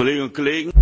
kolleginnen und kollegen!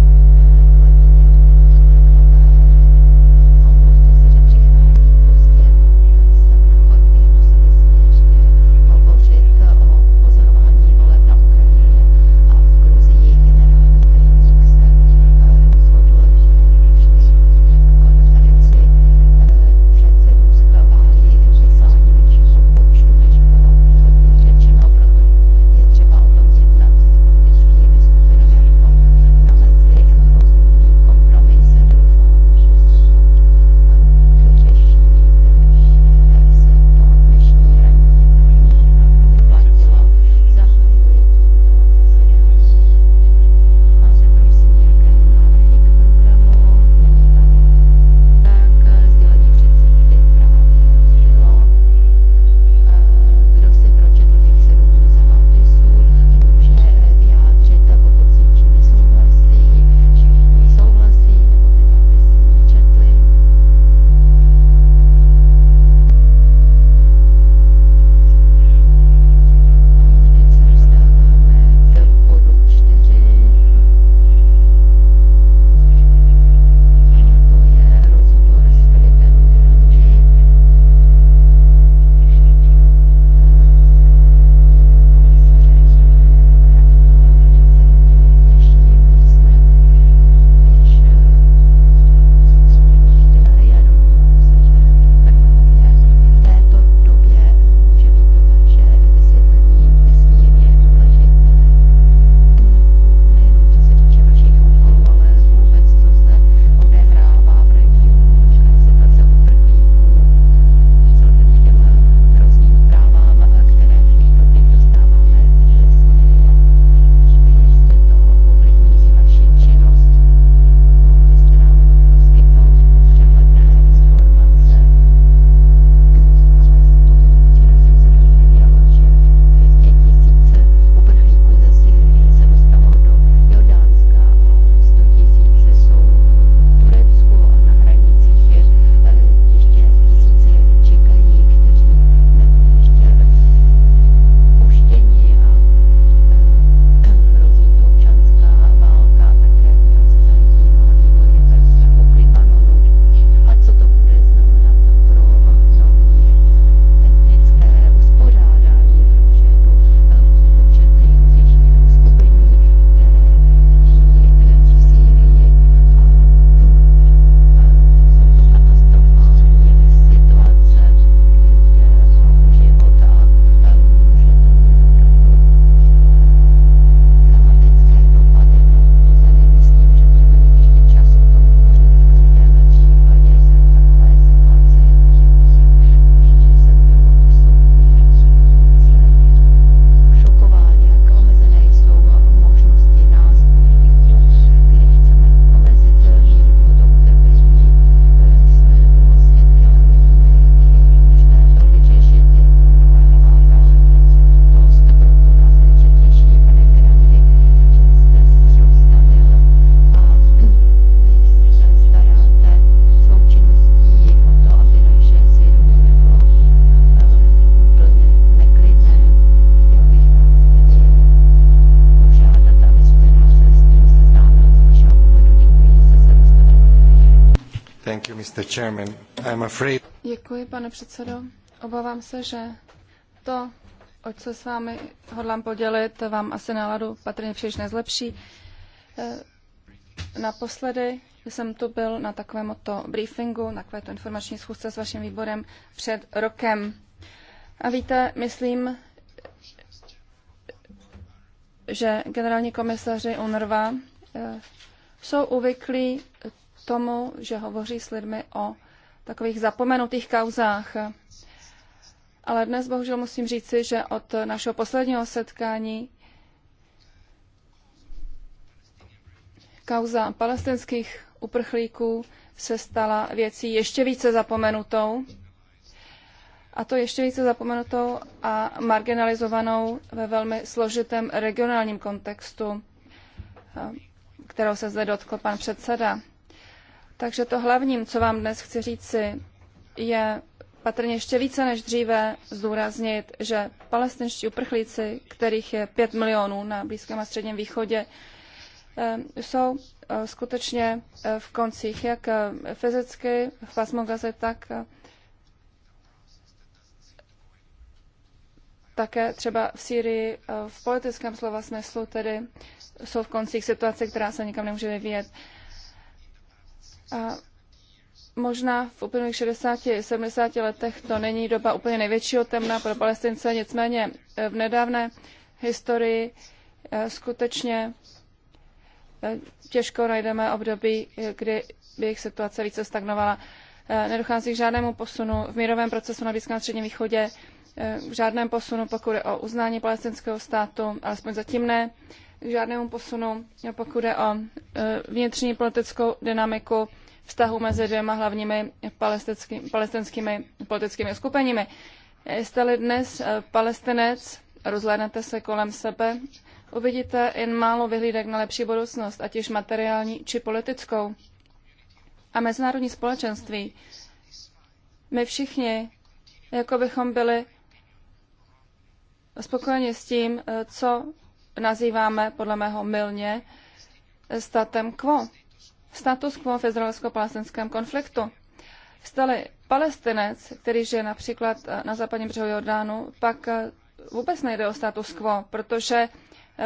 Mr. Chairman. I'm afraid... Děkuji, pane předsedo. Obávám se, že to, o co s vámi hodlám podělit, vám asi náladu patrně příliš nezlepší. E, naposledy jsem tu byl na takovém oto briefingu, na takovéto informační schůzce s vaším výborem před rokem. A víte, myslím, že generální komisaři UNRWA e, jsou uvyklí tomu, že hovoří s lidmi o takových zapomenutých kauzách. Ale dnes bohužel musím říci, že od našeho posledního setkání kauza palestinských uprchlíků se stala věcí ještě více zapomenutou, a to ještě více zapomenutou a marginalizovanou ve velmi složitém regionálním kontextu, kterou se zde dotkl pan předseda. Takže to hlavním, co vám dnes chci říci, je patrně ještě více než dříve zdůraznit, že palestinští uprchlíci, kterých je 5 milionů na Blízkém a Středním východě, eh, jsou eh, skutečně eh, v koncích jak fyzicky v pasmogaze, tak také třeba v Sýrii v politickém slova smyslu, tedy jsou v koncích situace, která se nikam nemůže vyvíjet. A možná v uplynulých 60-70 letech to není doba úplně největšího temna pro Palestince, nicméně eh, v nedávné historii eh, skutečně eh, těžko najdeme období, kdy jejich situace více stagnovala. Nedochází k žádnému posunu v mírovém procesu na Blízkém středním východě, k žádnému posunu, pokud je o uznání palestinského státu, alespoň zatím ne k žádnému posunu, pokud jde o e, vnitřní politickou dynamiku vztahu mezi dvěma hlavními palestinskými politickými skupeními. Jste-li dnes e, palestinec, rozhlédnete se kolem sebe, uvidíte jen málo vyhlídek na lepší budoucnost, ať již materiální či politickou. A mezinárodní společenství. My všichni, jako bychom byli spokojeni s tím, e, co nazýváme podle mého milně statem quo. Status quo v izraelsko-palestinském konfliktu. Stali palestinec, který žije například eh, na západním břehu Jordánu, pak eh, vůbec nejde o status quo, protože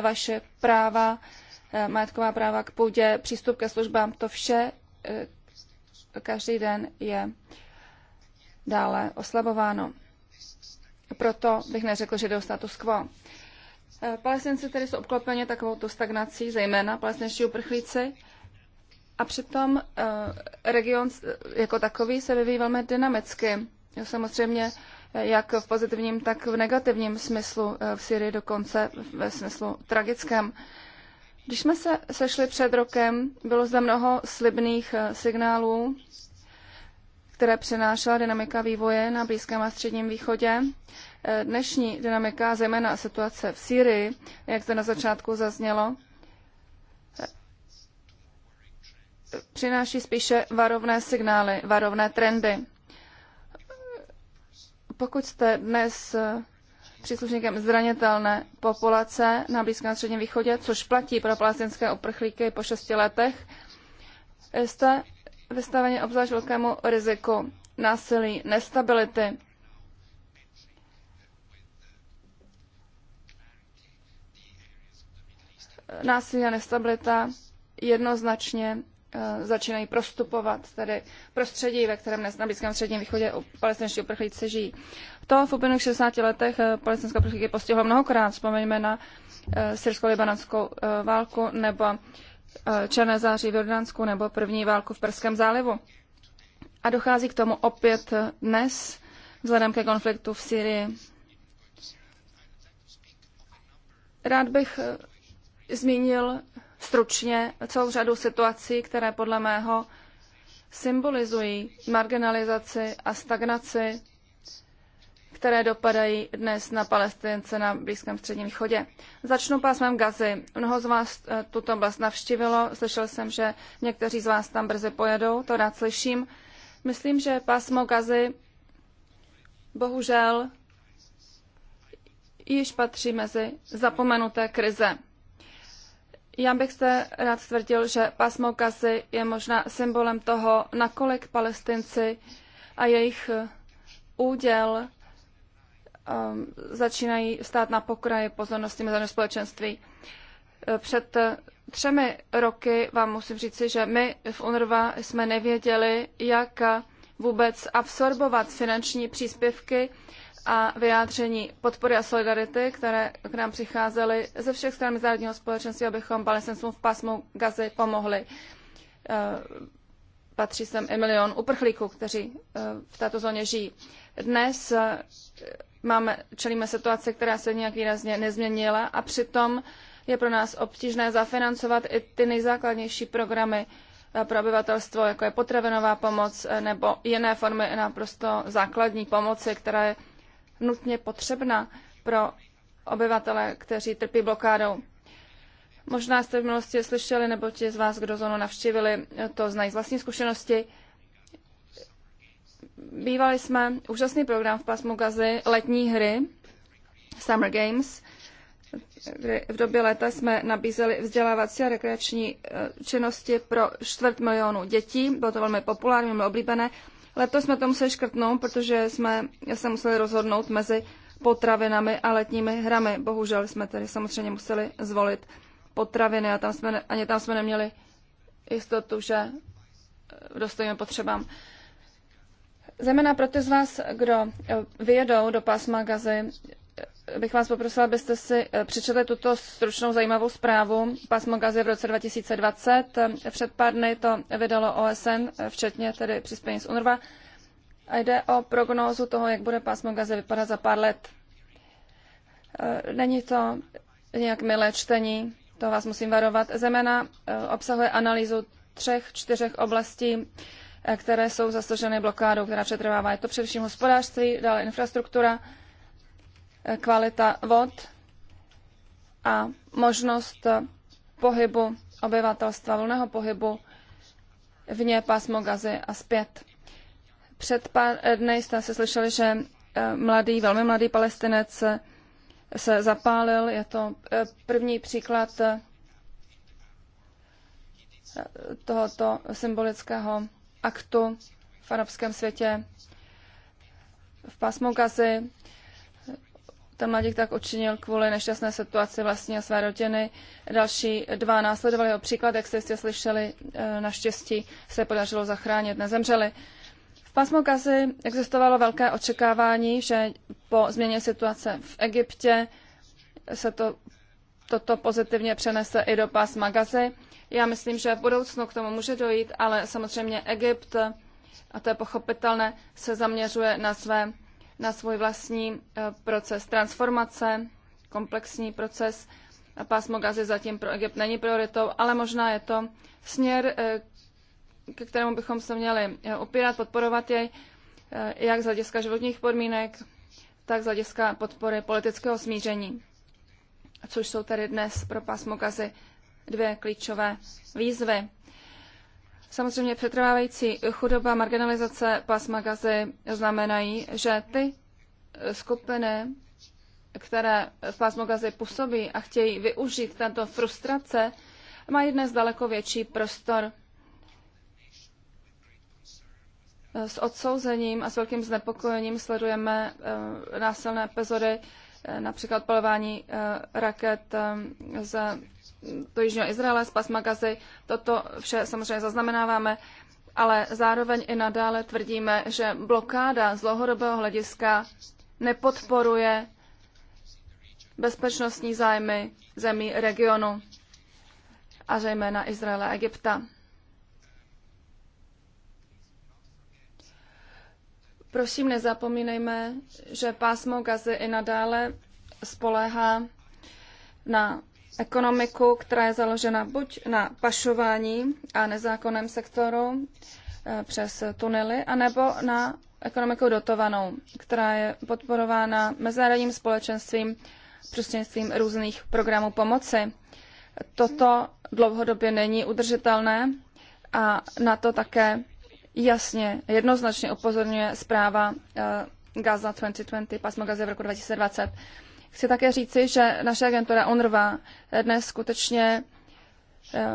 vaše práva, eh, majetková práva k půdě, přístup ke službám, to vše každý den je dále oslabováno. Proto bych neřekl, že jde o status quo. Palestinci tedy jsou obklopeni to stagnací, zejména palestinští uprchlíci. A přitom eh, region jako takový se vyvíjí velmi dynamicky. Samozřejmě eh, jak v pozitivním, tak v negativním smyslu eh, v Syrii dokonce ve smyslu tragickém. Když jsme se sešli před rokem, bylo zde mnoho slibných signálů, které přinášela dynamika vývoje na Blízkém a Středním východě dnešní dynamika, zejména situace v Sýrii, jak to na začátku zaznělo, přináší spíše varovné signály, varovné trendy. Pokud jste dnes příslušníkem zranitelné populace na Blízkém a Středním východě, což platí pro palestinské uprchlíky po šesti letech, jste vystaveni obzvlášť velkému riziku násilí, nestability, násilí a nestabilita jednoznačně eh, začínají prostupovat, tedy prostředí, ve kterém dnes na Blízkém středním východě palestinští uprchlíci žijí. To v uplynulých 60 letech eh, palestinské uprchlíky postihlo mnohokrát. Vzpomeňme na eh, syrsko-libanonskou válku nebo Černé září v Jordánsku nebo první válku v Perském zálivu. A dochází k tomu opět dnes, vzhledem ke konfliktu v Syrii. Rád bych zmínil stručně celou řadu situací, které podle mého symbolizují marginalizaci a stagnaci, které dopadají dnes na Palestince na Blízkém středním východě. Začnu pásmem Gazy. Mnoho z vás eh, tuto oblast navštívilo. Slyšel jsem, že někteří z vás tam brzy pojedou, to rád slyším. Myslím, že pásmo Gazy bohužel již patří mezi zapomenuté krize. Já bych se rád stvrdil, že pásmo Gazy je možná symbolem toho, nakolik palestinci a jejich eh, úděl um, začínají stát na pokraji pozornosti mezi společenství. Eh, před eh, třemi roky vám musím říci, že my v UNRWA jsme nevěděli, jak vůbec absorbovat finanční příspěvky a vyjádření podpory a solidarity, které k nám přicházely ze všech stran mezinárodního společenství, abychom palestincům v pásmu Gazy pomohli. Eh, patří sem i milion uprchlíků, kteří eh, v této zóně žijí. Dnes eh, máme, čelíme situaci, která se nějak výrazně nezměnila a přitom je pro nás obtížné zafinancovat i ty nejzákladnější programy pro obyvatelstvo, jako je potravinová pomoc nebo jiné formy naprosto základní pomoci, která je nutně potřebná pro obyvatele, kteří trpí blokádou. Možná jste v minulosti slyšeli, nebo ti z vás, kdo zónu navštívili, to znají z vlastní zkušenosti. Bývali jsme úžasný program v pásmu Gazy, letní hry, Summer Games, kdy v době léta jsme nabízeli vzdělávací a rekreační eh, činnosti pro čtvrt milionu dětí. Bylo to velmi populární, velmi oblíbené. Letos jsme to museli škrtnout, protože jsme se museli rozhodnout mezi potravinami a letními hrami. Bohužel jsme tedy samozřejmě museli zvolit potraviny a tam jsme, ani tam jsme neměli jistotu, že eh, dostojíme potřebám. Zejména pro ty z vás, kdo eh, vyjedou do pásma gazy, bych vás poprosila, abyste si eh, přečetli tuto stručnou zajímavou zprávu Pásmo Gazy v roce 2020. Eh, před pár dny to vydalo OSN, eh, včetně tedy přispění z UNRWA. A jde o prognózu toho, jak bude pásmo Gazy vypadat za pár let. Není to nějak milé čtení, to vás musím varovat. Zemena obsahuje analýzu třech, čtyřech oblastí, které jsou zasaženy blokádou, která přetrvává. Je to především hospodářství, dále infrastruktura, Eh, kvalita vod a možnost pohybu obyvatelstva, volného pohybu vně pásmo gazy a zpět. Před pár dny jste se slyšeli, že eh, mladý, velmi mladý palestinec se zapálil. Je to eh, první příklad tohoto symbolického aktu v arabském světě v pásmu Gazy ten mladík tak učinil kvůli nešťastné situaci vlastně své rodiny. Další dva následovali jeho příklad, jak jste jistě slyšeli, e, naštěstí se podařilo zachránit, nezemřeli. V pásmu Gazy existovalo velké očekávání, že po změně situace v Egyptě se to, toto pozitivně přenese i do pasma Gazy. Já myslím, že v budoucnu k tomu může dojít, ale samozřejmě Egypt, a to je pochopitelné, se zaměřuje na své na svůj vlastní eh, proces transformace, komplexní proces. Pásmo gazy zatím pro Egypt není prioritou, ale možná je to směr, eh, ke kterému bychom se měli opírat, eh, podporovat jej, jak z hlediska životních podmínek, tak z hlediska podpory politického smíření, což jsou tady dnes pro pásmo gazy dvě klíčové výzvy. Samozřejmě přetrvávající chudoba, marginalizace pásma gazy znamenají, že ty skupiny, které v pásmu gazy působí a chtějí využít tato frustrace, mají dnes daleko větší prostor s odsouzením a s velkým znepokojením sledujeme eh, násilné epizody, eh, například palování eh, raket z do Jižního Izraele, z pasma Gazy. Toto vše samozřejmě zaznamenáváme, ale zároveň i nadále tvrdíme, že blokáda z dlouhodobého hlediska nepodporuje bezpečnostní zájmy zemí regionu a zejména Izraele a Egypta. Prosím, nezapomínejme, že pásmo Gazy i nadále spoléhá na ekonomiku, která je založena buď na pašování a nezákonném sektoru eh, přes tunely, anebo na ekonomiku dotovanou, která je podporována mezinárodním společenstvím prostřednictvím různých programů pomoci. Toto dlouhodobě není udržitelné a na to také jasně, jednoznačně upozorňuje zpráva eh, Gaza 2020, pasmo Gaza v roku 2020. Chci také říci, že naše agentura UNRWA dnes skutečně eh,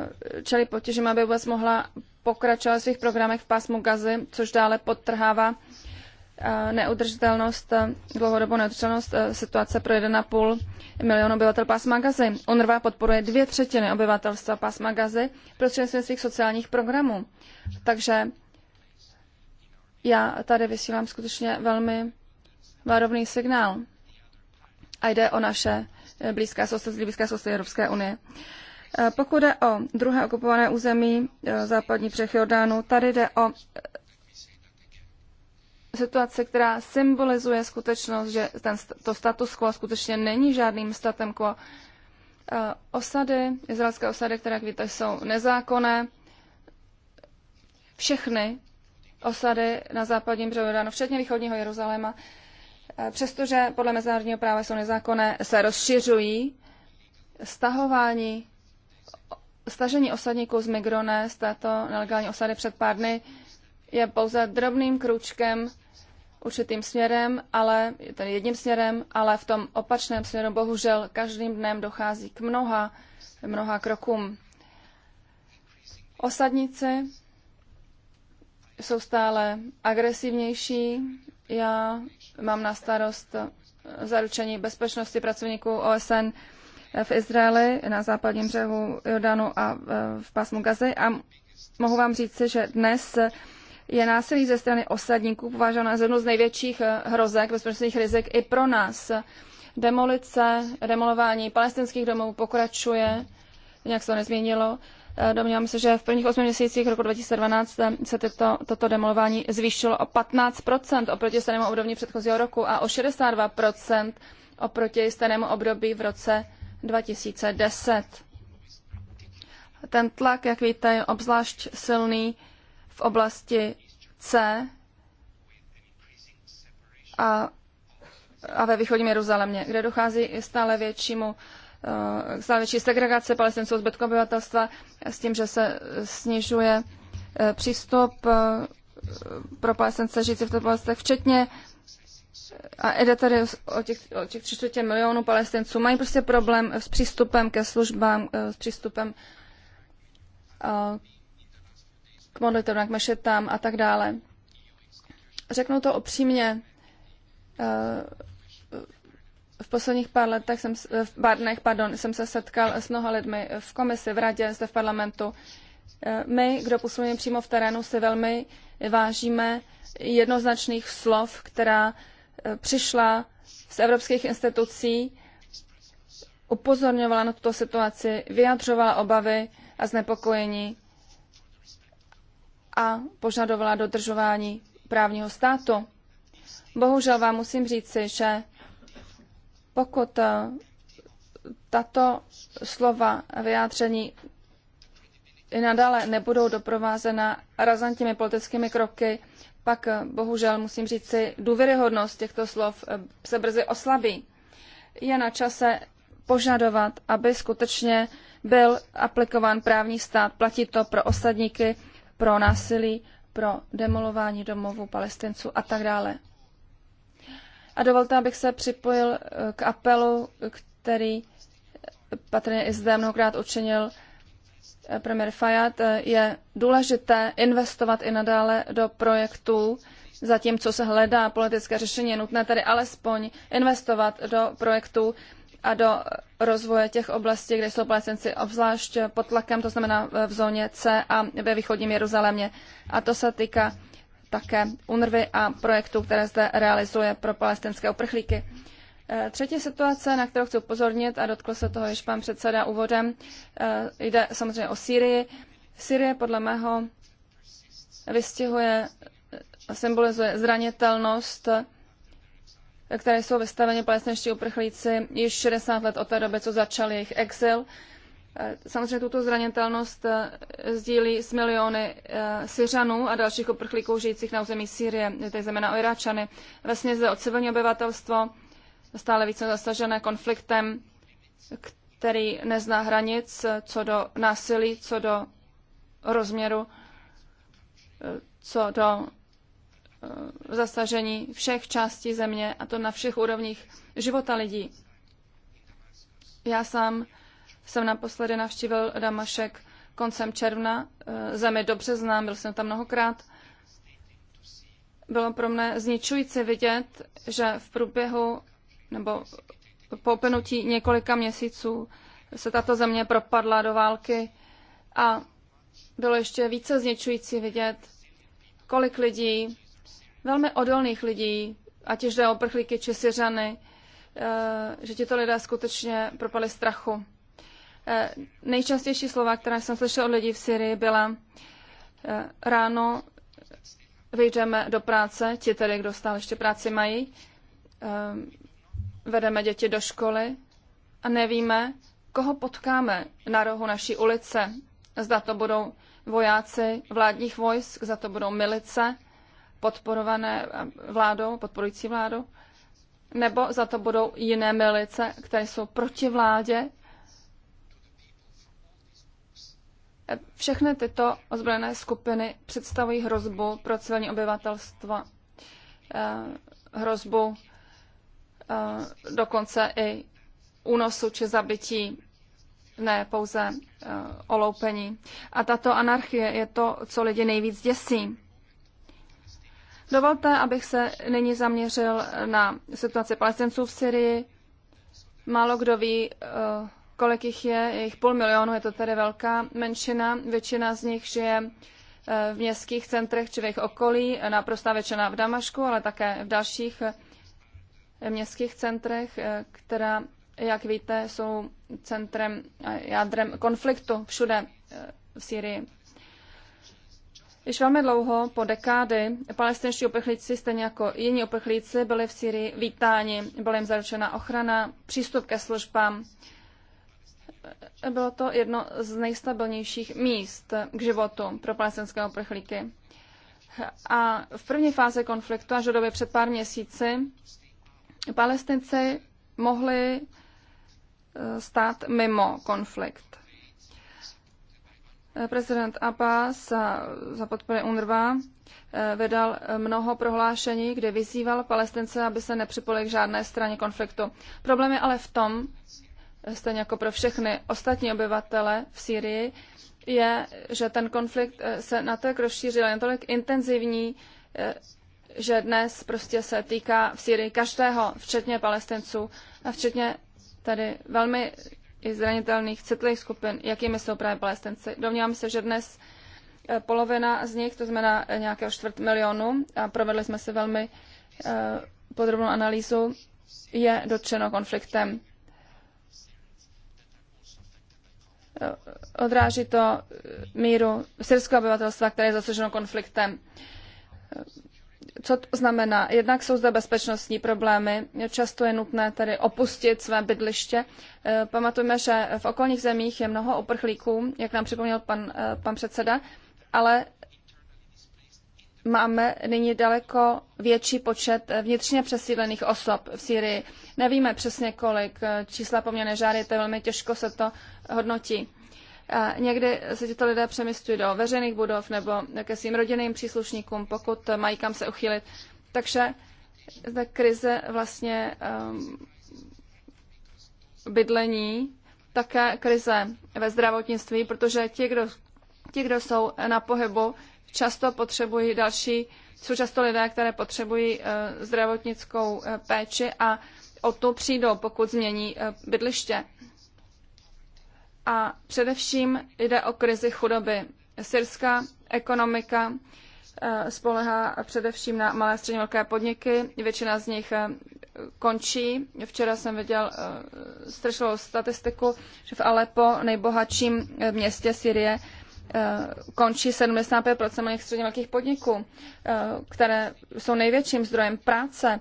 čelí potěžím, aby vůbec mohla pokračovat v svých programech v pásmu Gazy, což dále podtrhává eh, neudržitelnost, eh, dlouhodobou neudržitelnost situace pro 1,5 milionu obyvatel pásma Gazy. UNRWA podporuje dvě třetiny obyvatelstva pásma Gazy prostřednictvím svých sociálních programů. Takže já tady vysílám skutečně velmi varovný signál a jde o naše blízké sousedství, blízké sousedství Evropské unie. E, pokud jde o druhé okupované území e, západní břeh Jordánu, tady jde o e, situace, která symbolizuje skutečnost, že ten, to status quo skutečně není žádným statem quo. Osady, izraelské osady, které, jak víte, jsou nezákonné, všechny osady na západním břehu Jordánu, včetně východního Jeruzaléma, přestože podle mezinárodního práva jsou nezákonné, se rozšiřují stahování, stažení osadníků z Migrone z této nelegální osady před pár dny je pouze drobným kručkem určitým směrem, ale tedy jedním směrem, ale v tom opačném směru bohužel každým dnem dochází k mnoha, mnoha krokům. Osadníci jsou stále agresivnější. Já mám na starost eh, zaručení bezpečnosti pracovníků OSN eh, v Izraeli, na západním břehu Jordanu a eh, v pásmu Gazy. A mohu vám říci, že dnes je násilí ze strany osadníků považováno za jednu z největších hrozek bezpečnostních rizik i pro nás. Demolice, demolování palestinských domů pokračuje, nějak se to nezměnilo. Eh, domnívám se, že v prvních 8 měsících roku 2012 se tyto, toto demolování zvýšilo o 15 oproti stejnému období předchozího roku a o 62 oproti stejnému období v roce 2010. Ten tlak, jak víte, je obzvlášť silný v oblasti C a, a ve východním Jeruzalémě, kde dochází stále většímu Eh, stále větší segregace palestinců zbytku obyvatelstva s tím, že se snižuje eh, přístup eh, pro palestince žijící v těchto oblastech, včetně a jde tady o těch, o těch 30 milionů palestinců, mají prostě problém s přístupem ke službám, s přístupem k modlitevnám, k mešetám a tak dále. Řeknu to opřímně, v posledních pár letech jsem, eh, v pár dnech, pardon, jsem se setkal s mnoha lidmi v komisi, v radě, zde v parlamentu. Eh, my, kdo působíme přímo v terénu, si velmi vážíme jednoznačných slov, která eh, přišla z evropských institucí, upozorňovala na tuto situaci, vyjadřovala obavy a znepokojení a požadovala dodržování právního státu. Bohužel vám musím říci, že pokud eh, tato slova vyjádření i nadále nebudou doprovázena razantními politickými kroky, pak eh, bohužel musím říci, důvěryhodnost těchto slov eh, se brzy oslabí. Je na čase požadovat, aby skutečně byl aplikován právní stát. Platí to pro osadníky, pro násilí, pro demolování domovů palestinců a tak dále. A dovolte, abych se připojil eh, k apelu, který patrně i zde mnohokrát učinil eh, premiér Fayad. Eh, je důležité investovat i nadále do projektů, zatímco se hledá politické řešení. Je nutné tedy alespoň investovat do projektů a do rozvoje těch oblastí, kde jsou palestinci obzvlášť pod tlakem, to znamená v zóně C a ve východním Jeruzalémě. A to se týká také UNRVY a projektů, které zde realizuje pro palestinské uprchlíky. Eh, třetí situace, na kterou chci upozornit, a dotkl se toho již pan předseda úvodem, eh, jde samozřejmě o Sýrii. Sýrie podle mého vystihuje, eh, symbolizuje zranitelnost, které jsou vystaveni palestinští uprchlíci již 60 let od té doby, co začal jejich exil. Eh, samozřejmě tuto zranitelnost eh, sdílí s miliony eh, Syřanů a dalších uprchlíků žijících na území Sýrie, tedy zejména o Iráčany, vlastně zde o civilní obyvatelstvo, stále více zasažené konfliktem, který nezná hranic co do násilí, co do rozměru, co do zasažení všech částí země, a to na všech úrovních života lidí. Já sám jsem naposledy navštívil Damašek koncem června. Eh, zemi dobře znám, byl jsem tam mnohokrát. Bylo pro mne zničující vidět, že v průběhu nebo po uplynutí několika měsíců se tato země propadla do války a bylo ještě více zničující vidět, kolik lidí, velmi odolných lidí, ať už jde o prchlíky či siřany, eh, že tito lidé skutečně propali strachu. Eh, nejčastější slova, která jsem slyšel od lidí v Syrii, byla eh, ráno vyjdeme do práce, ti tedy, kdo stále ještě práci mají, eh, vedeme děti do školy a nevíme, koho potkáme na rohu naší ulice. Zda to budou vojáci vládních vojsk, zda to budou milice podporované vládou, podporující vládu, nebo za to budou jiné milice, které jsou proti vládě Všechny tyto ozbrojené skupiny představují hrozbu pro civilní obyvatelstvo, eh, hrozbu eh, dokonce i únosu či zabití, ne pouze eh, oloupení. A tato anarchie je to, co lidi nejvíc děsí. Dovolte, abych se nyní zaměřil na situaci palestinců v Syrii. Málo kdo ví, kolik jich je, je jich půl milionu, je to tedy velká menšina, většina z nich žije eh, v městských centrech či v jejich okolí, naprostá většina v Damašku, ale také v dalších eh, městských centrech, eh, která, jak víte, jsou centrem, jádrem konfliktu všude v Syrii. Již velmi dlouho, po dekády, palestinští uprchlíci, stejně jako jiní uprchlíci, byli v Syrii vítáni, byla jim zaručena ochrana, přístup ke službám, bylo to jedno z nejstabilnějších míst k životu pro palestinské uprchlíky. A v první fázi konfliktu až do doby před pár měsíci palestinci mohli eh, stát mimo konflikt. Eh, prezident Abbas za podpory UNRWA eh, vydal mnoho prohlášení, kde vyzýval palestince, aby se nepřipojili k žádné straně konfliktu. Problém je ale v tom, stejně jako pro všechny ostatní obyvatele v Sýrii, je, že ten konflikt eh, se na jak rozšířil, je natolik intenzivní, eh, že dnes prostě se týká v Sýrii každého, včetně palestinců a včetně tady velmi i zranitelných citlivých skupin, jakými jsou právě palestinci. Domnívám se, že dnes eh, polovina z nich, to znamená nějakého čtvrt milionu, a provedli jsme si velmi podrobnou analýzu, je dotčeno konfliktem. odráží to míru syrského obyvatelstva, které je zasaženo konfliktem. Co to znamená? Jednak jsou zde bezpečnostní problémy, často je nutné tedy opustit své bydliště. Eh, pamatujeme, že v okolních zemích je mnoho uprchlíků, jak nám připomněl pan, eh, pan předseda, ale máme nyní daleko větší počet vnitřně přesídlených osob v Sýrii. Nevíme přesně kolik, eh, čísla po to je velmi těžko se to hodnotí. A někdy se tyto lidé přemístují do veřejných budov nebo ke svým rodinným příslušníkům, pokud mají kam se uchýlit. Takže ta krize vlastně um, bydlení, také krize ve zdravotnictví, protože ti, kdo, ti, kdo jsou na pohybu, často potřebují další, jsou často lidé, které potřebují uh, zdravotnickou uh, péči a o to přijdou, pokud změní uh, bydliště a především jde o krizi chudoby. Syrská ekonomika eh, spolehá především na malé střední velké podniky. Většina z nich eh, končí. Včera jsem viděl eh, strašnou statistiku, že v Alepo, nejbohatším městě Syrie, končí 75 malých středně velkých podniků, které jsou největším zdrojem práce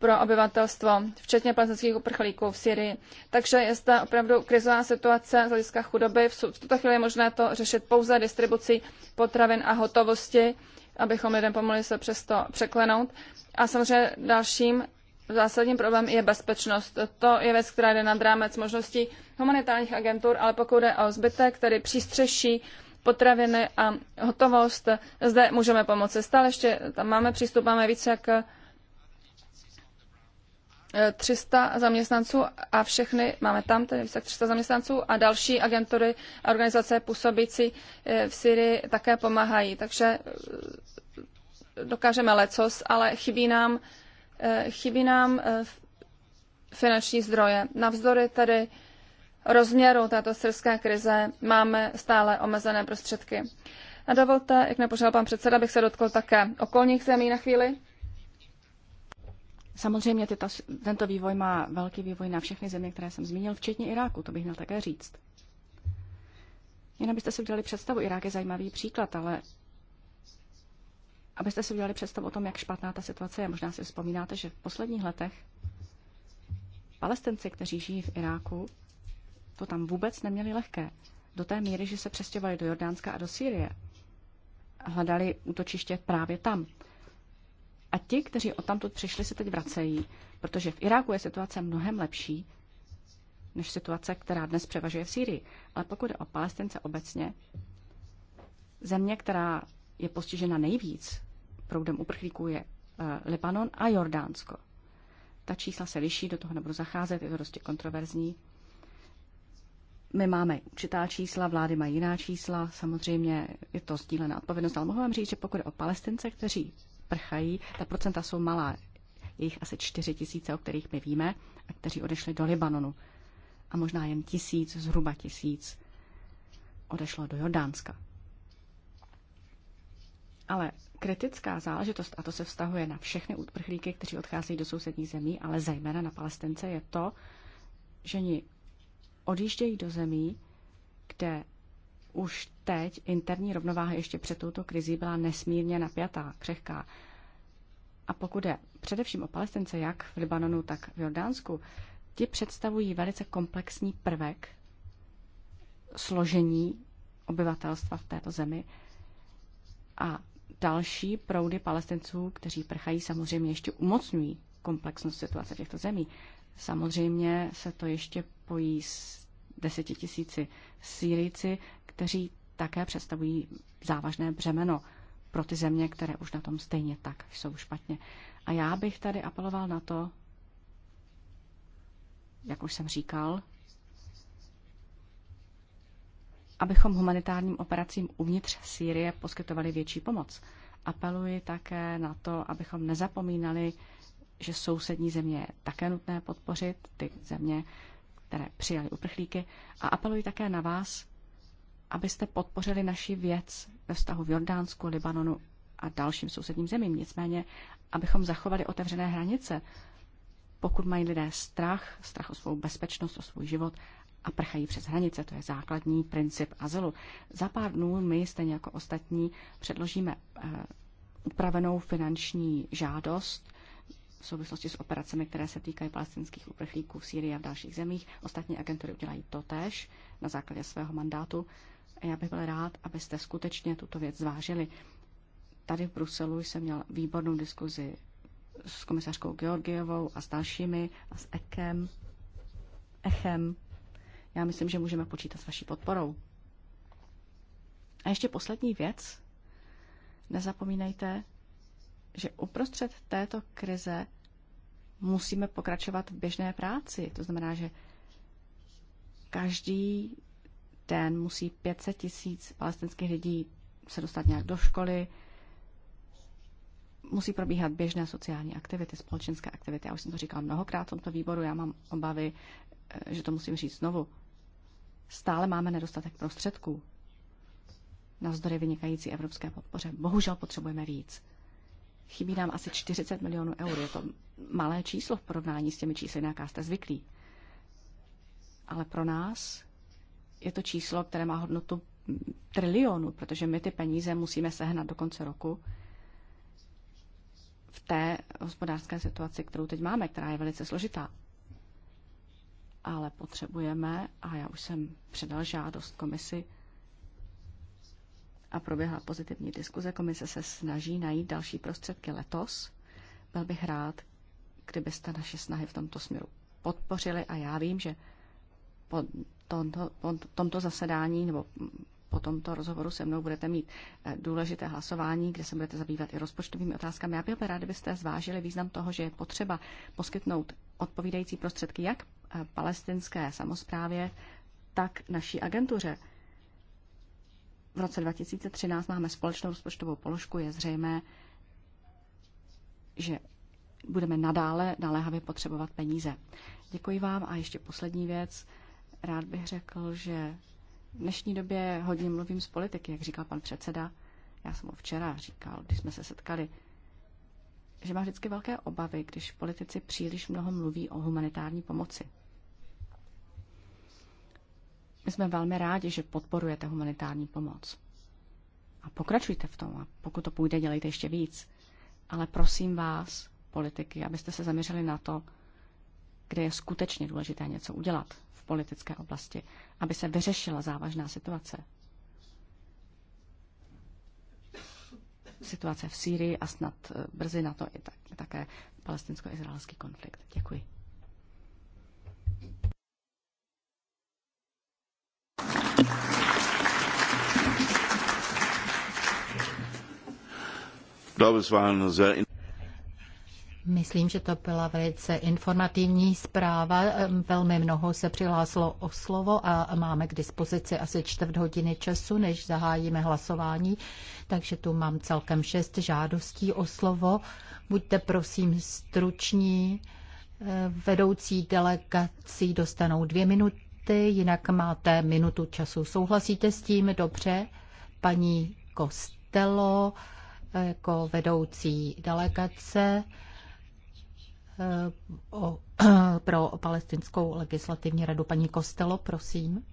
pro obyvatelstvo, včetně palestinských uprchlíků v Syrii. Takže je zde opravdu krizová situace z hlediska chudoby. V tuto chvíli je možné to řešit pouze distribucí potravin a hotovosti, abychom lidem pomohli se přesto překlenout. A samozřejmě dalším zásadním problémem je bezpečnost. To je věc, která jde nad rámec možností humanitárních agentur, ale pokud jde o zbytek, tedy přístřeší, potraviny a hotovost, zde můžeme pomoci. Stále ještě tam máme přístup, máme více jak 300 zaměstnanců a všechny, máme tam tedy 300 zaměstnanců a další agentury a organizace působící eh, v Syrii také pomáhají. Takže eh, dokážeme lecos, ale chybí nám, eh, chybí nám finanční zdroje. Navzdory tedy rozměru této syrské krize máme stále omezené prostředky. A dovolte, jak nepožádal pan předseda, bych se dotkl také okolních zemí na chvíli. Samozřejmě tyto, tento vývoj má velký vývoj na všechny země, které jsem zmínil, včetně Iráku, to bych měl také říct. Jen abyste si udělali představu, Irák je zajímavý příklad, ale abyste si udělali představu o tom, jak špatná ta situace je. Možná si vzpomínáte, že v posledních letech palestinci, kteří žijí v Iráku, to tam vůbec neměli lehké. Do té míry, že se přestěhovali do Jordánska a do Sýrie. Hledali útočiště právě tam. A ti, kteří odtamtud přišli, se teď vracejí, protože v Iráku je situace mnohem lepší než situace, která dnes převažuje v Sýrii. Ale pokud je o Palestince obecně, země, která je postižena nejvíc proudem uprchlíků, je eh, Libanon a Jordánsko. Ta čísla se liší, do toho nebudu zacházet, je to dosti kontroverzní. My máme určitá čísla, vlády mají jiná čísla, samozřejmě je to sdílená odpovědnost, ale mohu vám říct, že pokud je o palestince, kteří prchají, ta procenta jsou malá. Je jich asi 4 tisíce, o kterých my víme, a kteří odešli do Libanonu. A možná jen tisíc, zhruba tisíc, odešlo do Jordánska. Ale kritická záležitost, a to se vztahuje na všechny uprchlíky, kteří odcházejí do sousedních zemí, ale zejména na Palestince, je to, že oni odjíždějí do zemí, kde už teď interní rovnováha ještě před touto krizí byla nesmírně napjatá, křehká. A pokud je především o Palestince, jak v Libanonu, tak v Jordánsku, ti představují velice komplexní prvek složení obyvatelstva v této zemi. A další proudy palestinců, kteří prchají, samozřejmě ještě umocňují komplexnost situace těchto zemí. Samozřejmě se to ještě pojí s desetitisíci Sýrijci, kteří také představují závažné břemeno pro ty země, které už na tom stejně tak jsou špatně. A já bych tady apeloval na to, jak už jsem říkal, abychom humanitárním operacím uvnitř Sýrie poskytovali větší pomoc. Apeluji také na to, abychom nezapomínali, že sousední země je také nutné podpořit, ty země, které přijali uprchlíky. A apeluji také na vás, abyste podpořili naši věc ve vztahu v Jordánsku, Libanonu a dalším sousedním zemím. Nicméně, abychom zachovali otevřené hranice, pokud mají lidé strach, strach o svou bezpečnost, o svůj život a prchají přes hranice. To je základní princip azylu. Za pár dnů my, stejně jako ostatní, předložíme eh, upravenou finanční žádost v souvislosti s operacemi, které se týkají palestinských uprchlíků v Sýrii a v dalších zemích. Ostatní agentury udělají to tež na základě svého mandátu. A já bych byl rád, abyste skutečně tuto věc zvážili. Tady v Bruselu jsem měl výbornou diskuzi s komisařkou Georgievou a s dalšími a s Ekem, Echem. Já myslím, že můžeme počítat s vaší podporou. A ještě poslední věc. Nezapomínejte, že uprostřed této krize musíme pokračovat v běžné práci. To znamená, že každý den musí 500 tisíc palestinských lidí se dostat nějak do školy, musí probíhat běžné sociální aktivity, společenské aktivity. Já už jsem to říkal mnohokrát v tomto výboru, já mám obavy, eh, že to musím říct znovu. Stále máme nedostatek prostředků. na Navzdory vynikající evropské podpoře. Bohužel potřebujeme víc. Chybí nám asi 40 milionů eur. Je to malé číslo v porovnání s těmi čísly, na jaká jste zvyklí. Ale pro nás je to číslo, které má hodnotu trilionu, protože my ty peníze musíme sehnat do konce roku v té hospodářské situaci, kterou teď máme, která je velice složitá. Ale potřebujeme, a já už jsem předal žádost komisi a proběhla pozitivní diskuze, komise se snaží najít další prostředky letos. Byl bych rád, kdybyste naše snahy v tomto směru podpořili a já vím, že pod tomto, tomto zasedání nebo po tomto rozhovoru se mnou budete mít eh, důležité hlasování, kde se budete zabývat i rozpočtovými otázkami. Já bych byl rád, kdybyste zvážili význam toho, že je potřeba poskytnout odpovídající prostředky jak eh, palestinské samozprávě, tak naší agentuře. V roce 2013 máme společnou rozpočtovou položku, je zřejmé, že budeme nadále naléhavě potřebovat peníze. Děkuji vám a ještě poslední věc. Rád bych řekl, že v dnešní době hodně mluvím s politiky, jak říkal pan předseda. Já jsem ho včera říkal, když jsme se setkali, že má vždycky velké obavy, když politici příliš mnoho mluví o humanitární pomoci. My jsme velmi rádi, že podporujete humanitární pomoc. A pokračujte v tom a pokud to půjde, dělejte ještě víc. Ale prosím vás, politiky, abyste se zaměřili na to, kde je skutečně důležité něco udělat politické oblasti, aby se vyřešila závažná situace. Situace v Sýrii a snad e, brzy na to i tak, také palestinsko-izraelský konflikt. Děkuji. glaube, es war eine sehr Myslím, že to byla velice informativní zpráva. Velmi mnoho se přihlásilo o slovo a máme k dispozici asi čtvrt hodiny času, než zahájíme hlasování. Takže tu mám celkem šest žádostí o slovo. Buďte prosím struční. E, vedoucí delegací dostanou dvě minuty, jinak máte minutu času. Souhlasíte s tím? Dobře. Paní Kostelo e, jako vedoucí delegace Eh, o, pro palestinskou legislativní radu. Paní Kostelo, prosím.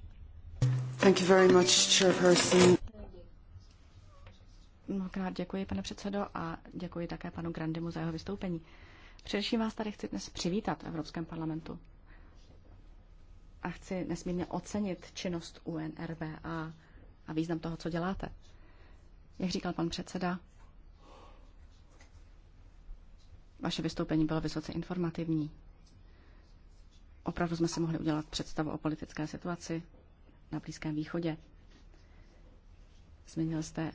Thank you very much, chairperson. Mnohokrát děkuji, pane předsedo, a děkuji také panu Grandimu za jeho vystoupení. Především vás tady chci dnes přivítat v Evropském parlamentu. A chci nesmírně ocenit činnost UNRWA a význam toho, co děláte. Jak říkal pan předseda, vaše vystoupení bylo vysoce informativní. Opravdu jsme si mohli udělat představu o politické situaci na Blízkém východě. Zmínil jste,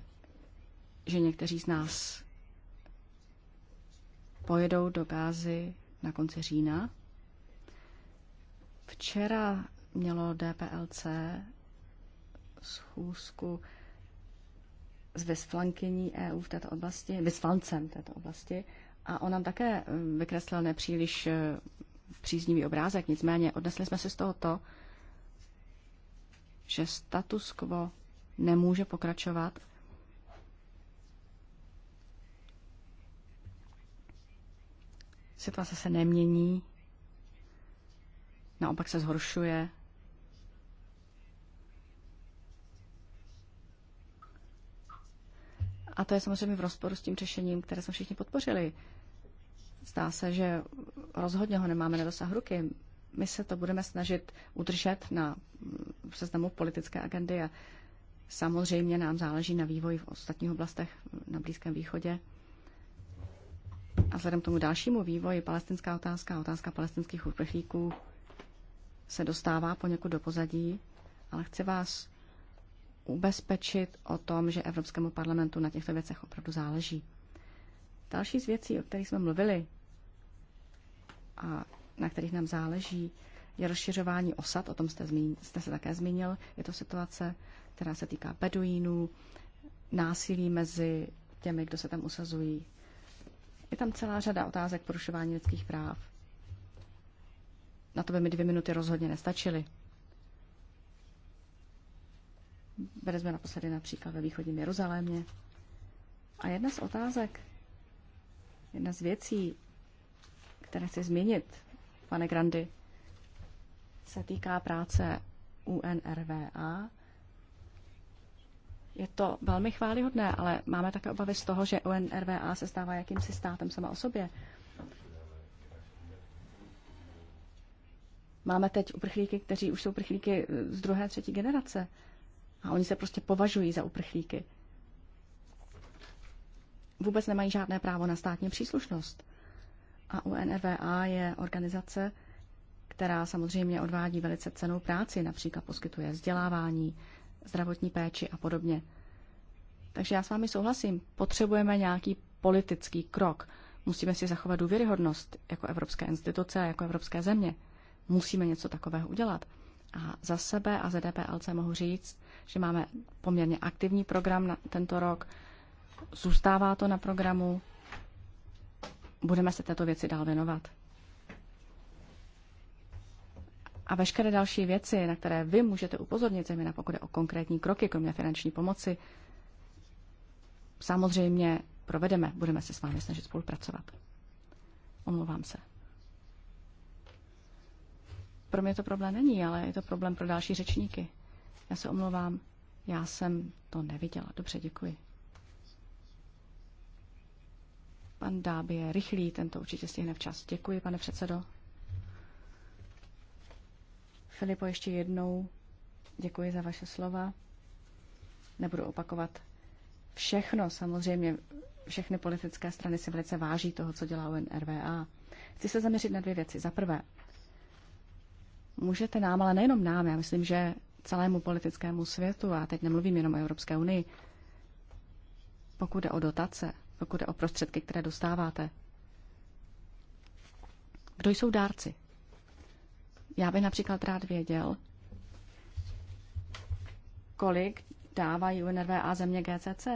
že někteří z nás pojedou do Gázy na konci října. Včera mělo DPLC schůzku s vysflankyní EU v této oblasti, vysflancem této oblasti. A on nám také eh, vykreslil nepříliš eh, příznivý obrázek, nicméně odnesli jsme si z toho to, že status quo nemůže pokračovat Situace se nemění, naopak se zhoršuje. A to je samozřejmě v rozporu s tím řešením, které jsme všichni podpořili. Zdá se, že rozhodně ho nemáme na dosah ruky. My se to budeme snažit udržet na seznamu politické agendy a samozřejmě nám záleží na vývoji v ostatních oblastech na Blízkém východě. A vzhledem k tomu dalšímu vývoji palestinská otázka a otázka palestinských uprchlíků se dostává poněkud do pozadí, ale chci vás ubezpečit o tom, že Evropskému parlamentu na těchto věcech opravdu záleží. Další z věcí, o kterých jsme mluvili a na kterých nám záleží, je rozšiřování osad, o tom jste, zmín, jste se také zmínil. Je to situace, která se týká beduínů, násilí mezi těmi, kdo se tam usazují. Je tam celá řada otázek porušování lidských práv. Na to by mi dvě minuty rozhodně nestačily. Byli jsme naposledy například ve východním Jeruzalémě. A jedna z otázek, Jedna z věcí, které chci změnit, pane Grandy, se týká práce UNRWA. Je to velmi chválihodné, ale máme také obavy z toho, že UNRWA se stává jakýmsi státem sama o sobě. Máme teď uprchlíky, kteří už jsou uprchlíky z druhé, třetí generace. A oni se prostě považují za uprchlíky vůbec nemají žádné právo na státní příslušnost. A UNRVA je organizace, která samozřejmě odvádí velice cenou práci, například poskytuje vzdělávání, zdravotní péči a podobně. Takže já s vámi souhlasím, potřebujeme nějaký politický krok. Musíme si zachovat důvěryhodnost jako evropské instituce a jako evropské země. Musíme něco takového udělat. A za sebe a za DPLC mohu říct, že máme poměrně aktivní program na tento rok zůstává to na programu, budeme se této věci dál věnovat. A veškeré další věci, na které vy můžete upozornit, zejména pokud je o konkrétní kroky, kromě finanční pomoci, samozřejmě provedeme. Budeme se s vámi snažit spolupracovat. Omlouvám se. Pro mě to problém není, ale je to problém pro další řečníky. Já se omlouvám, já jsem to neviděla. Dobře, děkuji. Pan Dáby je rychlý, ten to určitě stihne včas. Děkuji, pane předsedo. Filipo, ještě jednou děkuji za vaše slova. Nebudu opakovat všechno, samozřejmě všechny politické strany si velice váží toho, co dělá UNRVA. Chci se zaměřit na dvě věci. Za prvé, můžete nám, ale nejenom nám, já myslím, že celému politickému světu, a teď nemluvím jenom o Evropské unii, pokud jde o dotace, pokud jde o prostředky, které dostáváte. Kdo jsou dárci? Já bych například rád věděl, kolik dávají UNRV a země GCC.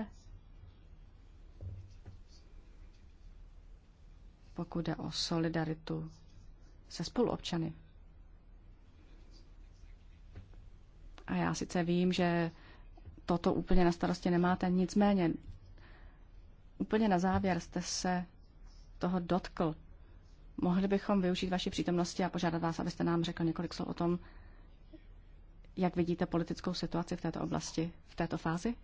Pokud jde o solidaritu se spoluobčany. A já sice vím, že toto úplně na starosti nemáte, nicméně Úplně na závěr jste se toho dotkl. Mohli bychom využít vaši přítomnosti a požádat vás, abyste nám řekl několik slov o tom, jak vidíte politickou situaci v této oblasti, v této fázi?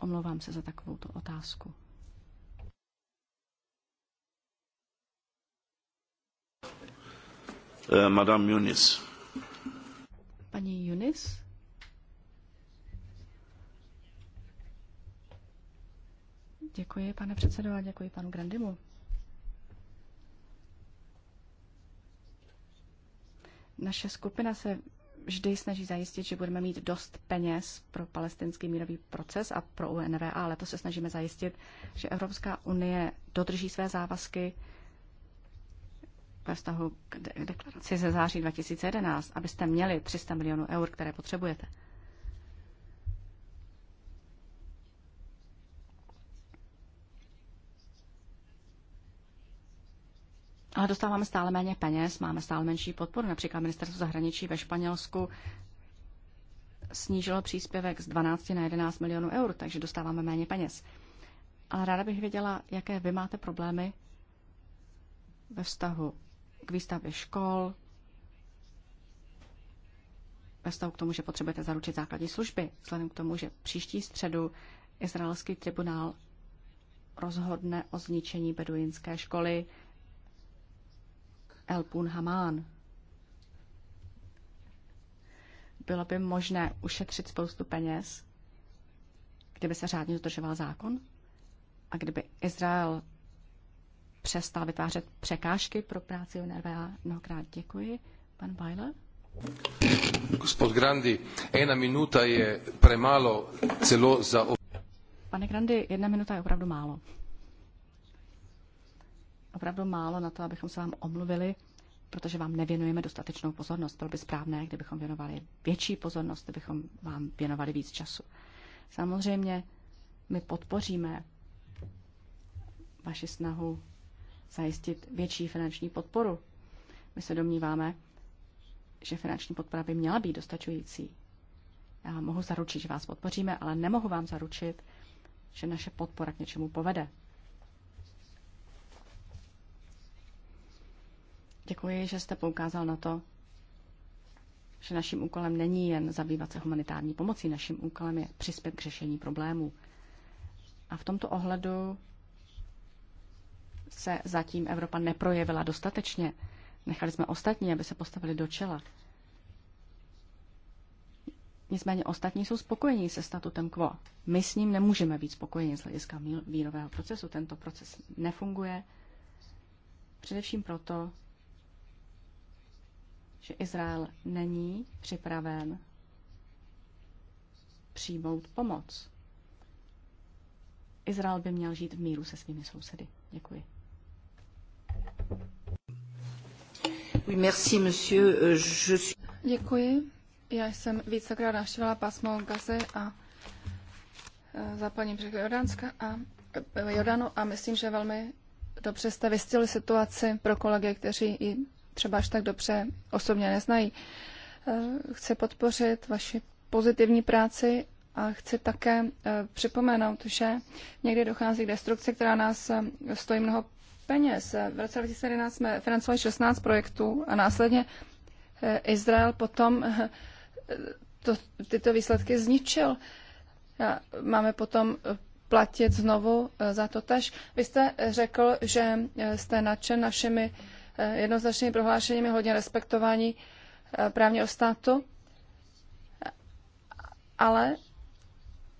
Omlouvám se za takovou otázku. Eh, Madame Yunis. Paní Yunis? Děkuji, pane předsedo, a děkuji panu Grandimu. Naše skupina se vždy snaží zajistit, že budeme mít dost peněz pro palestinský mírový proces a pro UNRWA, ale to se snažíme zajistit, že Evropská unie dodrží své závazky ve vztahu k deklaraci ze září 2011, abyste měli 300 milionů eur, které potřebujete. Ale dostáváme stále méně peněz, máme stále menší podporu. Například ministerstvo zahraničí ve Španělsku snížilo příspěvek z 12 na 11 milionů eur, takže dostáváme méně peněz. Ale ráda bych věděla, jaké vy máte problémy ve vztahu k výstavě škol, ve vztahu k tomu, že potřebujete zaručit základní služby, vzhledem k tomu, že příští středu izraelský tribunál rozhodne o zničení beduinské školy Elpun Hamán. Bylo by možné ušetřit spoustu peněz, kdyby se řádně dodržoval zákon a kdyby Izrael přestal vytvářet překážky pro práci UNRWA. Mnohokrát děkuji. Pan Weiler? Gospod Grandi, jedna minuta je premálo celo za... Pane Grandi, jedna minuta je opravdu málo opravdu málo na to, abychom se vám omluvili, protože vám nevěnujeme dostatečnou pozornost. Bylo by správné, kdybychom věnovali větší pozornost, kdybychom vám věnovali víc času. Samozřejmě my podpoříme vaši snahu zajistit větší finanční podporu. My se domníváme, že finanční podpora by měla být dostačující. Já mohu zaručit, že vás podpoříme, ale nemohu vám zaručit, že naše podpora k něčemu povede. Děkuji, že jste poukázal na to, že naším úkolem není jen zabývat se humanitární pomocí, naším úkolem je přispět k řešení problémů. A v tomto ohledu se zatím Evropa neprojevila dostatečně. Nechali jsme ostatní, aby se postavili do čela. Nicméně ostatní jsou spokojení se statutem quo. My s ním nemůžeme být spokojeni z hlediska mírového procesu. Tento proces nefunguje. Především proto, že Izrael není připraven přijmout pomoc. Izrael by měl žít v míru se svými sousedy. Děkuji. Oui, merci, monsieur. Euh, je... suis... Děkuji. Já jsem vícekrát navštívila pásmo Gaze a e, západní břeh Jordánska a e, Jordanu a myslím, že velmi dobře jste vystihli situaci pro kolegy, kteří ji třeba až tak dobře osobně neznají. Eh, chci podpořit vaši pozitivní práci a chci také eh, připomenout, že někdy dochází k destrukci, která nás eh, stojí mnoho peněz. V roce 2011 jsme financovali 16 projektů a následně Izrael potom to, tyto výsledky zničil. A máme potom platit znovu za to tež. Vy jste řekl, že jste nadšen našimi Eh, jednoznačnými prohlášeními hodně respektování eh, právního státu, ale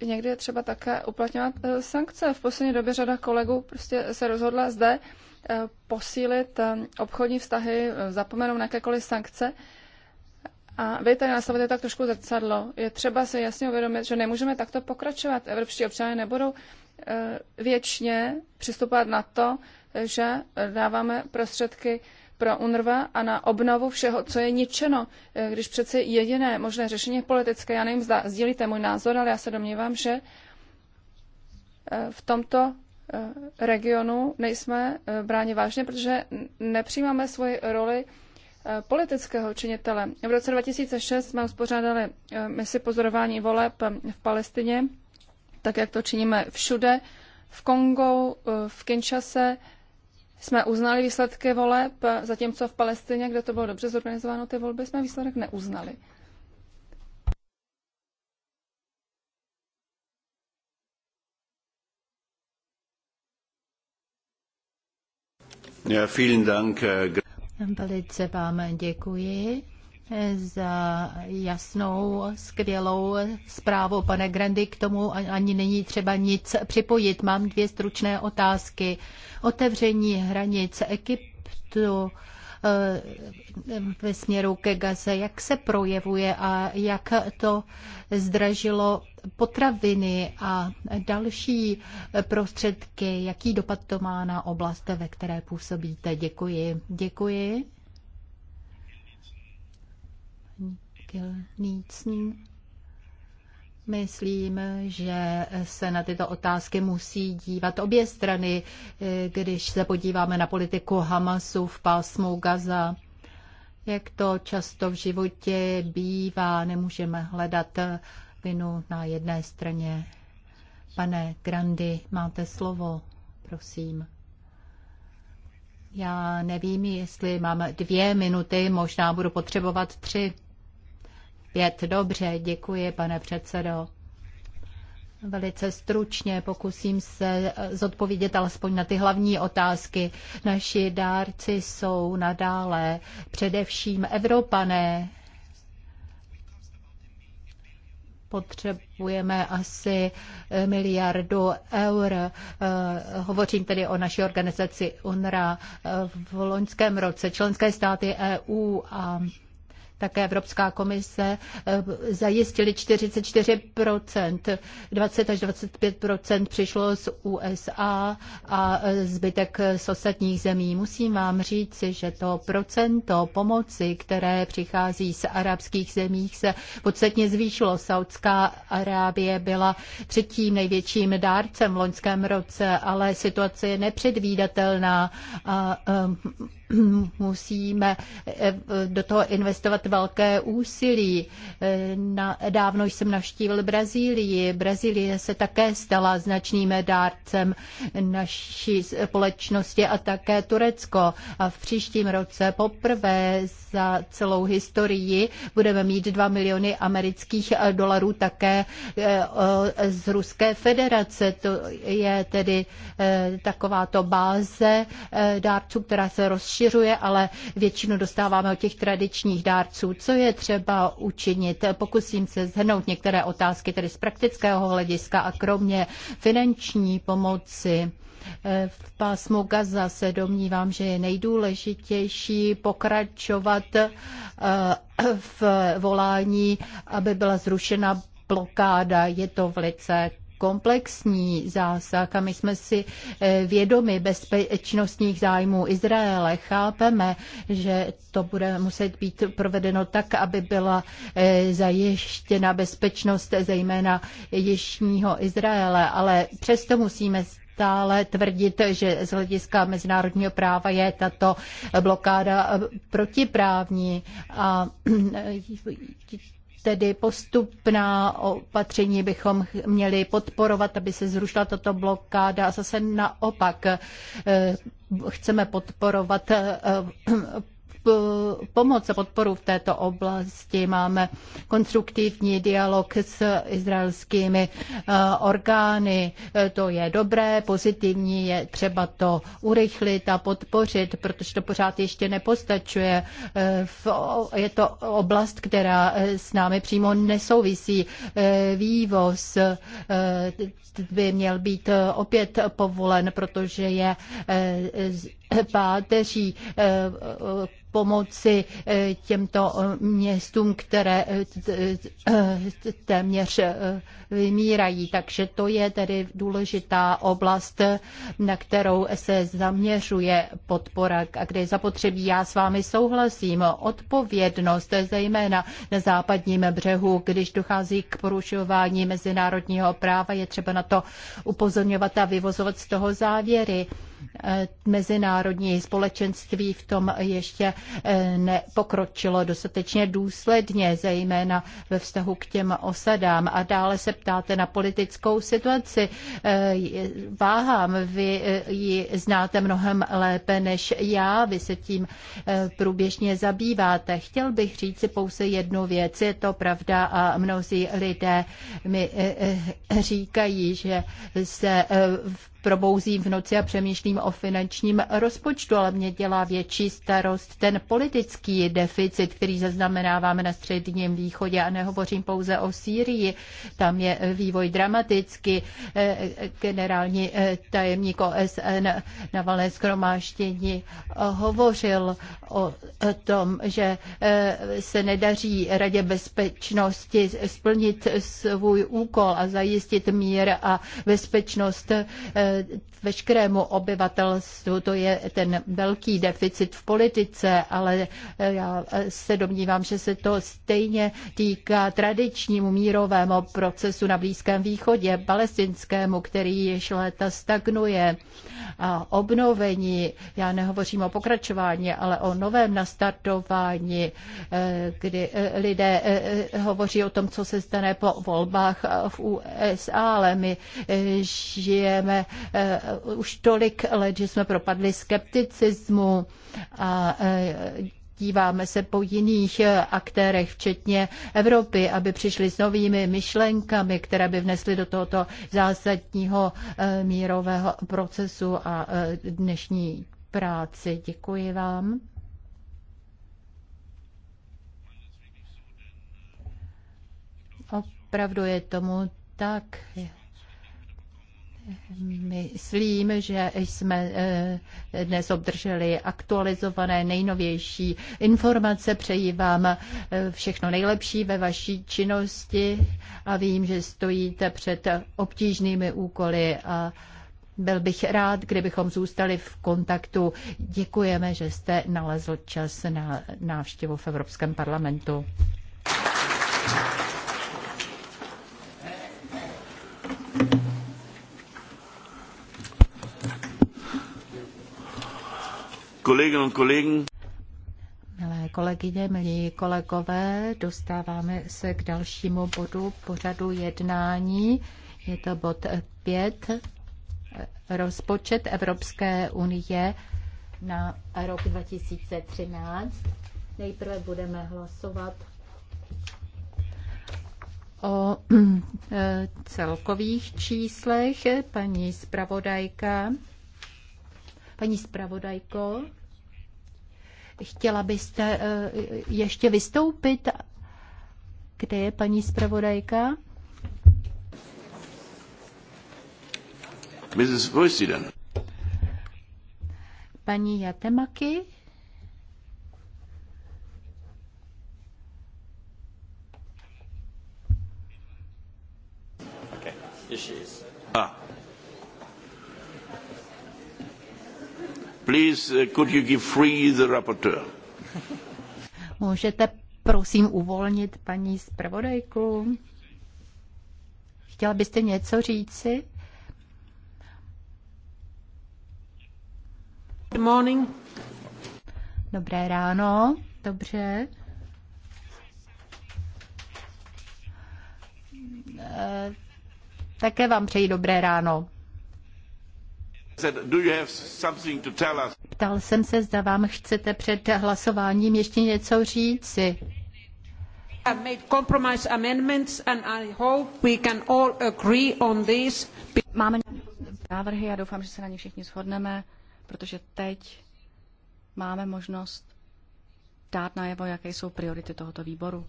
někdy je třeba také uplatňovat eh, sankce. V poslední době řada kolegů prostě se rozhodla zde posílit obchodní vztahy, zapomenout na jakékoliv sankce. A vy tady nastavujete tak trošku zrcadlo. Je třeba se jasně uvědomit, že nemůžeme takto pokračovat. Evropští občané nebudou věčně přistupovat na to, že dáváme prostředky pro UNRWA a na obnovu všeho, co je ničeno, eh, když přeci jediné možné řešení politické. Já nevím, zda sdílíte můj názor, ale já se domnívám, že eh, v tomto eh, regionu nejsme bráni vážně, protože nepřijímáme svoji roli politického činitele. V roce 2006 jsme uspořádali misi pozorování voleb v Palestině, tak jak to činíme všude, v Kongu, v Kinshase, jsme uznali výsledky voleb, zatímco v Palestině, kde to bylo dobře zorganizováno, ty volby jsme výsledek neuznali. Ja, vielen Dank. Äh, Velice vám děkuji za jasnou, skvělou zprávu. Pane Grandy, k tomu ani není třeba nic připojit. Mám dvě stručné otázky. Otevření hranic Egyptu eh, ve směru ke Gaze, jak se projevuje a jak to zdražilo potraviny a další prostředky, jaký dopad to má na oblast, ve které působíte. Děkuji. Děkuji. Kilnícný. Myslím, že se na tyto otázky musí dívat obě strany, když se podíváme na politiku Hamasu v pásmu Gaza. Jak to často v životě bývá, nemůžeme hledat vinu na jedné straně. Pane Grandy, máte slovo, prosím. Já nevím, jestli mám dvě minuty, možná budu potřebovat tři. Pět, dobře, děkuji, pane předsedo. Velice stručně pokusím se eh, zodpovědět alespoň na ty hlavní otázky. Naši dárci jsou nadále především Evropané. Potřebujeme asi eh, miliardu eur. Eh, hovořím tedy o naší organizaci UNRA. V loňském roce členské státy EU a také Evropská komise, eh, zajistili 44 20 až 25 přišlo z USA a eh, zbytek z ostatních zemí. Musím vám říci, že to procento pomoci, které přichází z arabských zemí, se podstatně zvýšilo. Saudská Arábie byla třetím největším dárcem v loňském roce, ale situace je nepředvídatelná. A, a, eh, musíme eh, do toho investovat velké úsilí. Eh, na, dávno jsem navštívil Brazílii. Brazílie se také stala značným dárcem naší společnosti a také Turecko. A v příštím roce poprvé za celou historii budeme mít 2 miliony amerických dolarů také eh, z Ruské federace. To je tedy takováto báze dárců, která se rozšíří rozšiřuje, ale většinu dostáváme od těch tradičních dárců. Co je třeba učinit? Pokusím se zhrnout některé otázky tedy z praktického hlediska a kromě finanční pomoci. V pásmu Gaza se domnívám, že je nejdůležitější pokračovat eh, v volání, aby byla zrušena blokáda. Je to v lice komplexní zásah a my jsme si eh, vědomi bezpečnostních zájmů Izraele. Chápeme, že to bude muset být provedeno tak, aby byla eh, zajištěna bezpečnost zejména jižního Izraele, ale přesto musíme stále tvrdit, že z hlediska mezinárodního práva je tato blokáda eh, protiprávní a Tedy postupná opatření bychom měli podporovat, aby se zrušila tato blokáda. A zase naopak eh, chceme podporovat eh, pomoc a podporu v této oblasti. Máme konstruktivní dialog s izraelskými eh, orgány. Eh, to je dobré, pozitivní, je třeba to urychlit a podpořit, protože to pořád ještě nepostačuje. Eh, je to oblast, která s námi přímo nesouvisí. Vývoz by měl být opět povolen, protože je páteří pomoci eh, těmto eh, městům, které eh, téměř vymírají. Takže to je tedy důležitá oblast, na kterou se zaměřuje podpora a kde je zapotřebí. Já s vámi souhlasím. Odpovědnost, zejména na západním břehu, když dochází k porušování mezinárodního práva, je třeba na to upozorňovat a vyvozovat z toho závěry. Eh, mezinárodní společenství v tom ještě eh, nepokročilo dostatečně důsledně, zejména ve vztahu k těm osadám. A dále se ptáte na politickou situaci. Eh, váhám, vy ji znáte mnohem lépe než já, vy se tím průběžně zabýváte. Chtěl bych říct si pouze jednu věc, je to pravda a mnozí lidé mi říkají, že se probouzím v noci a přemýšlím o finančním rozpočtu, ale mě dělá větší starost ten politický deficit, který zaznamenáváme na Středním východě a nehovořím pouze o Sýrii. Tam je vývoj dramaticky. Eh, generální eh, tajemník OSN na valné skromáštění hovořil o tom, že eh, se nedaří Radě bezpečnosti splnit svůj úkol a zajistit mír a bezpečnost veškerému obyvatelstvu. To je ten velký deficit v politice, ale eh, já eh, se domnívám, že se to stejně týká tradičnímu mírovému procesu na Blízkém východě, palestinskému, který již léta stagnuje. A obnovení, já nehovořím o pokračování, ale o novém nastartování, eh, kdy lidé hovoří o tom, co se stane po volbách v USA, ale my žijeme Eh, už tolik let, že jsme propadli skepticismu a eh, díváme se po jiných eh, aktérech, včetně Evropy, aby přišli s novými myšlenkami, které by vnesly do tohoto zásadního mírového procesu a dnešní práci. Děkuji vám. Opravdu je tomu tak. Myslím, že jsme eh, dnes obdrželi aktualizované nejnovější informace. Přeji vám eh, všechno nejlepší ve vaší činnosti a vím, že stojíte před obtížnými úkoly a byl bych rád, kdybychom zůstali v kontaktu. Děkujeme, že jste nalezl čas na návštěvu v Evropském parlamentu. Kolleginnen und Milé kolegyně, milí kolegové, dostáváme se k dalšímu bodu pořadu jednání. Je to bod 5, rozpočet Evropské unie na rok 2013. Nejprve budeme hlasovat o eh, celkových číslech. Paní zpravodajka Paní zpravodajko, chtěla byste eh, ještě vystoupit? Kde je paní zpravodajka? Mrs. Paní Jatemaky? Okay. Yes, she is. Ah. Please, uh, could you give free the rapporteur? Můžete prosím uvolnit paní zpravodajku? Chtěla byste něco říci? Good morning. Dobré ráno, dobře. Eh, také vám přeji dobré ráno. Ptal jsem se, zda vám chcete před hlasováním ještě něco říci. Máme návrhy já doufám, že se na ně všichni shodneme, protože teď máme možnost dát najevo, jaké jsou priority tohoto výboru.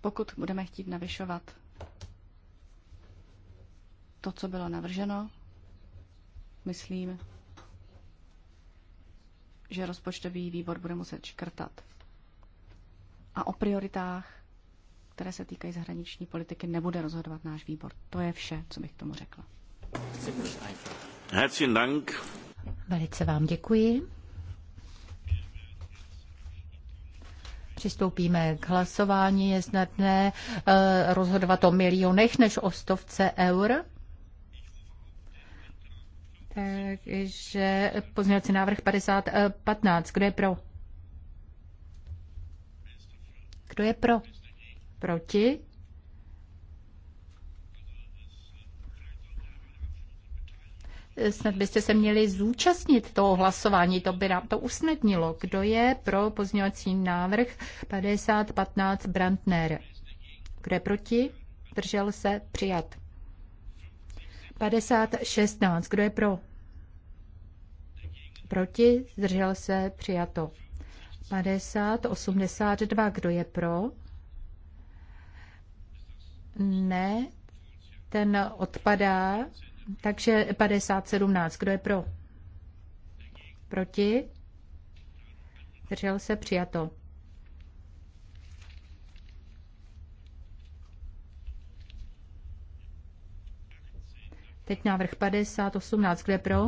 Pokud budeme chtít navyšovat to, co bylo navrženo, myslím, že rozpočtový výbor bude muset škrtat. A o prioritách, které se týkají zahraniční politiky, nebude rozhodovat náš výbor. To je vše, co bych tomu řekla. Herzlichen Dank. Velice vám děkuji. Přistoupíme k hlasování. Je snadné eh, rozhodovat o milionech než o stovce eur. Takže pozměňovací návrh 50-15. Eh, Kdo je pro? Kdo je pro? Proti? Snad byste se měli zúčastnit toho hlasování, to by nám to usnadnilo. Kdo je pro pozměňovací návrh 5015 Brandner? Kdo je proti? Držel se? Přijat. 56, Kdo je pro? Proti? Zdržel se? Přijato. 82. Kdo je pro? Ne. Ten odpadá. Takže 17. Kdo je pro? Proti? Zdržel se? Přijato. Teď návrh 50, 18, kde pro?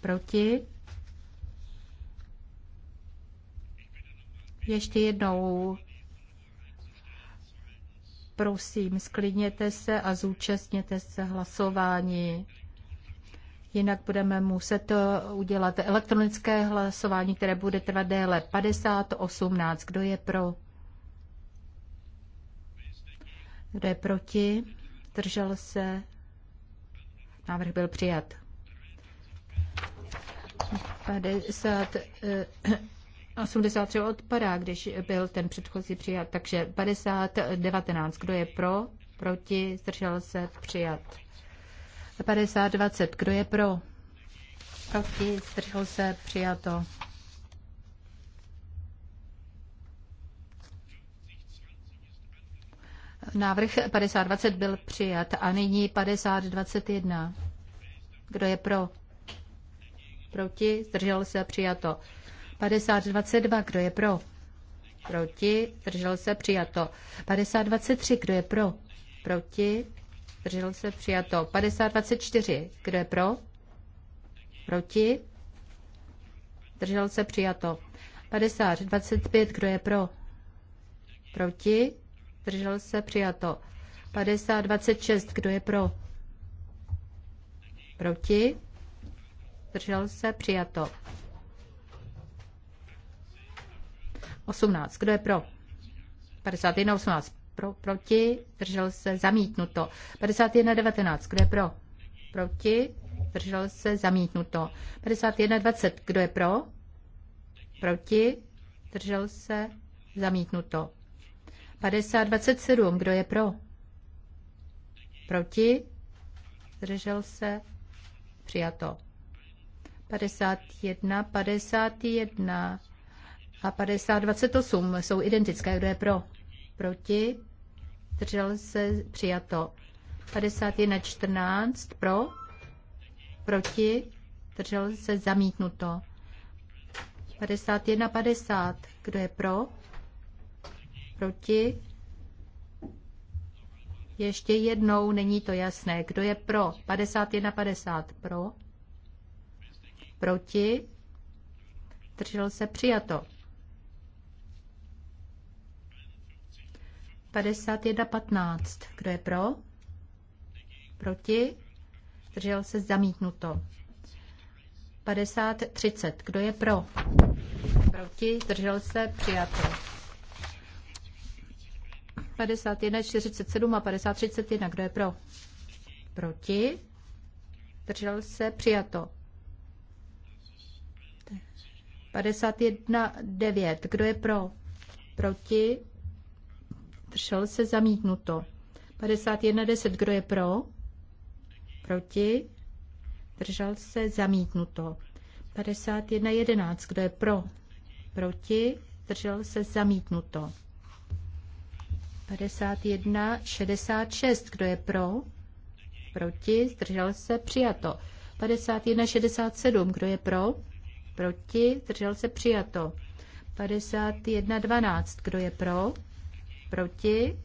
Proti? Ještě jednou prosím, sklidněte se a zúčastněte se hlasování. Jinak budeme muset eh, udělat elektronické hlasování, které bude trvat déle 50 18. Kdo je pro? Kdo je proti? zdržel se, návrh byl přijat. 50, 83 eh, odpadá, když byl ten předchozí přijat, takže 50, 19, kdo je pro, proti, zdržel se, přijat. 50, 20, kdo je pro, proti, zdržel se, přijato. Návrh 5020 byl přijat a nyní 5021. Kdo je pro? Proti? Zdržel se? Přijato. 5022. Kdo je pro? Proti? Zdržel se? Přijato. 5023. Kdo je pro? Proti? Zdržel se? Přijato. 5024. Kdo je pro? Proti? Zdržel se? Přijato. 5025. Kdo je pro? Proti? zdržel se, přijato. 50 26 kdo je pro? Proti? Zdržel se, přijato. 18, kdo je pro? 51, 18, pro, proti, zdržel se, zamítnuto. 51, 19, kdo je pro? Proti, zdržel se, zamítnuto. 51, 20, kdo je pro? Proti, zdržel se, zamítnuto. 5027. Kdo je pro? Proti? Zdržel se? Přijato. 51, 51 a 5028 jsou identické. Kdo je pro? Proti? Zdržel se? Přijato. 51, 14 pro? Proti? Zdržel se? Zamítnuto. 51, 50. Kdo je pro? Proti? Ještě jednou není to jasné. Kdo je pro? 51, 50 pro. Proti? Držel se přijato. 51, 15. Kdo je pro? Proti? Držel se zamítnuto. 50, 30. Kdo je pro? Proti? Držel se přijato. 51, 47 a 50, 31. Kdo je pro? Proti? Držel se? Přijato. 51, 9. Kdo je pro? Proti? Držel se? Zamítnuto. 51, 10. Kdo je pro? Proti? Držel se? Zamítnuto. 51, 11. Kdo je pro? Proti? Držel se? Zamítnuto. 51, 66. Kdo je pro? Proti? Zdržel se? Přijato. 51, 67. Kdo je pro? Proti? Zdržel se? Přijato. 51, 12. Kdo je pro? Proti?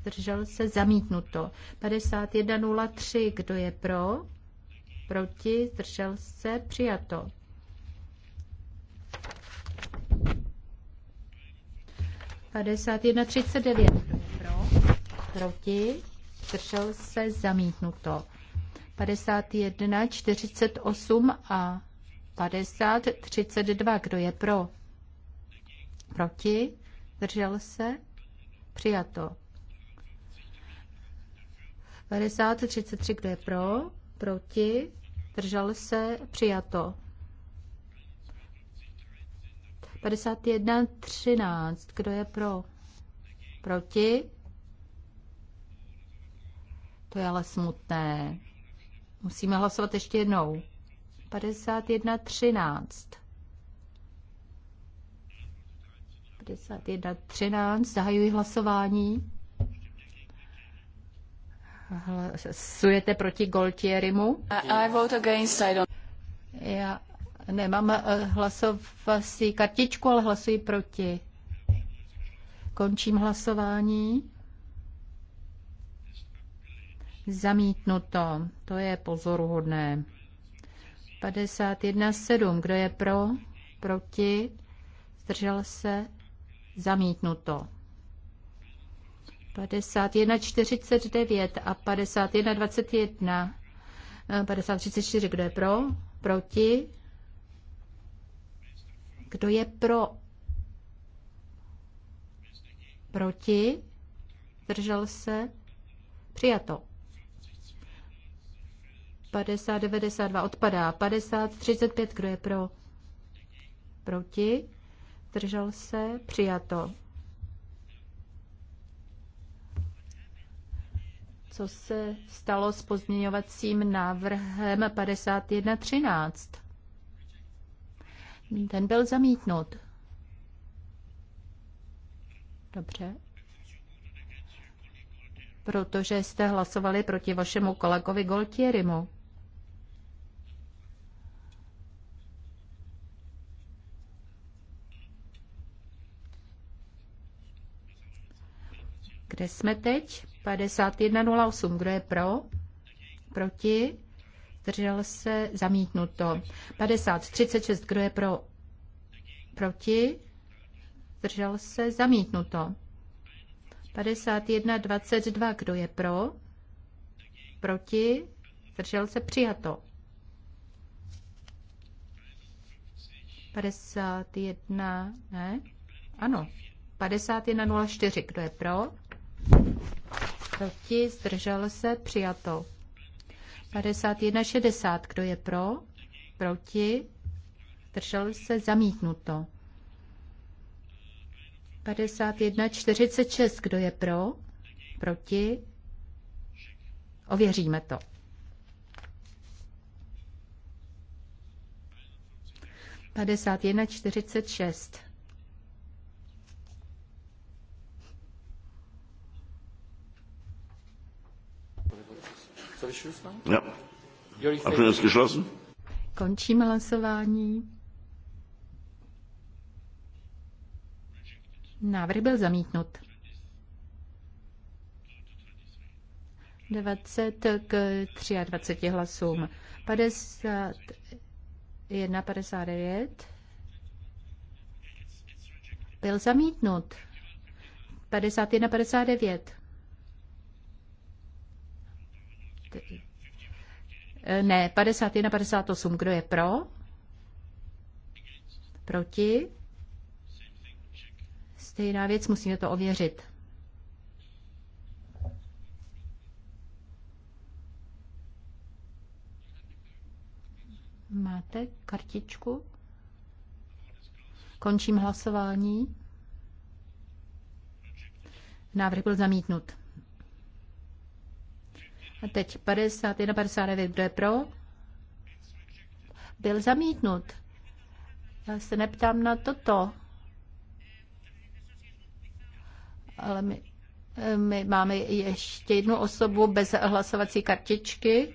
Zdržel se? Zamítnuto. 51, Kdo je pro? Proti? Zdržel se? Přijato. 51.39 proti, zdržel se, zamítnuto. 51, 48 a 50, 32, kdo je pro, proti, zdržel se, přijato. 50, 33, kdo je pro, proti, zdržel se, přijato. 51, 13, kdo je pro, proti, to je ale smutné. Musíme hlasovat ještě jednou. 51.13. 51.13. Zahajuji hlasování. Hlasujete proti Goltierimu? I, I vote against, I don't... Já nemám eh, hlasovací kartičku, ale hlasuji proti. Končím hlasování. Zamítnuto. To je pozoruhodné. 51.7. Kdo je pro? Proti? Zdržel se? Zamítnuto. 51.49 a 51.21. 50.34. Eh, Kdo je pro? Proti? Kdo je pro? Proti? Zdržel se? Přijato. 50, 92 odpadá. 50, 35, kdo je pro? Proti? Držel se? Přijato. Co se stalo s pozměňovacím návrhem 5113? Ten byl zamítnut. Dobře. Protože jste hlasovali proti vašemu kolegovi Goltierimu. Kde jsme teď? 51.08. Kdo je pro? Proti? Zdržel se? Zamítnuto. 50.36. Kdo je pro? Proti? Zdržel se? Zamítnuto. 51.22. Kdo je pro? Proti? Zdržel se? Přijato. 51, ne? Ano. 51.04. Kdo je pro? Proti? Zdržel se? Přijato. 51,60. Kdo je pro? Proti? Zdržel se? Zamítnuto. 51,46. Kdo je pro? Proti? Ověříme to. 51,46. Ja. Abstimmung geschlossen. Končím hlasování. Návrh byl zamítnut. 20 k 23 hlasům. 51, 59 byl zamítnut. 51, 59. Ne, 51, 58. Kdo je pro? Proti? Stejná věc, musíme to ověřit. Máte kartičku? Končím hlasování. Návrh byl zamítnut. A teď 51, 59, kdo je pro? Byl zamítnut. Já se neptám na toto. Ale my, my máme ještě jednu osobu bez hlasovací kartičky,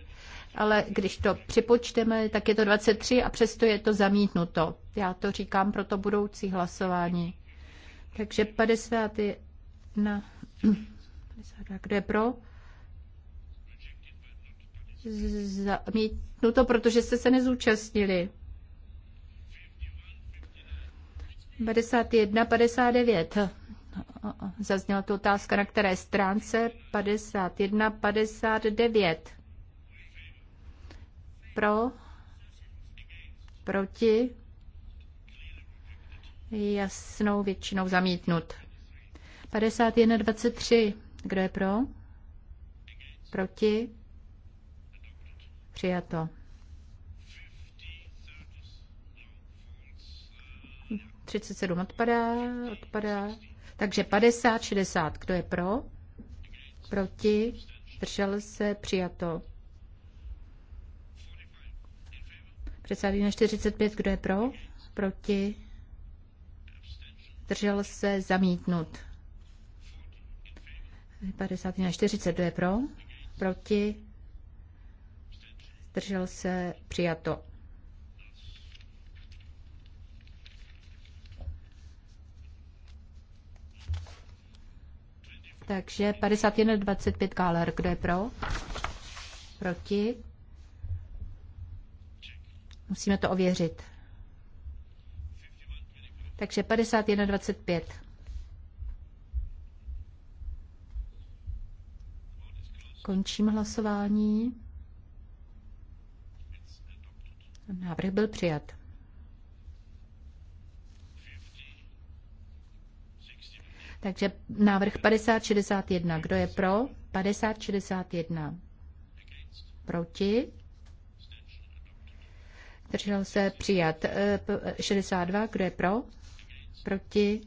ale když to připočteme, tak je to 23 a přesto je to zamítnuto. Já to říkám pro to budoucí hlasování. Takže 51. Kdo je pro? zamítnuto, protože jste se nezúčastnili. 51, 59. Zazněla tu otázka, na které stránce 51, 59. Pro, proti, jasnou většinou zamítnut. 51, 23. Kdo je pro? Proti? Přijato. 37 odpadá, odpadá. Takže 50, 60. Kdo je pro? Proti? Držel se? Přijato. 51, 45. Kdo je pro? Proti? Držel se? Zamítnut. 51, 40. Kdo je pro? Proti? zdržel se, přijato. Takže 51,25 25 kdo je pro? Proti? Musíme to ověřit. Takže 51,25. Končím hlasování. Návrh byl přijat. Takže návrh 5061. Kdo je pro? 5061. Proti? Držel se přijat. 62. E, Kdo je pro? Proti?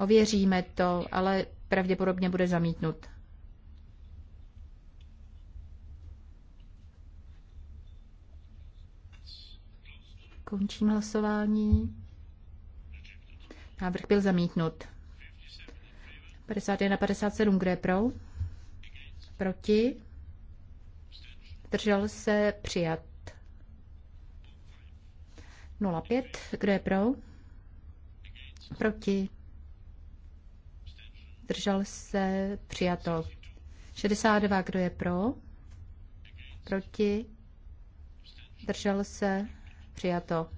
Ověříme to, ale pravděpodobně bude zamítnut. Končím hlasování. Návrh byl zamítnut. 51 57, kdo je pro? Proti? Držel se přijat. 05, kdo je pro? Proti? Držel se přijato. 62, kdo je pro? Proti? Držel se Přijato.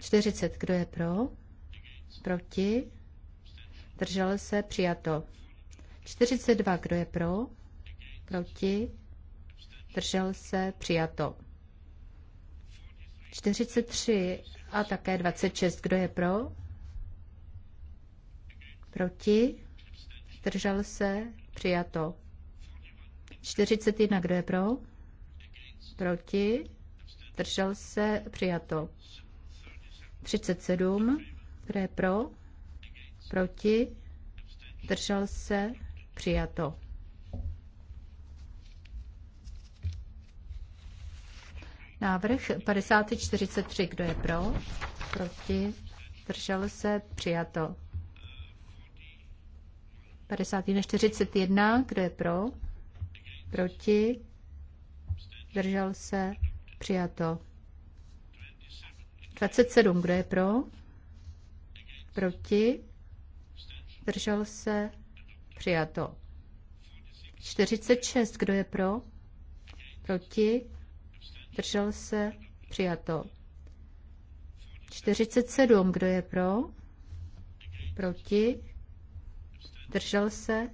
40. Kdo je pro? Proti? Držel se? Přijato. 42. Kdo je pro? Proti? Držel se? Přijato. 43 a také 26. Kdo je pro? Proti? Držel se? Přijato. 41. Kdo je pro? Proti? zdržel se, přijato. 37, kdo je pro, proti, zdržel se, přijato. Návrh 5043, kdo je pro, proti, zdržel se, přijato. 5041, kdo je pro, proti, zdržel se, Přijato. 27. Kdo je pro? Proti? Držel se? Přijato. 46. Kdo je pro? Proti? Držel se? Přijato. 47. Kdo je pro? Proti? Držel se?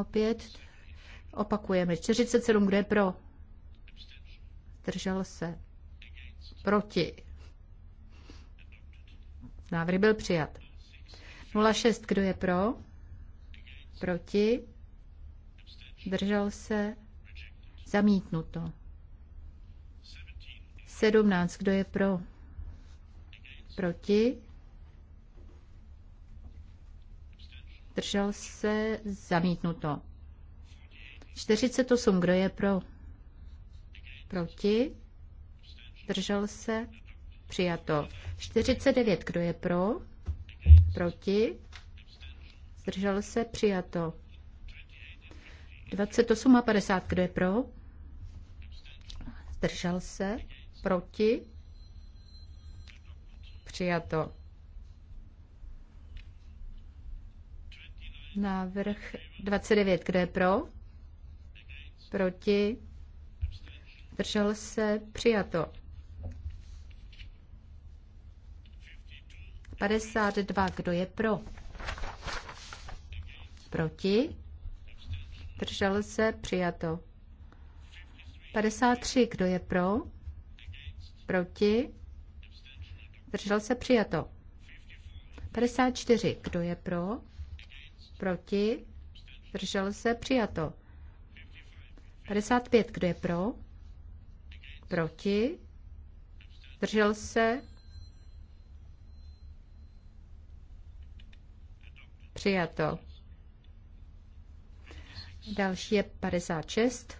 Opět Opakujeme. 47, kdo je pro? Zdržel se. Proti. Návrh byl přijat. 06, kdo je pro? Proti. Držel se. Zamítnuto. 17, kdo je pro? Proti. Držel se. Zamítnuto. 48, kdo je pro? Proti? Držel se? Přijato. 49, kdo je pro? Proti? Zdržel se? Přijato. 28 a 50, kdo je pro? Zdržel se? Proti? Přijato. Návrh 29, kdo je pro? proti, držel se, přijato. 52, kdo je pro? Proti, držel se, přijato. 53, kdo je pro? Proti, držel se, přijato. 54, kdo je pro? Proti, držel se, přijato. 55. Kdo je pro? Proti? Držel se? Přijato. Další je 56.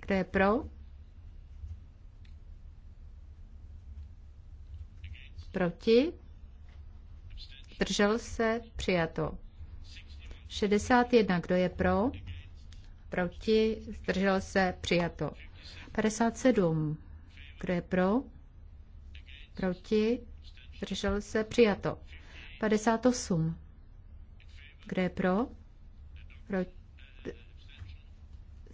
Kdo je pro? Proti? Držel se? Přijato. 61. Kdo je pro? proti, zdržel se, přijato. 57, kdo je pro, proti, zdržel se, přijato. 58, kdo je pro, proti,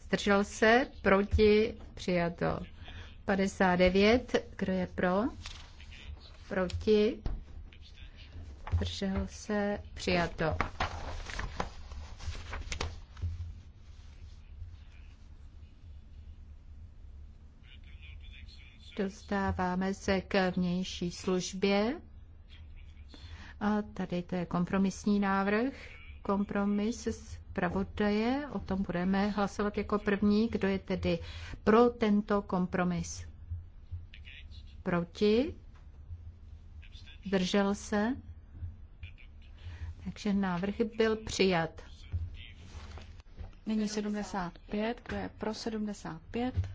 zdržel se, proti, přijato. 59, kdo je pro, proti, zdržel se, přijato. Dostáváme se k vnější službě. A tady to je kompromisní návrh. Kompromis s pravodaje. O tom budeme hlasovat jako první. Kdo je tedy pro tento kompromis? Proti? Držel se? Takže návrh byl přijat. Nyní 75. Kdo je pro 75?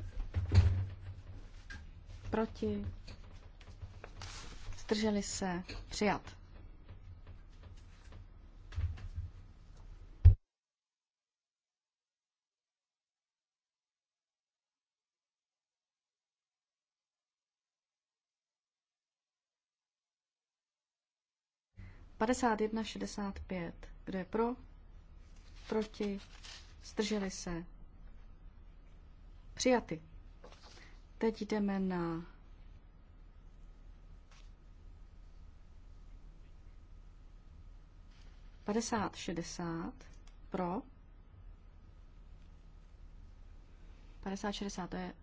Proti? Zdrželi se? Přijat. Padesát jedna šedesát pět. Kdo je pro? Proti? Zdrželi se? Přijaty. Teď jdeme na padesát šedesát pro. Padesát šedesát to je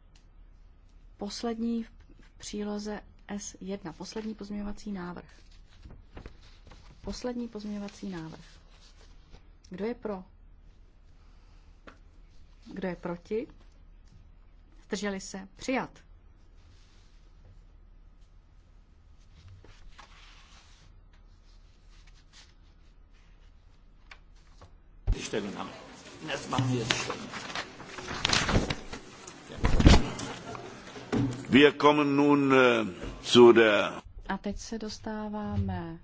poslední v příloze S1, poslední pozměňovací návrh. Poslední pozměňovací návrh. Kdo je pro? Kdo je proti? Zdrželi se? Přijat. Äh, a teď se dostáváme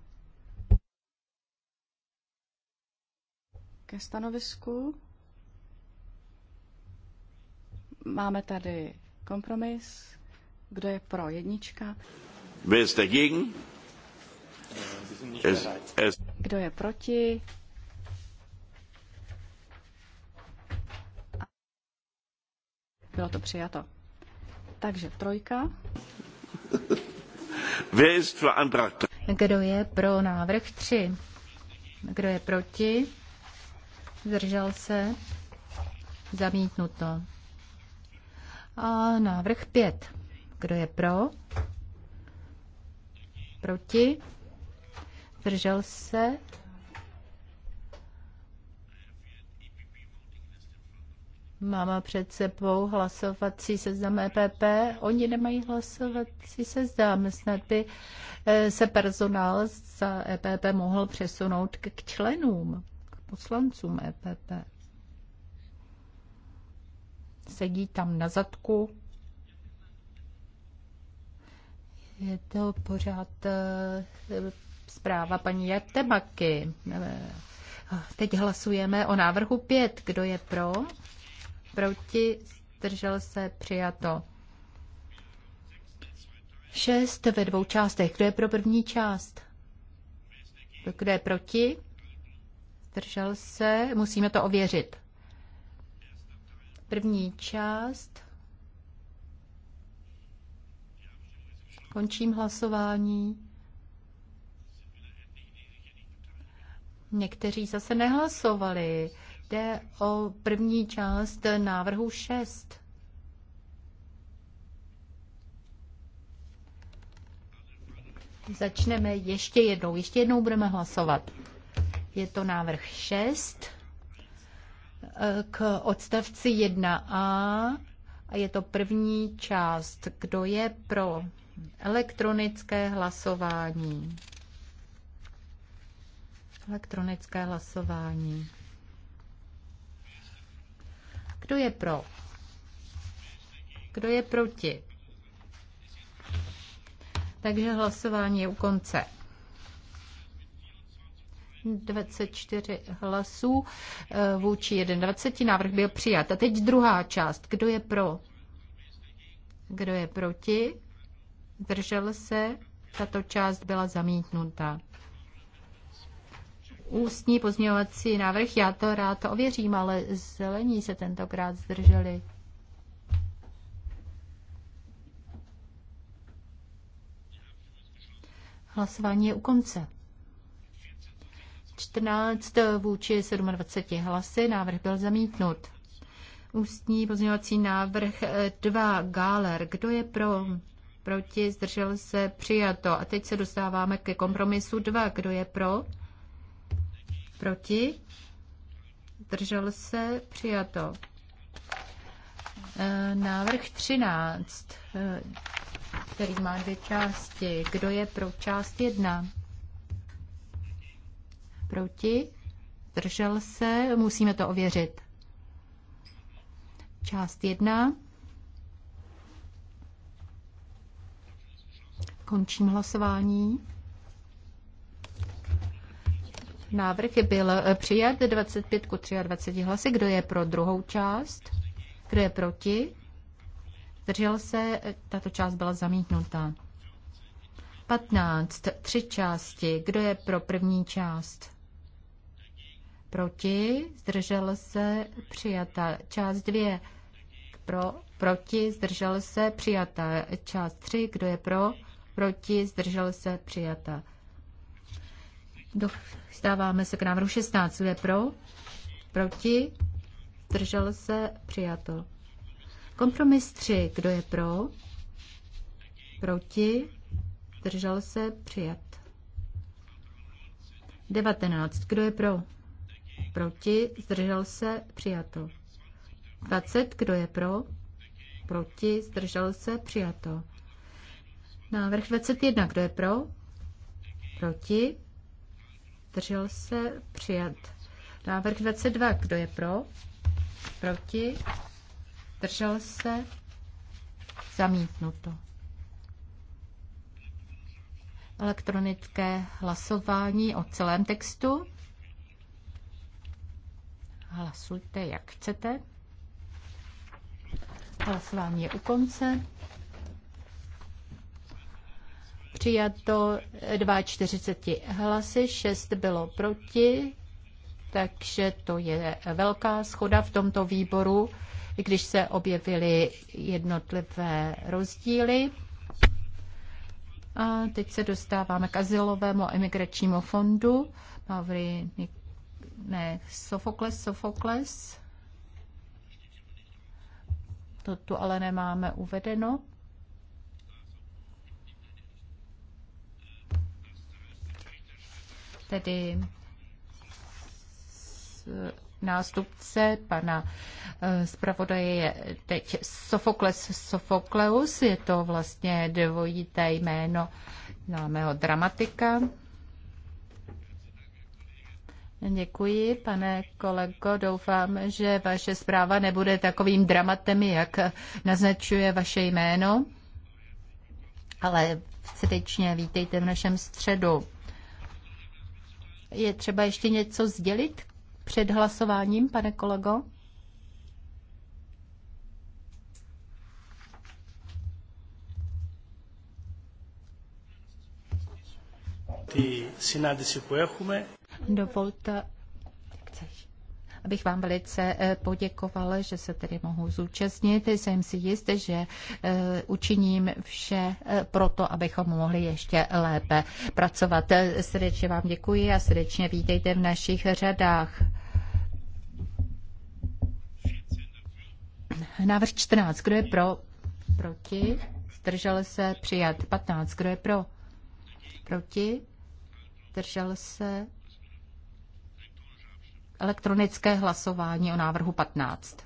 ke stanovisku Máme tady kompromis. Kdo je pro jednička? Wer ist dagegen? Kdo je proti? Bylo to přijato. Takže trojka. Kdo je pro návrh 3? Kdo je proti? Zdržel se? Zamítnuto. A návrh 5. Kdo je pro? Proti? Zdržel se? Máma před sebou hlasovací seznam EPP. Oni nemají hlasovací seznam. Snad by eh, se personál za EPP mohl přesunout k členům, k poslancům EPP sedí tam na zadku. Je to pořád eh, zpráva paní Jatemaky. Eh, teď hlasujeme o návrhu 5. Kdo je pro? Proti? Držel se? Přijato. 6 ve dvou částech. Kdo je pro první část? Kdo je proti? Držel se? Musíme to ověřit. První část. Končím hlasování. Někteří zase nehlasovali. Jde o první část návrhu 6. Začneme ještě jednou. Ještě jednou budeme hlasovat. Je to návrh 6 k odstavci 1a a je to první část. Kdo je pro elektronické hlasování? Elektronické hlasování. Kdo je pro? Kdo je proti? Takže hlasování je u konce. 24 hlasů eh, vůči 21. Návrh byl přijat. A teď druhá část. Kdo je pro? Kdo je proti? Držel se? Tato část byla zamítnuta. Ústní pozměňovací návrh, já to rád to ověřím, ale zelení se tentokrát zdrželi. Hlasování je u konce. 14 vůči 27 hlasy. Návrh byl zamítnut. Ústní pozměňovací návrh 2 eh, Gáler. Kdo je pro? Proti? Zdržel se? Přijato. A teď se dostáváme ke kompromisu 2. Kdo je pro? Proti? Zdržel se? Přijato. Eh, návrh 13, eh, který má dvě části. Kdo je pro část 1? proti, zdržel se, musíme to ověřit. Část jedna. Končím hlasování. Návrh byl eh, přijat 25 ku 23 hlasy. Kdo je pro druhou část? Kdo je proti? Zdržel se, eh, tato část byla zamítnuta. 15. Tři části. Kdo je pro první část? proti, zdržel se, přijata. Část dvě pro, proti, zdržel se, přijata. Část tři, kdo je pro, proti, zdržel se, přijata. Dostáváme se k návrhu 16, kdo je pro, proti, zdržel se, přijato. Kompromis 3, kdo je pro, proti, zdržel se, přijat. 19, kdo je pro? proti, zdržel se, přijato. 20, kdo je pro, proti, zdržel se, přijato. Návrh 21, kdo je pro, proti, zdržel se, přijat. Návrh 22, kdo je pro, proti, zdržel se, zamítnuto. Elektronické hlasování o celém textu. Hlasujte, jak chcete. Hlasování je u konce. Přijato 42 hlasy, 6 bylo proti, takže to je velká schoda v tomto výboru, i když se objevily jednotlivé rozdíly. A teď se dostáváme k azylovému a imigračnímu fondu. Mavry Nik ne, Sofokles, Sofokles. To tu ale nemáme uvedeno. Tedy nástupce pana eh, zpravodaje je teď Sofokles Sofokleus, je to vlastně dvojité jméno známého dramatika. Děkuji, pane kolego. Doufám, že vaše zpráva nebude takovým dramatem, jak naznačuje vaše jméno, ale srdečně vítejte v našem středu. Je třeba ještě něco sdělit před hlasováním, pane kolego? Ty synády si έχουμε Dovolte, abych vám velice eh, poděkovala, že se tedy mohu zúčastnit. Jsem si jistý, že eh, učiním vše eh, pro to, abychom mohli ještě lépe pracovat. Srdečně vám děkuji a srdečně vítejte v našich řadách. Návrh 14. Kdo je pro? Proti? Držel se? Přijat. 15. Kdo je pro? Proti? Držel se? elektronické hlasování o návrhu 15.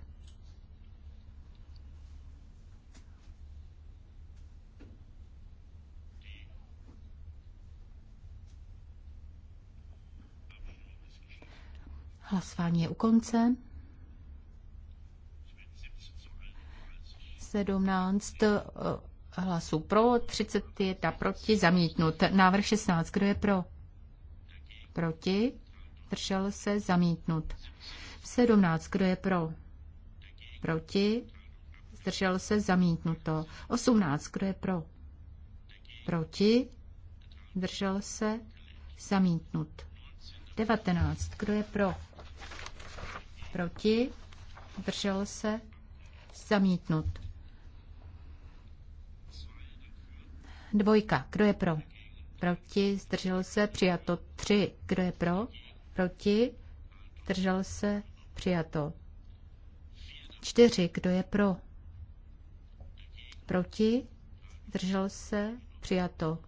Hlasování je u konce. 17 eh, hlasů pro, 31 proti, zamítnut. Návrh 16, kdo je pro? Proti? zdržel se, zamítnut. 17. Kdo je pro? Proti? Zdržel se, zamítnuto. 18. Kdo je pro? Proti? Zdržel se, zamítnut. 19. Kdo je pro? Proti? Zdržel se, zamítnut. Dvojka. Kdo je pro? Proti? Zdržel se, přijato. 3. Kdo je pro? Proti? Držel se? Přijato. Čtyři. Kdo je pro? Proti? Držel se? Přijato.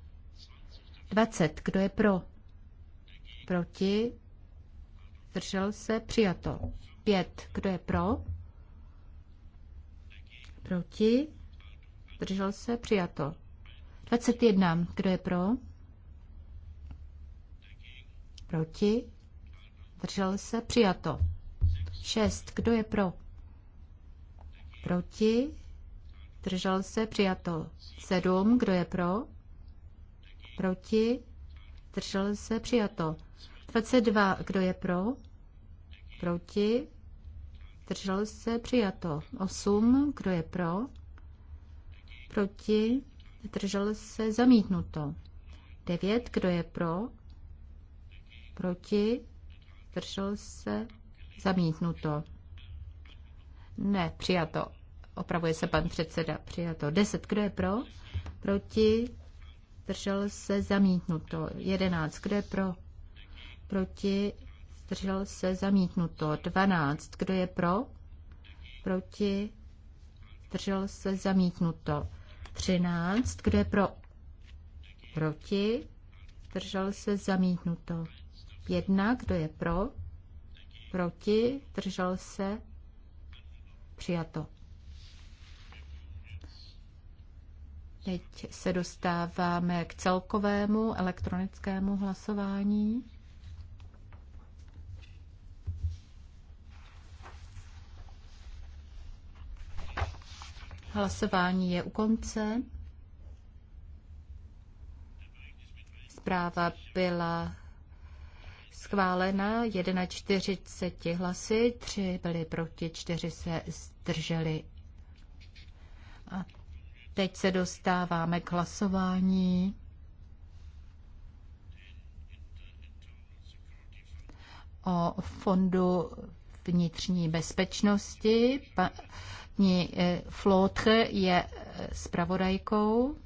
Dvacet. Kdo je pro? Proti? Držel se? Přijato. Pět. Kdo je pro? Proti? Držel se? Přijato. 21. Kdo je pro? Proti? zdržel se, přijato. 6. Kdo je pro? Proti, zdržel se, přijato. 7. Kdo je pro? Proti, zdržel se, přijato. 22. Kdo je pro? Proti, zdržel se, přijato. 8. Kdo je pro? Proti, zdržel se, zamítnuto. 9. Kdo je pro? Proti? zdržel se, zamítnuto. Ne, přijato. Opravuje se pan předseda, přijato. deset kdo je pro? Proti, zdržel se, zamítnuto. jedenáct kdo je pro? Proti, zdržel se, zamítnuto. Dvanáct, kdo je pro? Proti, zdržel se, zamítnuto. třináct kdo je pro? Proti, zdržel se, zamítnuto. 1, kdo je pro, proti, držel se, přijato. Teď se dostáváme k celkovému elektronickému hlasování. Hlasování je u konce. Zpráva byla schválena 41 hlasy, 3 byly proti, 4 se zdrželi. A teď se dostáváme k hlasování. o fondu vnitřní bezpečnosti. Paní eh, Flotre je eh, zpravodajkou.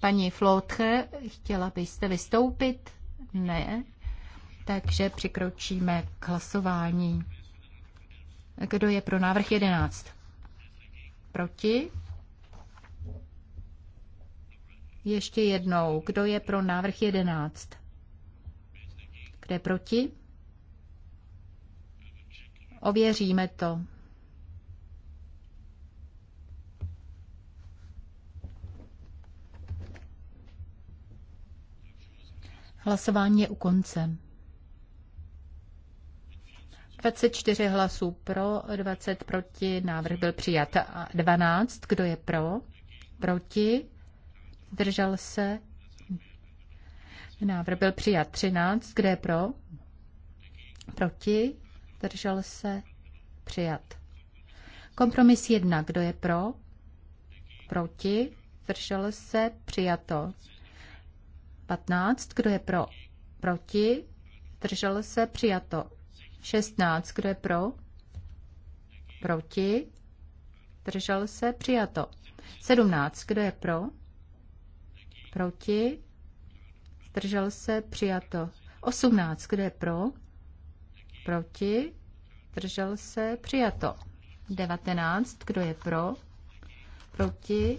Paní Flotre, chtěla byste vystoupit? Ne takže přikročíme k hlasování. Kdo je pro návrh 11? Proti? Ještě jednou. Kdo je pro návrh 11? Kde je proti? Ověříme to. Hlasování je u konce. 24 hlasů pro, 20 proti, návrh byl přijat. 12, kdo je pro, proti, držel se, návrh byl přijat. 13, kdo je pro, proti, držel se, přijat. Kompromis 1, kdo je pro, proti, držel se, přijato. 15, kdo je pro, proti, držel se, přijato. 16. Kdo je pro? Proti? Držel se? Přijato. 17. Kdo je pro? Proti? Zdržel se? Přijato. 18. Kdo je pro? Proti? Držel se? Přijato. 19. Kdo je pro? Proti?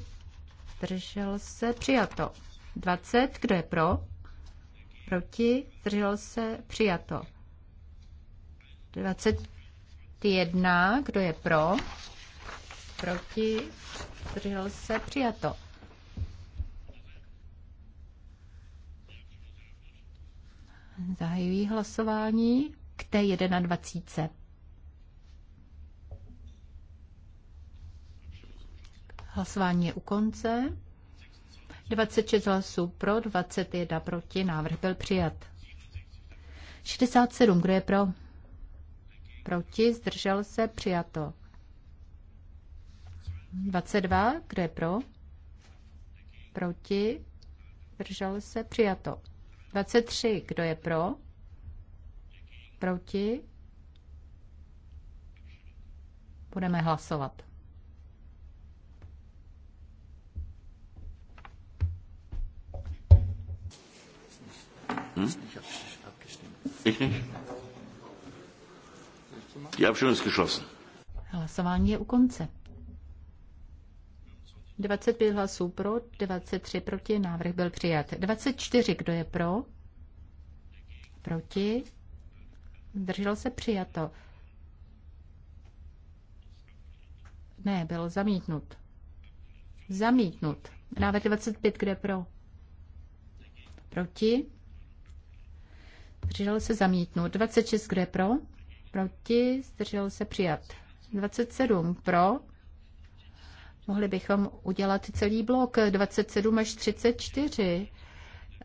Držel se? Přijato. 20. Kdo je pro? Proti? Zdržel se? Přijato. 21. Kdo je pro? Proti? Zdržel se? Přijato. Zahajují hlasování k té 21. Hlasování je u konce. 26 hlasů pro, 21 proti. Návrh byl přijat. 67. Kdo je pro? proti, zdržel se, přijato. 22, kdo je pro, proti, zdržel se, přijato. 23, kdo je pro, proti, budeme hlasovat. Hm? Ich nicht geschlossen. Hlasování je u konce. 25 hlasů pro, 23 proti, návrh byl přijat. 24, kdo je pro? Proti? Zdržel se přijato. Ne, byl zamítnut. Zamítnut. Návrh 25, kde pro? Proti? Zdržel se zamítnut. 26, kde pro? proti, zdržel se přijat. 27 pro. Mohli bychom udělat celý blok 27 až 34,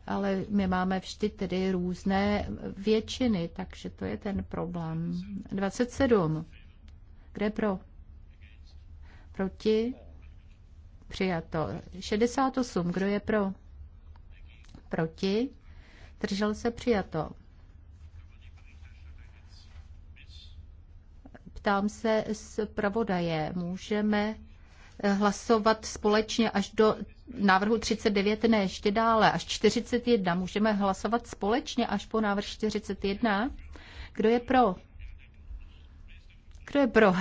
ale my máme vždy tedy různé většiny, takže to je ten problém. 27. Kde pro? Proti? Přijato. 68. Kdo je pro? Proti? Držel se přijato. Ptám se pravodaje, můžeme eh, hlasovat společně až do návrhu 39, ne ještě dále, až 41. Můžeme hlasovat společně až po návrh 41. Kdo je pro? Kdo je pro?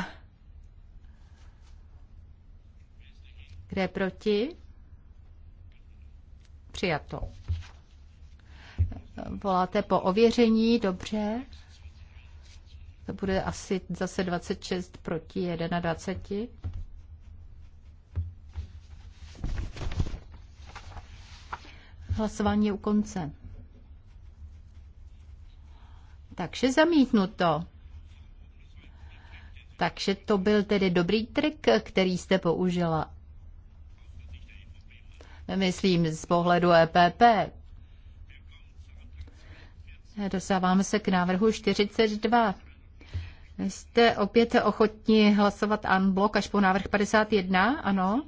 Kdo je proti? Přijato. Voláte po ověření, dobře. To bude asi zase 26 proti 21. Hlasování je u konce. Takže zamítnuto. Takže to byl tedy dobrý trik, který jste použila. Myslím z pohledu EPP. Dosáváme se k návrhu 42. Jste opět ochotní hlasovat unblock až po návrh 51? Ano.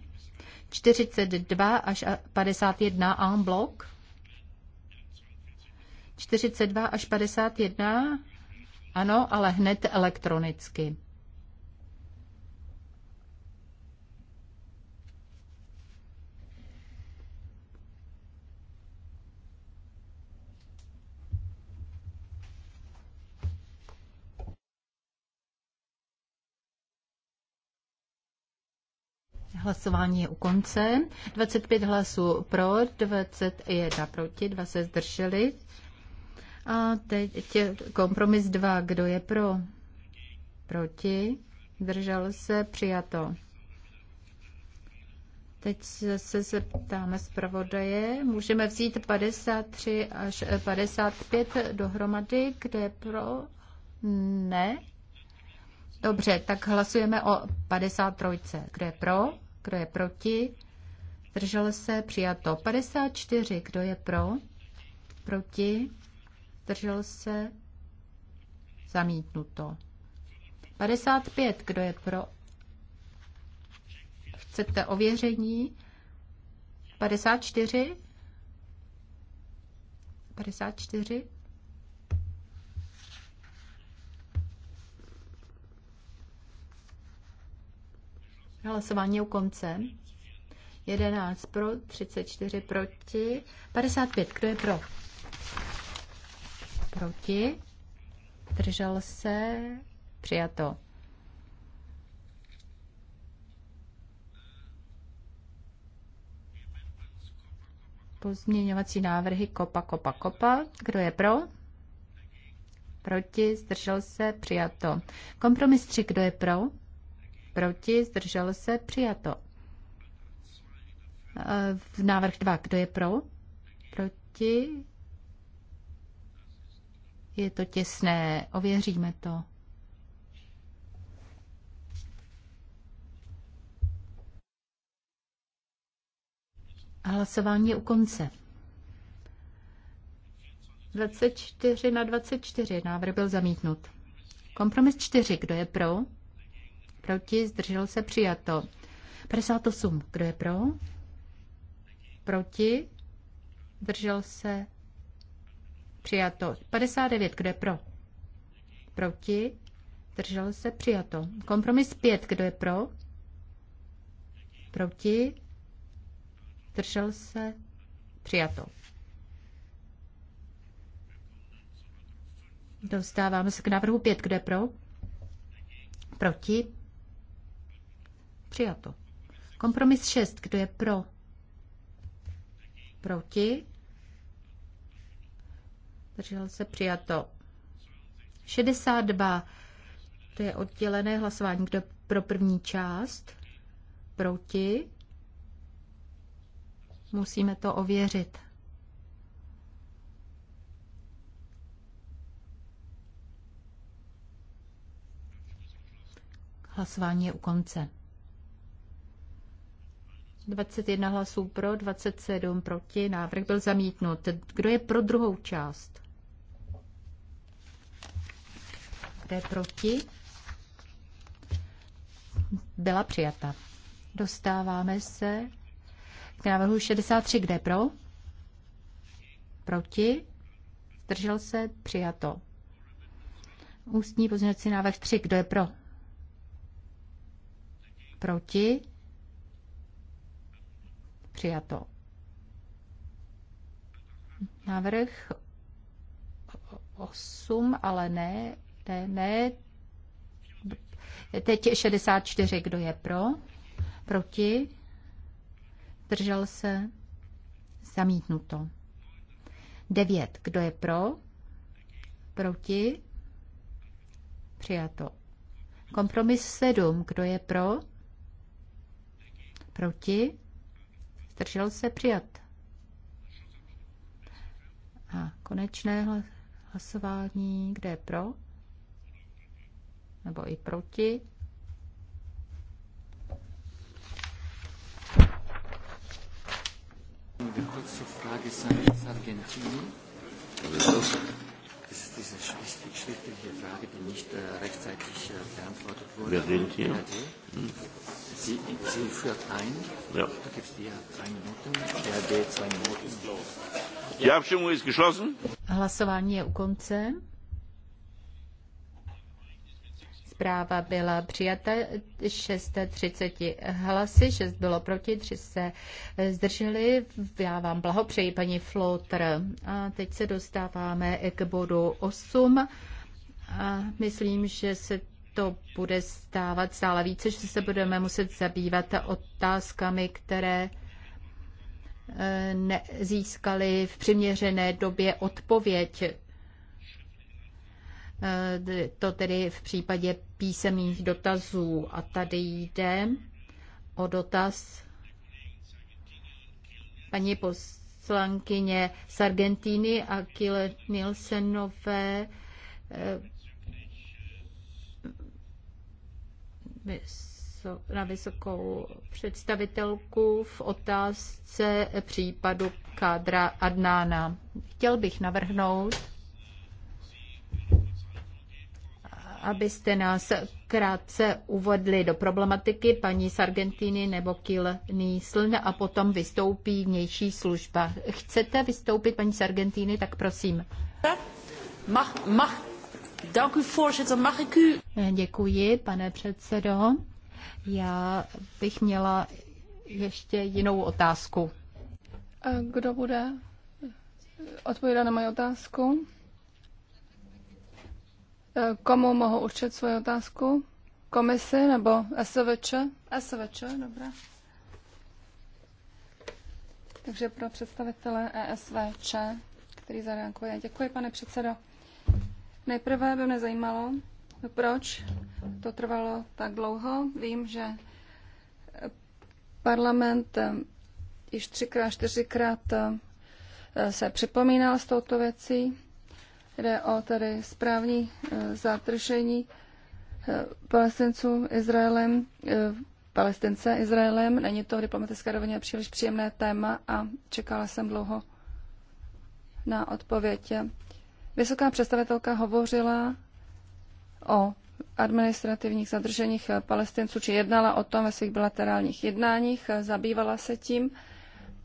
42 až 51 unblock? 42 až 51? Ano, ale hned elektronicky. Hlasování je u konce. 25 hlasů pro, 21 proti, 2 se zdrželi. A teď kompromis 2. Kdo je pro? Proti. Zdržel se, přijato. Teď se zeptáme zpravodaje. Můžeme vzít 53 až 55 dohromady, kde pro? Ne. Dobře, tak hlasujeme o 53. Kde pro? Kdo je proti? Zdržel se? Přijato. 54. Kdo je pro? Proti? Zdržel se? Zamítnuto. 55. Kdo je pro? Chcete ověření? 54? 54? Hlasování u konce. 11 pro, 34 proti, 55. Kdo je pro? Proti. Držel se. Přijato. Pozměňovací návrhy kopa, kopa, kopa. Kdo je pro? Proti, zdržel se, přijato. Kompromis 3, kdo je pro? proti, zdržel se, přijato. E, v návrh 2, kdo je pro, proti, je to těsné, ověříme to. Hlasování je u konce. 24 na 24. Návrh byl zamítnut. Kompromis 4. Kdo je pro? proti, zdržel se přijato. 58, kdo je pro? Proti, zdržel se přijato. 59, kdo je pro? Proti, zdržel se přijato. Kompromis 5, kdo je pro? Proti, zdržel se přijato. Dostáváme se k návrhu 5. Kdo je pro? Proti? Přijato. Kompromis 6. Kdo je pro? Proti? Držel se přijato. 62. To je oddělené hlasování. Kdo pro první část? Proti? Musíme to ověřit. Hlasování je u konce. 21 hlasů pro, 27 proti, návrh byl zamítnut. Kdo je pro druhou část? Kdo je proti? Byla přijata. Dostáváme se k návrhu 63, kde pro? Proti? Zdržel se? Přijato. Ústní pozměňovací návrh 3, kdo je pro? Proti? Přijato. Návrh 8, ale ne, ne, ne. Teď je 64, kdo je pro? Proti? Držel se? Zamítnuto. 9, kdo je pro? Proti? Přijato. Kompromis 7, kdo je pro? Proti? zdržel se přijat. A konečné hlasování, kde je pro? Nebo i proti? Eine kurze Frage Argentinien diese schriftliche Frage, die nicht äh, rechtzeitig äh, beantwortet wurde, Wir sind hier. Hm. Sie, sie führt ein. Ja. Da gibt es dir drei Minuten, BRD zwei Minuten. Die Abstimmung ist geschlossen. Hlasování je u konce. Zpráva byla přijata 630 hlasy, 6 bylo proti, 3 se zdrželi. Já vám blahopřeji, paní Flotr. A teď se dostáváme k bodu 8. A myslím, že se to bude stávat stále více, že se budeme muset zabývat otázkami, které eh, nezískali v přiměřené době odpověď. Eh, to tedy v případě písemných dotazů. A tady jde o dotaz paní poslankyně z a Kille Nilsenové. Eh, na vysokou představitelku v otázce případu kádra Adnána. Chtěl bych navrhnout, abyste nás krátce uvedli do problematiky paní Sargentiny nebo Kil Nýsln a potom vystoupí vnější služba. Chcete vystoupit, paní Sargentiny, tak prosím. Mach, mach. Dank u, Děkuji, pane předsedo. Já bych měla ještě jinou otázku. A kdo bude odpovídat na moji otázku? Komu mohu určit svoji otázku? Komisi nebo SVČ? SVČ, dobrá. Takže pro představitele ESVČ, který zareaguje. Děkuji, pane předsedo. Nejprve by mě zajímalo, proč to trvalo tak dlouho. Vím, že parlament eh, již třikrát, čtyřikrát eh, se připomínal s touto věcí. Jde o tedy správní e, zadržení e, palestinců Izraelem, e, palestince Izraelem. Není to v diplomatické rovině příliš příjemné téma a čekala jsem dlouho na odpověď. Vysoká představitelka hovořila o administrativních zadrženích palestinců, či jednala o tom ve svých bilaterálních jednáních, zabývala se tím.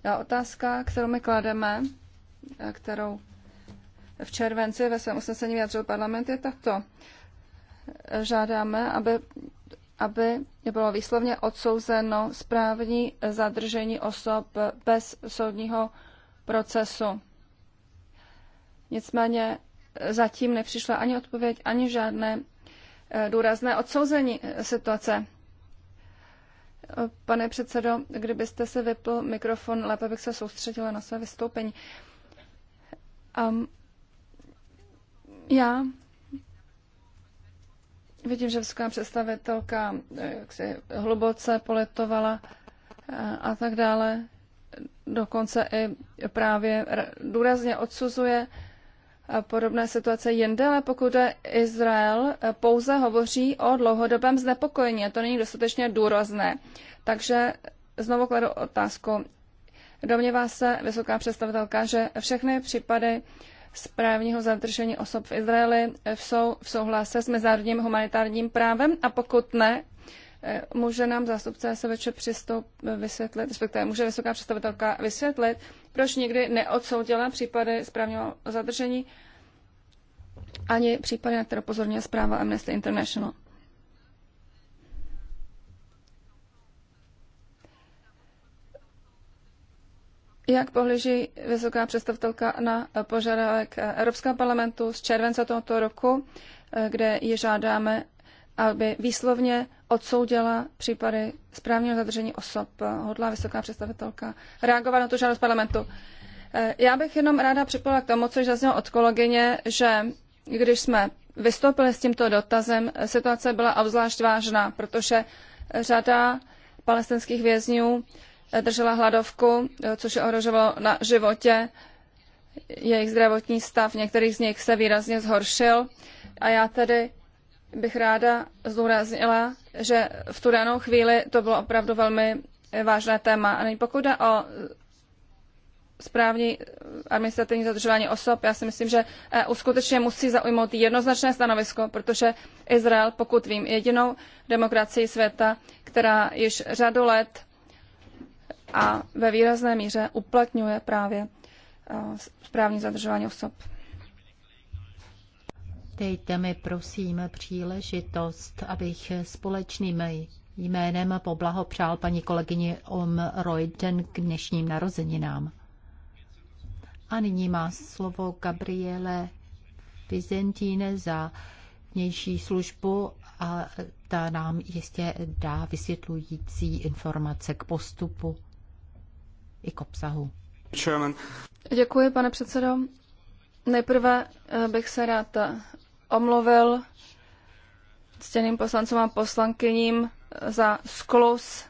A otázka, kterou my klademe, kterou v červenci ve svém usnesení vyjadřil parlament, je tato. Žádáme, aby, aby bylo výslovně odsouzeno správní zadržení osob bez soudního procesu. Nicméně zatím nepřišla ani odpověď, ani žádné eh, důrazné odsouzení eh, situace. Pane předsedo, kdybyste se vypl mikrofon, lépe bych se soustředila na své vystoupení. Um, já vidím, že vysoká představitelka eh, si hluboce politovala eh, a tak dále. Dokonce i právě důrazně odsuzuje eh, podobné situace jinde, ale pokud je Izrael, pouze hovoří o dlouhodobém znepokojení a to není dostatečně důrazné. Takže znovu kladu otázku. Domnívá se vysoká představitelka, že všechny případy správního zadržení osob v Izraeli v, sou, v souhlase s mezinárodním humanitárním právem a pokud ne, eh, může nám zástupce SVČ přistoup vysvětlit, respektive může vysoká představitelka vysvětlit, proč nikdy neodsoudila případy správního zadržení ani případy, na které pozorně zpráva Amnesty International. jak pohlíží vysoká představitelka na požadavek Evropského parlamentu z července tohoto roku, kde ji žádáme, aby výslovně odsoudila případy správního zadržení osob. Hodlá vysoká představitelka reagovat na tu žádost parlamentu. Já bych jenom ráda připojila k tomu, co zaznělo od kolegyně, že když jsme vystoupili s tímto dotazem, situace byla obzvlášť vážná, protože řada palestinských vězňů držela hladovku, eh, což je ohrožovalo na životě. Jejich zdravotní stav, některých z nich se výrazně zhoršil. A já tedy bych ráda zdůraznila, že v tu danou chvíli to bylo opravdu velmi vážné téma. A pokud jde o správní administrativní zadržování osob, já si myslím, že EU skutečně musí zaujmout jednoznačné stanovisko, protože Izrael, pokud vím, jedinou demokracii světa, která již řadu let a ve výrazné míře uplatňuje právě eh, správní zadržování osob. Dejte mi prosím příležitost, abych společným jménem poblahopřál paní kolegyni Om Royden k dnešním narozeninám. A nyní má slovo Gabriele Vizentine za vnější službu a ta nám jistě dá vysvětlující informace k postupu i k obsahu. Děkuji, pane předsedo. Nejprve eh, bych se rád eh, omluvil ctěným poslancům a poslankyním eh, za sklus.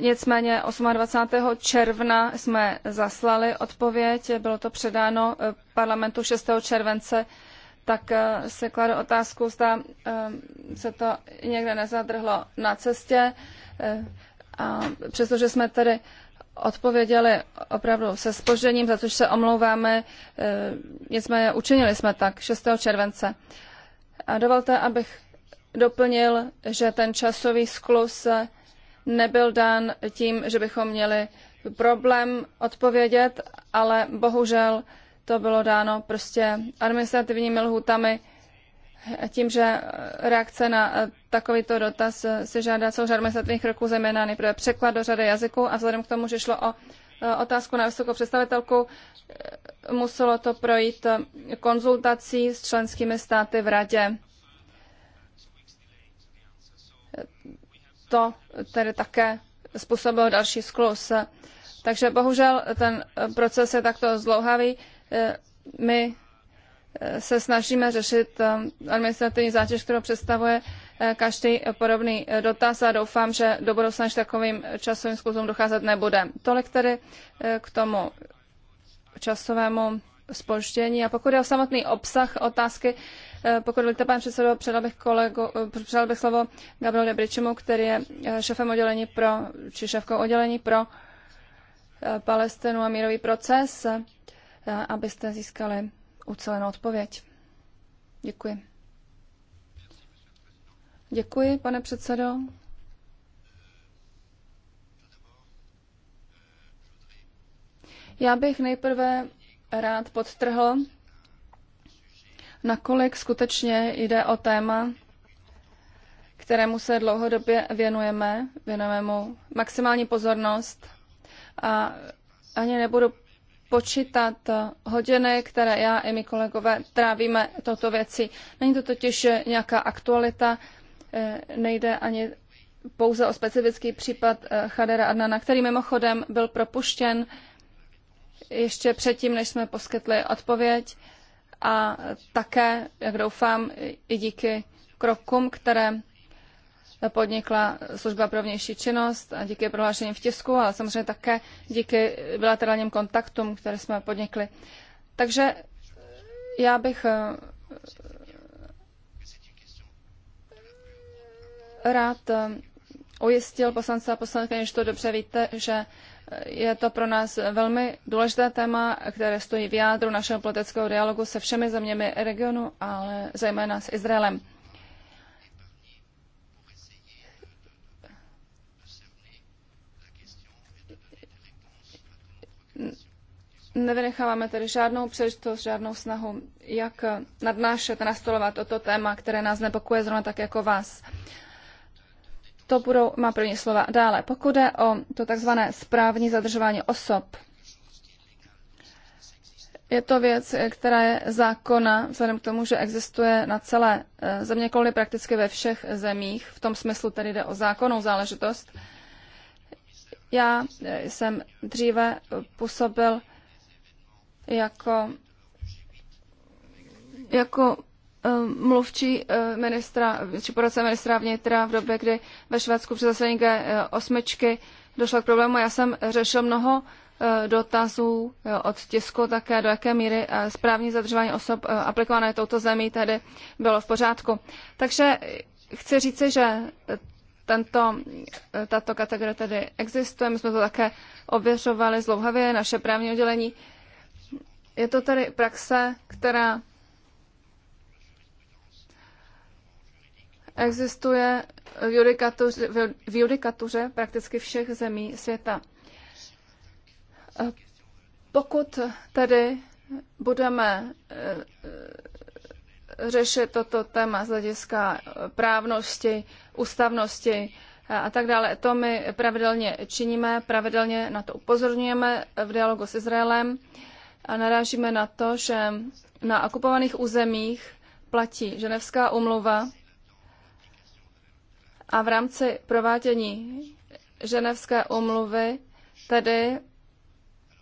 Nicméně 28. června jsme zaslali odpověď, bylo to předáno parlamentu 6. července, tak se kladu otázku, zda se to někde nezadrhlo na cestě. A přestože jsme tedy odpověděli opravdu se spožděním, za což se omlouváme, e, nicméně učinili jsme tak 6. července. A dovolte, abych doplnil, že ten časový sklus nebyl dán tím, že bychom měli problém odpovědět, ale bohužel to bylo dáno prostě administrativními lhůtami, tím, že reakce na eh, takovýto dotaz eh, se žádá celou řadu legislativních kroků, zejména nejprve překlad do řady jazyků a vzhledem k tomu, že šlo o eh, otázku na vysokou představitelku, muselo to projít konzultací s členskými státy v radě. To tedy také způsobilo další sklus. Takže bohužel ten proces je takto zdlouhavý. My se snažíme řešit um, administrativní zátěž, kterou představuje eh, každý podobný eh, dotaz a doufám, že do budoucna takovým časovým skluzům docházet nebude. Tolik tedy eh, k tomu časovému spoždění. A pokud je o samotný obsah otázky, pokud byl pane předsedo, předal bych, kolegu, předal bych slovo Gabrielu Debričemu, který je šefem oddělení pro, či šéfkou oddělení pro Palestinu a mírový proces, abyste získali ucelenou odpověď. Děkuji. Děkuji, pane předsedo. Já bych nejprve rád podtrhl, nakolik skutečně jde o téma, kterému se dlouhodobě věnujeme, věnujeme mu maximální pozornost a ani nebudu počítat hodiny, které já i my kolegové trávíme toto věci. Není to totiž nějaká aktualita, eh, nejde ani pouze o specifický případ eh, Chadera Adnana, který mimochodem byl propuštěn ještě předtím, než jsme poskytli odpověď a také, jak doufám, i díky krokům, které podnikla služba pro vnější činnost a díky prohlášení v tisku, ale samozřejmě také díky bilaterálním kontaktům, které jsme podnikli. Takže já bych eh, rád eh, ujistil poslance a poslankyně, že to dobře víte, že eh, je to pro nás velmi důležité téma, které stojí v jádru našeho politického dialogu se všemi zeměmi regionu, ale zejména s Izraelem. nevynecháváme tedy žádnou příležitost, žádnou snahu, jak nadnášet nastolovat toto téma, které nás nepokuje zrovna tak jako vás. To budou má první slova. Dále, pokud jde o to takzvané správní zadržování osob, je to věc, která je zákona, vzhledem k tomu, že existuje na celé eh, zeměkouli prakticky ve všech zemích, v tom smyslu tedy jde o zákonnou záležitost. Já eh, jsem dříve působil jako, jako eh, mluvčí eh, ministra, či poradce ministra vnitra v době, kdy ve Švédsku při zasedání G8 eh, došlo k problému. Já jsem řešil mnoho dotazů od tisku také, do jaké míry správní zadržování osob aplikované touto zemí tedy bylo v pořádku. Takže chci říci, že tento, tato kategorie tedy existuje. My jsme to také ověřovali zlouhavě, naše právní oddělení je to tedy praxe, která existuje v judikatuře, v judikatuře prakticky všech zemí světa. E, pokud tedy budeme e, e, řešit toto téma z hlediska právnosti, ústavnosti a tak dále. To my pravidelně činíme, pravidelně na to upozorňujeme v dialogu s Izraelem. A narážíme na to, že na okupovaných územích platí Ženevská umluva a v rámci provádění Ženevské umluvy tedy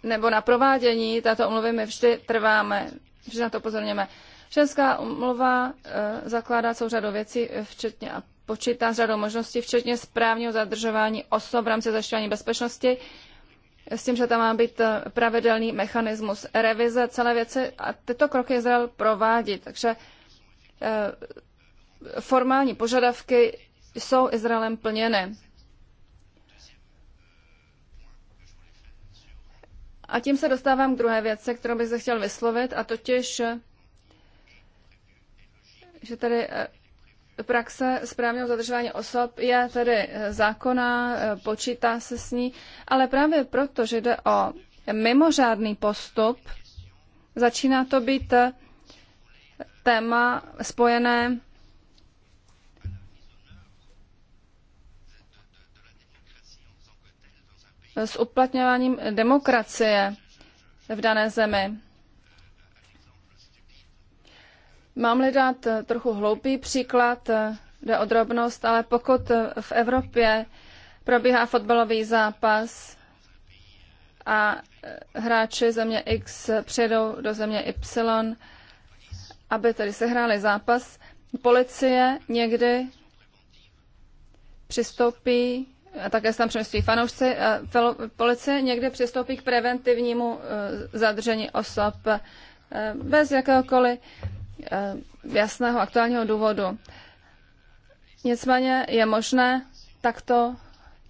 nebo na provádění této umluvy my vždy trváme, vždy na to pozorněme. Ženská umluva e, zakládá celou řadu věcí, včetně a počítá s řadou možností, včetně správního zadržování osob v rámci zajišťování bezpečnosti s tím, že tam má být eh, pravidelný mechanismus revize celé věci a tyto kroky Izrael provádí. Takže eh, formální požadavky jsou Izraelem plněny. A tím se dostávám k druhé věci, kterou bych se chtěl vyslovit, a totiž, eh, že tady praxe správního zadržování osob je tedy eh, zákona, eh, počítá se s ní, ale právě proto, že jde o mimořádný postup, začíná to být eh, téma spojené s uplatňováním demokracie v dané zemi. Mám-li dát eh, trochu hloupý příklad, eh, jde o drobnost, ale pokud eh, v Evropě probíhá fotbalový zápas a hráči země X přijedou do země Y, aby tedy sehráli zápas, policie někdy přistoupí, a také se tam přemyslí fanoušci, policie někdy přistoupí k preventivnímu zadržení osob bez jakéhokoliv Eh, jasného aktuálního důvodu. Nicméně je možné takto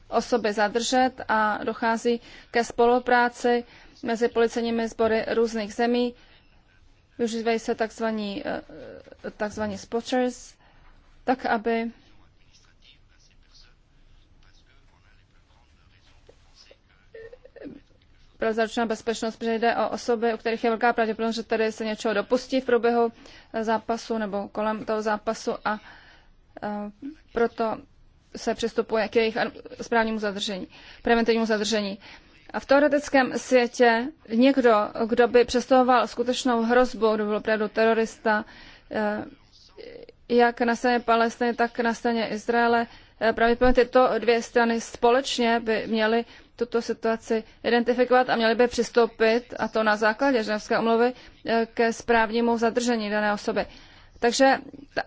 osoby zadržet a dochází ke spolupráci mezi policejními sbory různých zemí. Využívají se takzvaní, eh, takzvaní spotters, tak aby pro zaručenou bezpečnost, protože jde o osoby, u kterých je velká pravděpodobnost, že tady se něčeho dopustí v průběhu eh, zápasu nebo kolem toho zápasu a eh, proto se přistupuje k jejich správnímu zadržení, preventivnímu zadržení. A v teoretickém světě někdo, kdo by představoval skutečnou hrozbu, kdo byl opravdu terorista, eh, jak na straně Palestiny, tak na straně Izraele, Eh, pravděpodobně tyto dvě strany společně by měly tuto situaci identifikovat a měly by přistoupit, a to na základě ženevské omluvy, eh, ke správnímu zadržení dané osoby. Takže eh,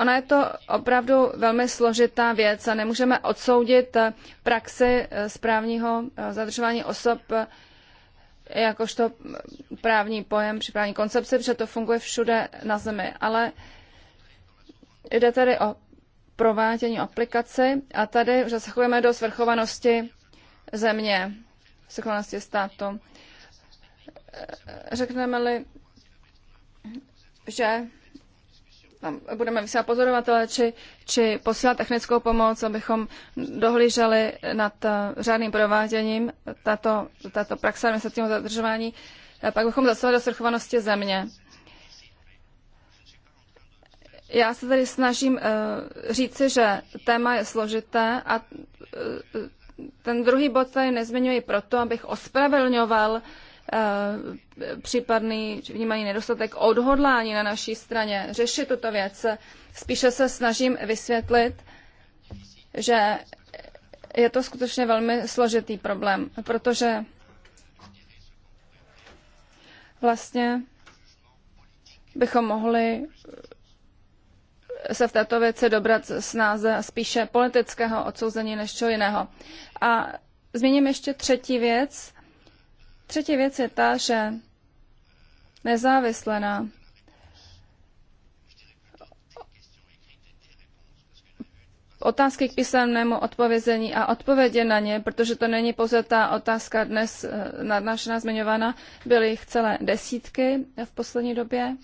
ona je to opravdu velmi složitá věc a nemůžeme odsoudit praxi správního zadržování osob jakožto mm, právní pojem při právní koncepci, protože to funguje všude na zemi. Ale jde tedy o provádění aplikace a tady už zasahujeme do svrchovanosti země, svrchovanosti státu. Řekneme-li, že tam no, budeme vysílat pozorovatele či, či posílat technickou pomoc, abychom dohlíželi nad eh, řádným prováděním tato, tato praxe administrativního zadržování, eh, pak bychom zasahovali do svrchovanosti země. Já se tady snažím uh, říci, že téma je složité a eh, ten druhý bod tady nezmiňuji proto, abych ospravedlňoval eh, případný vnímaný nedostatek odhodlání na naší straně řešit tuto věc. Spíše se snažím vysvětlit, že je to skutečně velmi složitý problém, protože vlastně bychom mohli se v této věci dobrat snáze spíše politického odsouzení než čeho jiného. A zmíním ještě třetí věc. Třetí věc je ta, že nezávisle na otázky k písemnému odpovězení a odpovědi na ně, protože to není pouze ta otázka dnes eh, nadnášená, zmiňovaná, byly jich celé desítky v poslední době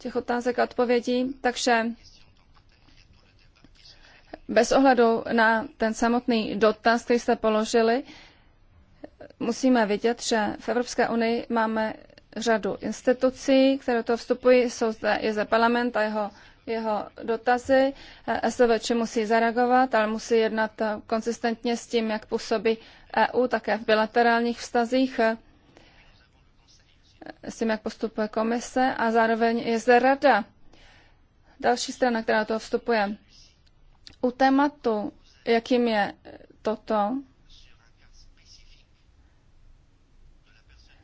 těch otázek a odpovědí, takže bez ohledu na ten samotný dotaz, který jste položili, musíme vidět, že v Evropské unii máme řadu institucí, které do toho vstupují. Jsou zde, je zde parlament a jeho, jeho dotazy. SVČ musí zareagovat, ale musí jednat eh, konsistentně s tím, jak působí EU, také v bilaterálních vztazích s tím, jak postupuje komise a zároveň je zde rada, další strana, která do toho vstupuje. U tématu, jakým je toto,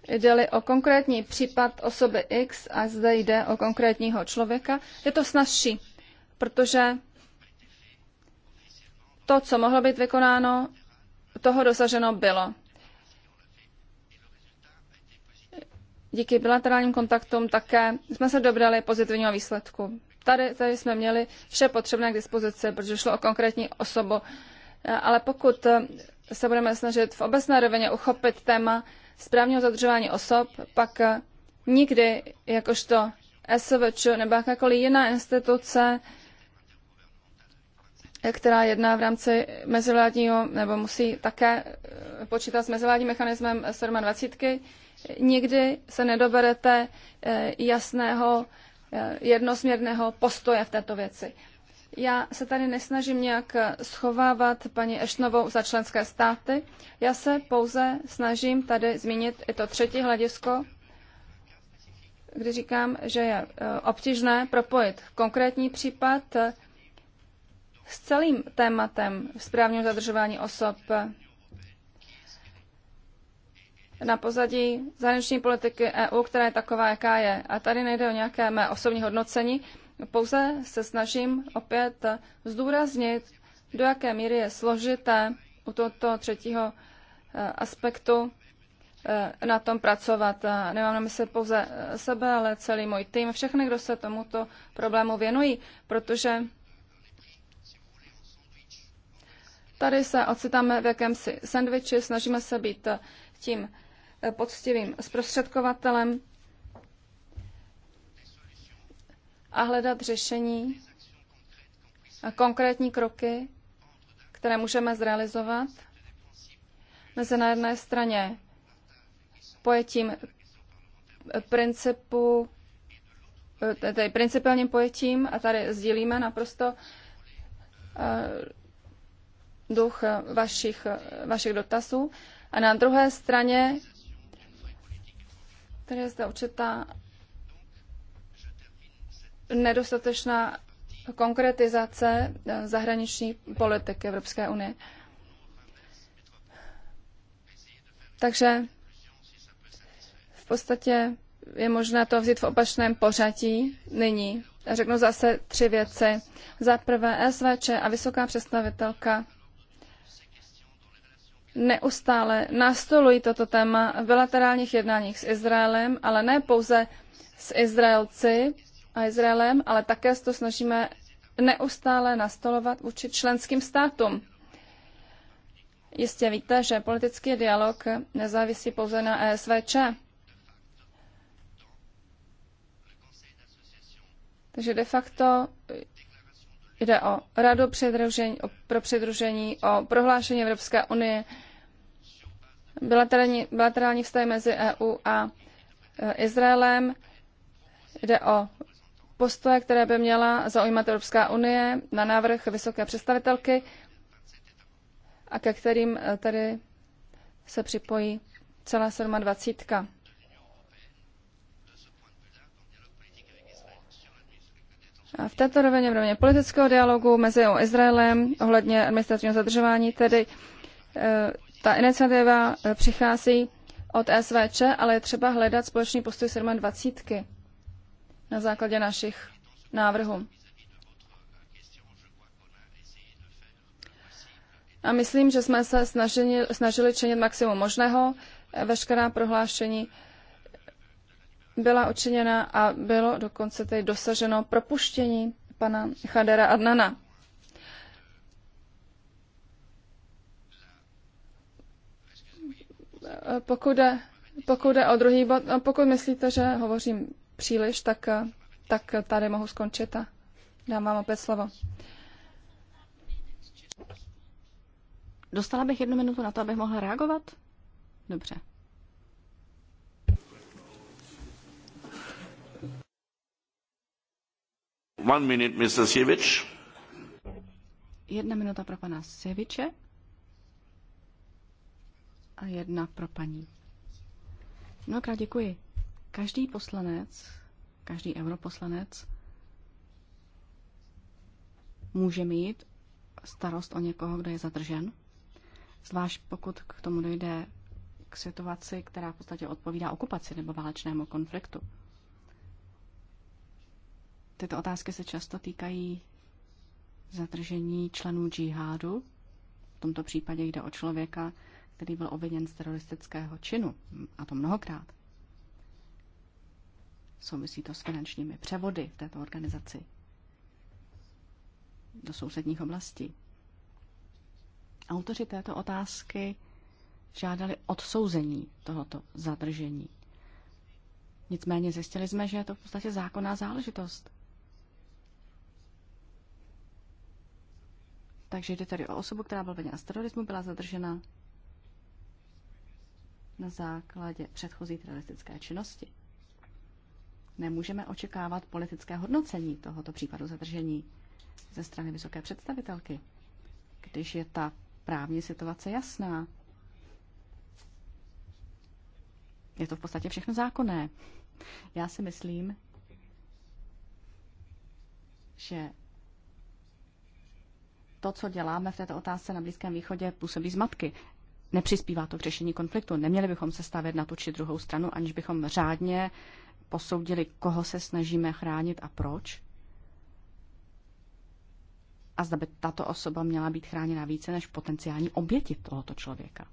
jde o konkrétní případ osoby X a zde jde o konkrétního člověka, je to snažší, protože to, co mohlo být vykonáno, toho dosaženo bylo. díky bilaterálním kontaktům také jsme se dobrali pozitivního výsledku. Tady, tady jsme měli vše potřebné k dispozici, protože šlo o konkrétní osobu. Ale pokud se budeme snažit v obecné rovině uchopit téma správního zadržování osob, pak nikdy, jakožto SVČ nebo jakákoliv jiná instituce, která jedná v rámci mezivládního, nebo musí také počítat s mezivládním mechanismem 27. Nikdy se nedoberete eh, jasného, eh, jednosměrného postoje v této věci. Já se tady nesnažím nějak schovávat paní Ešnovou za členské státy. Já se pouze snažím tady zmínit i to třetí hledisko, kdy říkám, že je eh, obtížné propojit konkrétní případ s celým tématem správního zadržování osob na pozadí zahraniční politiky EU, která je taková, jaká je. A tady nejde o nějaké mé osobní hodnocení, pouze se snažím opět zdůraznit, do jaké míry je složité u tohoto třetího eh, aspektu eh, na tom pracovat. nemám na mysli pouze eh, sebe, ale celý můj tým, všechny, kdo se tomuto problému věnují, protože tady se ocitáme v jakémsi sandviči, snažíme se být tím Eh, poctivým zprostředkovatelem a hledat řešení a konkrétní kroky, které můžeme zrealizovat mezi na jedné straně pojetím principu, eh, tedy principálním pojetím, a tady sdílíme naprosto eh, duch vašich, vašich dotazů, a na druhé straně Tady je zde určitá nedostatečná konkretizace eh, zahraniční politiky Evropské unie. Takže v podstatě je možné to vzít v opačném pořadí nyní. Řeknu zase tři věci. Za prvé SVČ a vysoká představitelka neustále nastolují toto téma v bilaterálních jednáních s Izraelem, ale ne pouze s Izraelci a Izraelem, ale také se to snažíme neustále nastolovat vůči členským státům. Jistě víte, že politický dialog nezávisí pouze na ESVČ. Takže de facto jde o Radu pro přidružení, o prohlášení Evropské unie bilaterální, bilaterální vztahy mezi EU a e, Izraelem. Jde o postoje, které by měla zaujímat Evropská unie na návrh vysoké představitelky a ke kterým e, tady se připojí celá 27. A v této rovině, v rovině politického dialogu mezi e Izraelem ohledně administrativního zadržování, tedy ta iniciativa eh, přichází od SVČ, ale je třeba hledat společný postoj 27 na základě našich návrhů. A myslím, že jsme se snažili, snažili činit maximum možného. Veškerá prohlášení byla učiněna a bylo dokonce tedy dosaženo propuštění pana Chadera Adnana. Pokud jde, pokud jde o druhý bod, no pokud myslíte, že hovořím příliš, tak, eh, tak tady mohu skončit a dám vám opět slovo. Dostala bych jednu minutu na to, abych mohla reagovat? Dobře. One minute, Mr. Jedna minuta pro pana Sjeviče a jedna pro paní. Mnohokrát děkuji. Každý poslanec, každý europoslanec může mít starost o někoho, kdo je zadržen, zvlášť pokud k tomu dojde k situaci, která v podstatě odpovídá okupaci nebo válečnému konfliktu. Tyto otázky se často týkají zadržení členů džihádu. V tomto případě jde o člověka, který byl obviněn z teroristického činu, a to mnohokrát. Souvisí to s finančními převody v této organizaci do sousedních oblastí. Autoři této otázky žádali odsouzení tohoto zadržení. Nicméně zjistili jsme, že je to v podstatě zákonná záležitost. Takže jde tedy o osobu, která byla viněna z terorismu, byla zadržena na základě předchozí teroristické činnosti. Nemůžeme očekávat politické hodnocení tohoto případu zadržení ze strany vysoké představitelky, když je ta právní situace jasná. Je to v podstatě všechno zákonné. Já si myslím, že to, co děláme v této otázce na Blízkém východě, působí zmatky nepřispívá to k řešení konfliktu. Neměli bychom se stavět na tu či druhou stranu, aniž bychom řádně posoudili, koho se snažíme chránit a proč. A zda by tato osoba měla být chráněna více než potenciální oběti tohoto člověka.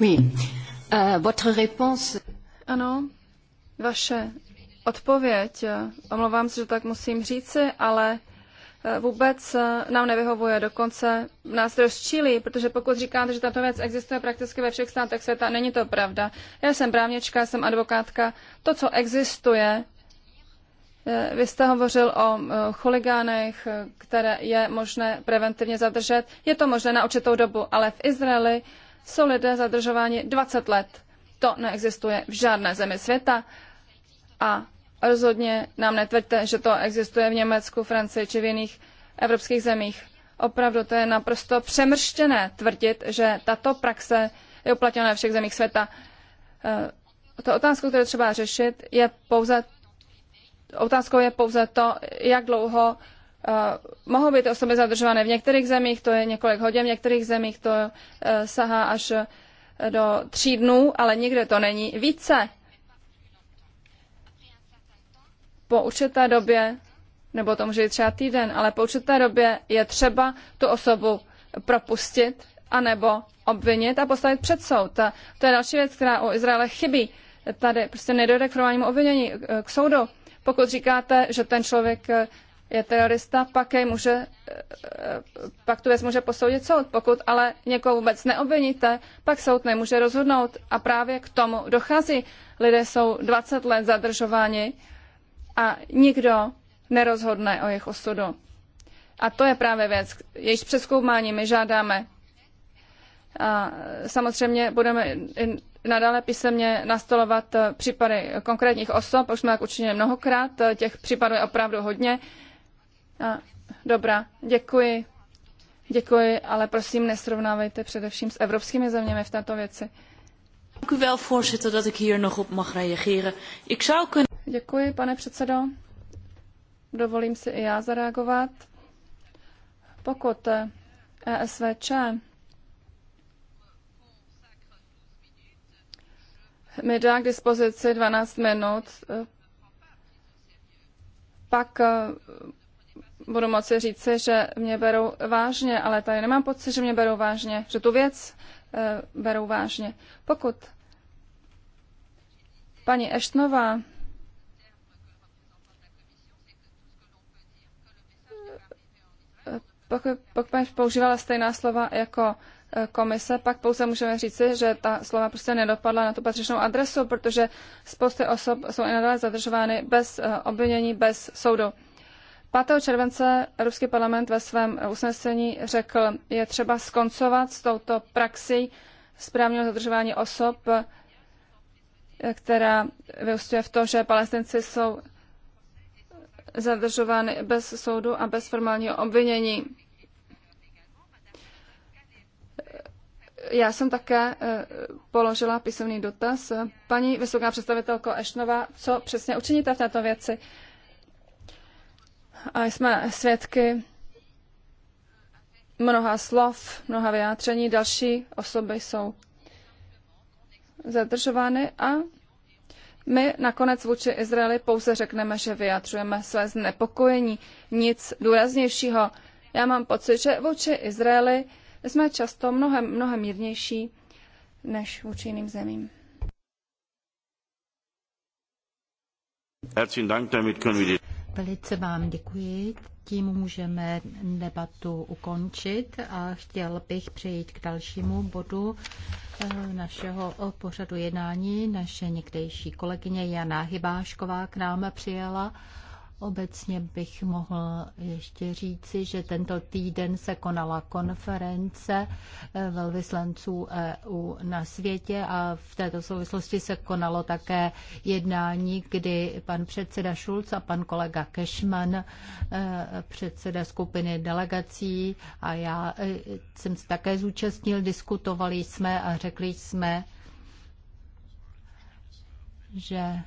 Oui. Uh, votre réponse... Ano, vaše odpověď, omlouvám se, že tak musím říci, ale vůbec eh, nám nevyhovuje, dokonce nás rozčílí, protože pokud říkáte, že tato věc existuje prakticky ve všech státech světa, není to pravda. Já jsem právnička, jsem advokátka. To, co existuje, eh, vy jste hovořil o eh, chuligánech, které je možné preventivně zadržet. Je to možné na určitou dobu, ale v Izraeli jsou lidé zadržováni 20 let. To neexistuje v žádné zemi světa. A Rozhodně nám netvrďte, že to existuje v Německu, Francii či v jiných evropských zemích. Opravdu to je naprosto přemrštěné tvrdit, že tato praxe je uplatněna ve všech zemích světa. Eh, to otázku, kterou třeba řešit, je pouze, otázkou je pouze to, jak dlouho Uh, mohou být osoby zadržované v některých zemích, to je několik hodin, v některých zemích to uh, sahá až do tří dnů, ale nikde to není více. po určité době, nebo to může být třeba týden, ale po určité době je třeba tu osobu propustit anebo obvinit a postavit před soud. A to je další věc, která u Izraele chybí. Tady prostě nedojde k formálnímu obvinění eh, k soudu. Pokud říkáte, že ten člověk eh, je terorista, pak, jej může, eh, pak tu věc může posoudit soud. Pokud ale někoho vůbec neobviníte, pak soud nemůže rozhodnout. A právě k tomu dochází. Lidé jsou 20 let zadržováni a nikdo nerozhodne o jejich osudu. A to je právě věc, jejíž přeskoumání my žádáme. A samozřejmě budeme nadále písemně nastolovat eh, případy konkrétních osob, už jsme tak učinili mnohokrát, eh, těch případů je opravdu hodně. A, dobrá, děkuji. Děkuji, ale prosím, nesrovnávejte především s evropskými zeměmi v této věci. Děkuji, pane předsedo. Dovolím si i já zareagovat. Pokud ESVČ eh, e mi dá k dispozici 12 minut, eh, pak eh, budu moci říci, že mě berou vážně, ale tady nemám pocit, že mě berou vážně, že tu věc, Eh, berou vážně. Pokud paní Eštnová eh, pokud, pokud používala stejná slova jako eh, komise, pak pouze můžeme říci, že ta slova prostě nedopadla na tu patřičnou adresu, protože spousty osob jsou i nadále zadržovány bez obvinění, bez soudu. 5. července Evropský parlament ve svém usnesení řekl, je třeba skoncovat s touto praxí správního zadržování osob, která vyústuje v to, že palestinci jsou zadržovány bez soudu a bez formálního obvinění. Já jsem také eh, položila písemný dotaz. Paní vysoká představitelko Ešnova, co přesně učiníte v této věci? a jsme svědky mnoha slov, mnoha vyjádření. Další osoby jsou zadržovány a my nakonec vůči Izraeli pouze řekneme, že vyjadřujeme své znepokojení, nic důraznějšího. Já mám pocit, že vůči Izraeli jsme často mnohem, mnohem mírnější než vůči jiným zemím. Velice vám děkuji. Tím můžeme debatu ukončit a chtěl bych přejít k dalšímu bodu eh, našeho eh, pořadu jednání. Naše někdejší kolegyně Jana Hybášková k nám přijela Obecně bych mohl ještě říci, že tento týden se konala konference eh, velvyslanců EU na světě a v této souvislosti se konalo také jednání, kdy pan předseda Schulz a pan kolega Kešman, eh, předseda skupiny delegací a já eh, jsem se také zúčastnil, diskutovali jsme a řekli jsme, že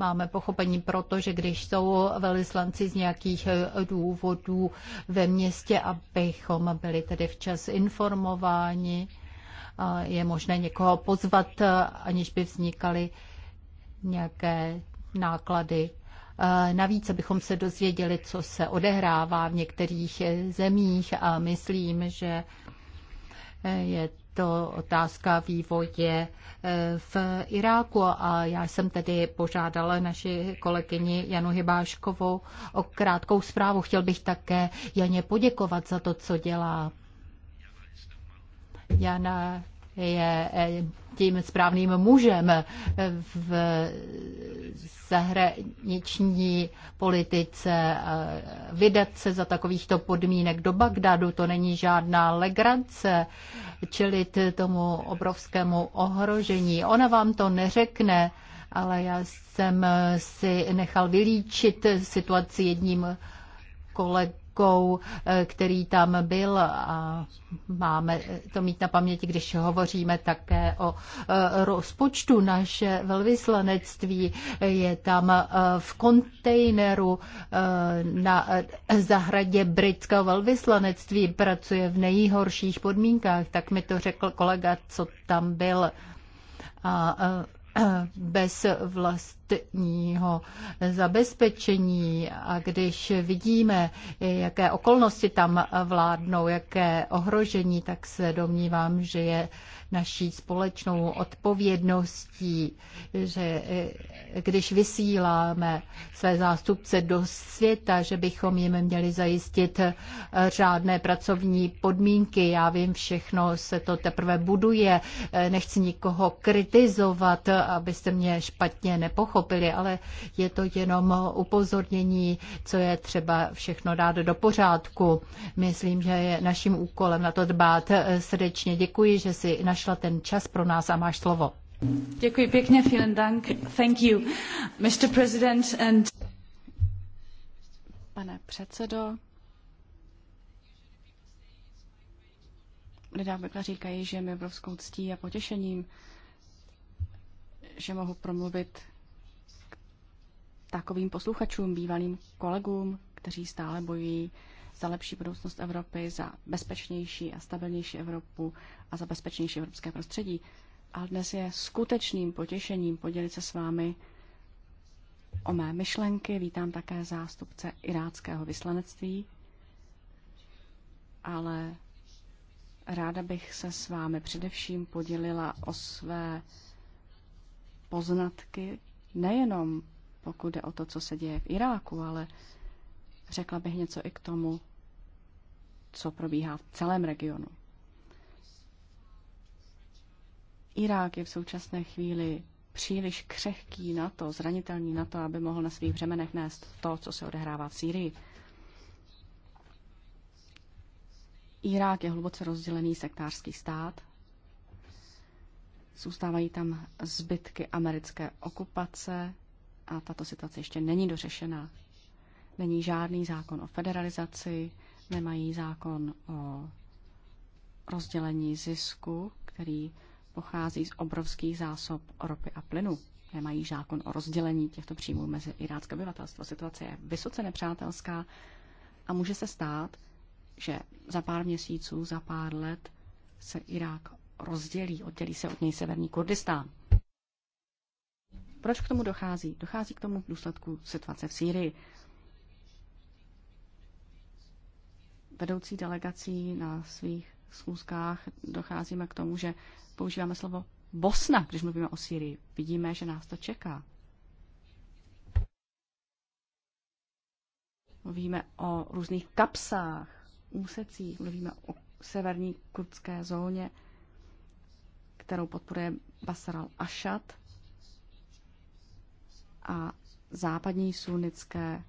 Máme pochopení proto, že když jsou velislanci z nějakých eh, důvodů ve městě, abychom byli tedy včas informováni, je možné někoho pozvat, eh, aniž by vznikaly nějaké náklady. Eh, navíc, abychom se dozvěděli, co se odehrává v některých zemích a myslím, že je to otázka vývoje eh, v Iráku a já jsem tedy požádala naši kolegyni Janu Hybáškovou o krátkou zprávu. Chtěl bych také Janě poděkovat za to, co dělá. Jana je eh, tím správným mužem eh, v zahraniční politice. Eh, vydat se za takovýchto podmínek do Bagdadu, to není žádná legrance, čelit tomu obrovskému ohrožení. Ona vám to neřekne, ale já jsem si nechal vylíčit situaci jedním kolegou výjimkou, eh, který tam byl a máme to mít na paměti, když hovoříme také o eh, rozpočtu. Naše velvyslanectví je tam eh, v kontejneru na zahradě britského velvyslanectví, pracuje v nejhorších podmínkách, tak mi to řekl kolega, co tam byl. A, bez vlastního zabezpečení a když vidíme, jaké okolnosti tam vládnou, jaké ohrožení, tak se domnívám, že je naší společnou odpovědností, že eh, když vysíláme své zástupce do světa, že bychom jim měli zajistit eh, řádné pracovní podmínky. Já vím, všechno se to teprve buduje. Eh, nechci nikoho kritizovat, abyste mě špatně nepochopili, ale je to jenom upozornění, co je třeba všechno dát do pořádku. Myslím, že je naším úkolem na to dbát. Srdečně děkuji, že si naš našla ten čas pro nás a máš slovo. Děkuji pěkně, vielen Dank. Thank you, Mr. President and... Pane předsedo, lidé obvykle říkají, že mi obrovskou ctí a potěšením, že mohu promluvit k takovým posluchačům, bývalým kolegům, kteří stále bojují za lepší budoucnost Evropy, za bezpečnější a stabilnější Evropu a za bezpečnější evropské prostředí. A dnes je skutečným potěšením podělit se s vámi o mé myšlenky. Vítám také zástupce iráckého vyslanectví, ale ráda bych se s vámi především podělila o své poznatky, nejenom pokud jde o to, co se děje v Iráku, ale řekla bych něco i k tomu, co probíhá v celém regionu. Irák je v současné chvíli příliš křehký na to, zranitelný na to, aby mohl na svých břemenech nést to, co se odehrává v Sýrii. Irák je hluboce rozdělený sektářský stát. Zůstávají tam zbytky americké okupace a tato situace ještě není dořešená. Není žádný zákon o federalizaci, nemají zákon o rozdělení zisku, který pochází z obrovských zásob ropy a plynu. Nemají zákon o rozdělení těchto příjmů mezi irácké obyvatelstvo. Situace je vysoce nepřátelská a může se stát, že za pár měsíců, za pár let se Irák rozdělí, oddělí se od něj severní Kurdistán. Proč k tomu dochází? Dochází k tomu v důsledku situace v Sýrii. vedoucí delegací na svých schůzkách docházíme k tomu, že používáme slovo Bosna, když mluvíme o Syrii. Vidíme, že nás to čeká. Mluvíme o různých kapsách, úsecích, mluvíme o severní kurdské zóně, kterou podporuje Basar al-Ashad a západní sunnické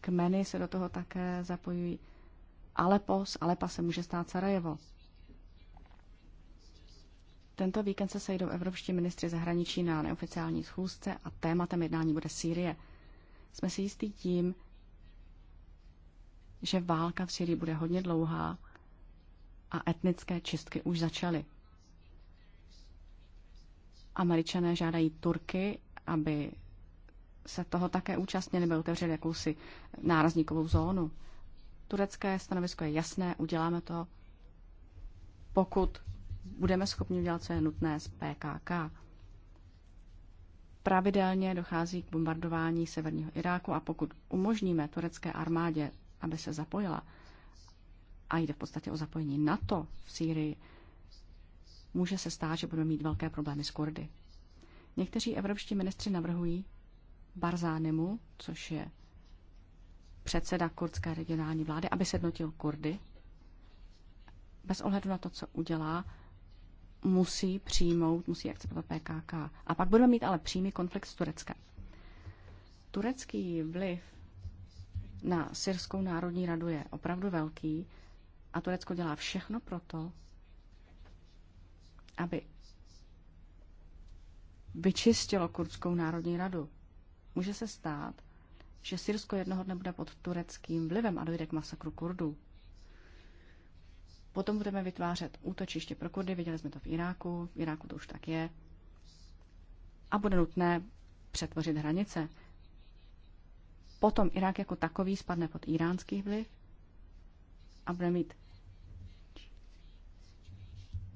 kmeny se do toho také zapojují. Alepo, z Alepa se může stát Sarajevo. Tento víkend se sejdou evropští ministři zahraničí na neoficiální schůzce a tématem jednání bude Sýrie. Jsme si jistí tím, že válka v Syrii bude hodně dlouhá a etnické čistky už začaly. Američané žádají Turky, aby se toho také účastnili, by otevřeli jakousi nárazníkovou zónu. Turecké stanovisko je jasné, uděláme to, pokud budeme schopni udělat, co je nutné z PKK. Pravidelně dochází k bombardování severního Iráku a pokud umožníme turecké armádě, aby se zapojila, a jde v podstatě o zapojení NATO v Sýrii, může se stát, že budeme mít velké problémy s Kurdy. Někteří evropští ministři navrhují Barzánimu, což je předseda kurdské regionální vlády, aby sednotil Kurdy. Bez ohledu na to, co udělá, musí přijmout, musí akceptovat PKK. A pak budeme mít ale přímý konflikt s Tureckem. Turecký vliv na Syrskou národní radu je opravdu velký a Turecko dělá všechno proto, aby vyčistilo Kurdskou národní radu. Může se stát, že Syrsko jednoho dne bude pod tureckým vlivem a dojde k masakru Kurdů. Potom budeme vytvářet útočiště pro Kurdy, viděli jsme to v Iráku, v Iráku to už tak je. A bude nutné přetvořit hranice. Potom Irák jako takový spadne pod iránský vliv a bude mít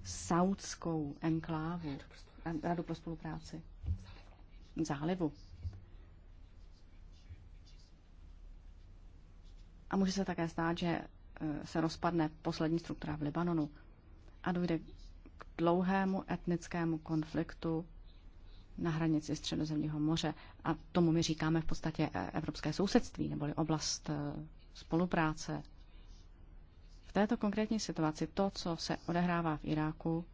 saudskou enklávu, Radu pro spolupráci, zálivu. A může se také stát, že eh, se rozpadne poslední struktura v Libanonu a dojde k dlouhému etnickému konfliktu na hranici Středozemního moře. A tomu my říkáme v podstatě eh, evropské sousedství, neboli oblast eh, spolupráce. V této konkrétní situaci to, co se odehrává v Iráku,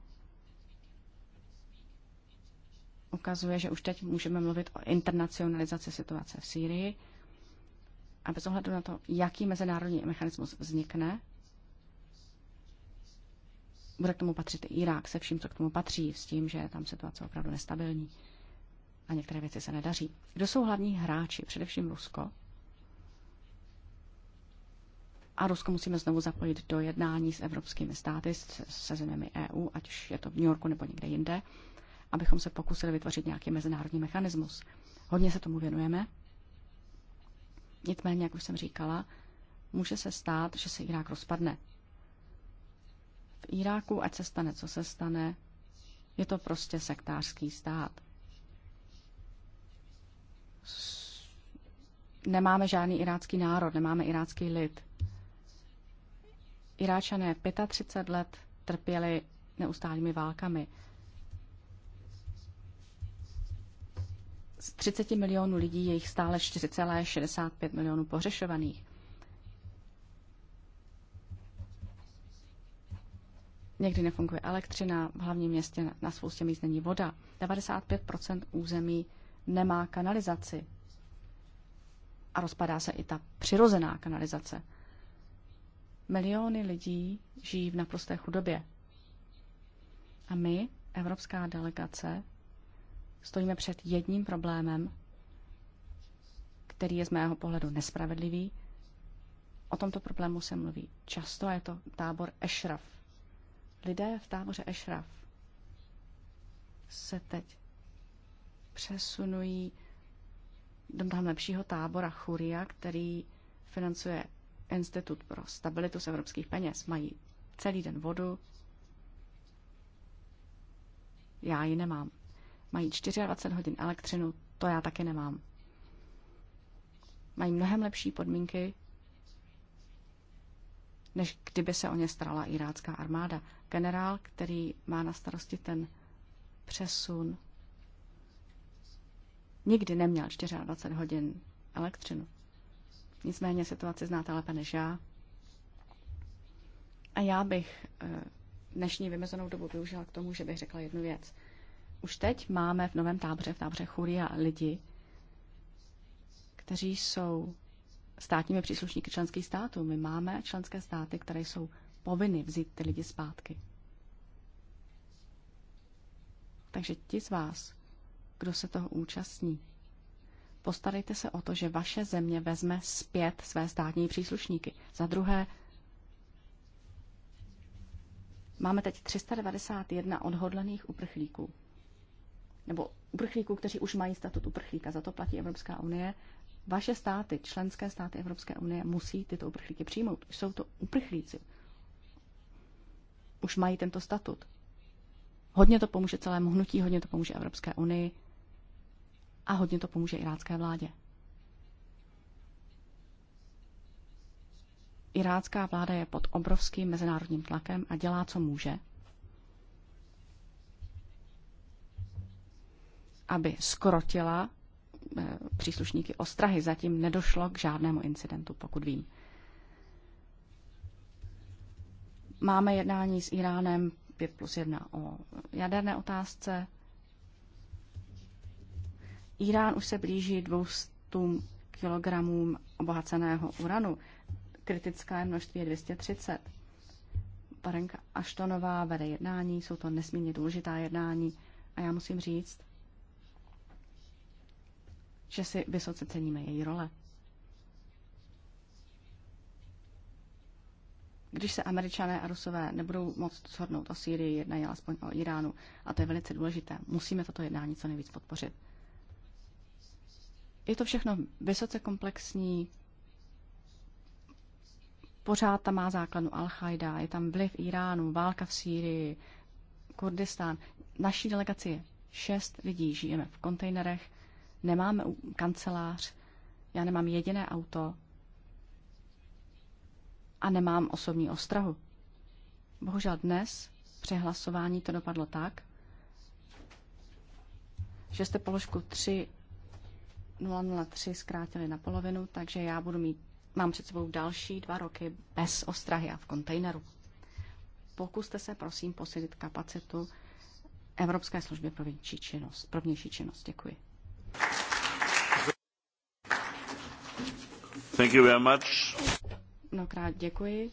ukazuje, že už teď můžeme mluvit o internacionalizaci situace v Sýrii a bez ohledu na to, jaký mezinárodní mechanismus vznikne, bude k tomu patřit i Irák se vším, co k tomu patří, s tím, že je tam situace opravdu nestabilní a některé věci se nedaří. Kdo jsou hlavní hráči? Především Rusko. A Rusko musíme znovu zapojit do jednání s evropskými státy, se zeměmi EU, ať už je to v New Yorku nebo někde jinde, abychom se pokusili vytvořit nějaký mezinárodní mechanismus. Hodně se tomu věnujeme, Nicméně, jak už jsem říkala, může se stát, že se Irák rozpadne. V Iráku, ať se stane, co se stane, je to prostě sektářský stát. Nemáme žádný irácký národ, nemáme irácký lid. Iráčané 35 let trpěli neustálými válkami. z 30 milionů lidí je jich stále 4,65 milionů pohřešovaných. Někdy nefunguje elektřina, v hlavním městě na spoustě míst není voda. 95 území nemá kanalizaci a rozpadá se i ta přirozená kanalizace. Miliony lidí žijí v naprosté chudobě. A my, evropská delegace, stojíme před jedním problémem, který je z mého pohledu nespravedlivý. O tomto problému se mluví často a je to tábor Ešraf. Lidé v táboře Ešraf se teď přesunují do mnohem lepšího tábora Churia, který financuje Institut pro stabilitu z evropských peněz. Mají celý den vodu, já ji nemám. Mají 24 hodin elektřinu, to já taky nemám. Mají mnohem lepší podmínky, než kdyby se o ně starala irácká armáda. Generál, který má na starosti ten přesun, nikdy neměl 24 hodin elektřinu. Nicméně situaci znáte lépe než já. A já bych eh, dnešní vymezenou dobu využila k tomu, že bych řekla jednu věc. Už teď máme v novém táboře, v táboře Churia, lidi, kteří jsou státními příslušníky členských států. My máme členské státy, které jsou povinny vzít ty lidi zpátky. Takže ti z vás, kdo se toho účastní, postarejte se o to, že vaše země vezme zpět své státní příslušníky. Za druhé, máme teď 391 odhodlaných uprchlíků nebo uprchlíků, kteří už mají statut uprchlíka, za to platí Evropská unie, vaše státy, členské státy Evropské unie musí tyto uprchlíky přijmout. jsou to uprchlíci. Už mají tento statut. Hodně to pomůže celému hnutí, hodně to pomůže Evropské unii a hodně to pomůže irácké vládě. Irácká vláda je pod obrovským mezinárodním tlakem a dělá, co může, aby skrotila eh, příslušníky ostrahy. Zatím nedošlo k žádnému incidentu, pokud vím. Máme jednání s Iránem 5 plus 1 o jaderné otázce. Irán už se blíží 200 kilogramům obohaceného uranu. Kritické množství je 230. Parenka Aštonová vede jednání, jsou to nesmírně důležitá jednání a já musím říct, že si vysoce ceníme její role. Když se američané a rusové nebudou moc shodnout o Sýrii, jednají alespoň o Iránu. A to je velice důležité. Musíme toto jednání co nejvíc podpořit. Je to všechno vysoce komplexní, pořád tam má základnu Al-Qaida, je tam vliv Iránu, válka v Sýrii, Kurdistán. Naší delegaci je šest lidí, žijeme v kontejnerech Nemám kancelář, já nemám jediné auto a nemám osobní ostrahu. Bohužel dnes při hlasování to dopadlo tak, že jste položku 3 003 zkrátili na polovinu, takže já budu mít, mám před sebou další dva roky bez ostrahy a v kontejneru. Pokuste se prosím posilit kapacitu Evropské služby pro vnější činnost. Pro vnější činnost. Děkuji. Mnohokrát děkuji.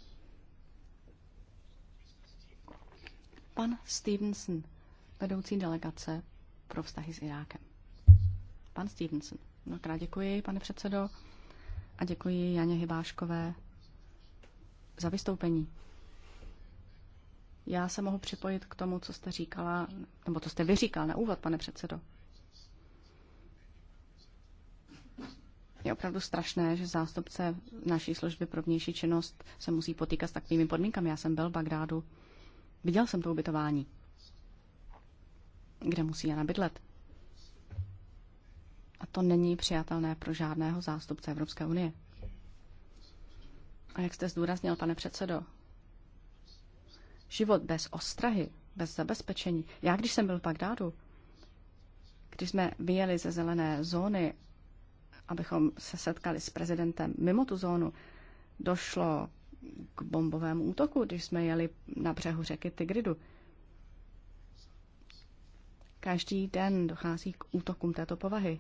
Pan Stevenson, vedoucí delegace pro vztahy s Irákem. Pan Stevenson, mnohokrát děkuji, pane předsedo, a děkuji Janě Hybáškové za vystoupení. Já se mohu připojit k tomu, co jste říkala, nebo co jste vyříkal na úvod, pane předsedo. Je opravdu strašné, že zástupce naší služby pro vnější činnost se musí potýkat s takovými podmínkami. Já jsem byl v Bagdádu, viděl jsem to ubytování, kde musí Jana bydlet. A to není přijatelné pro žádného zástupce Evropské unie. A jak jste zdůraznil, pane předsedo, život bez ostrahy, bez zabezpečení. Já, když jsem byl v Bagdádu, když jsme vyjeli ze zelené zóny abychom se setkali s prezidentem mimo tu zónu, došlo k bombovému útoku, když jsme jeli na břehu řeky Tigridu. Každý den dochází k útokům této povahy.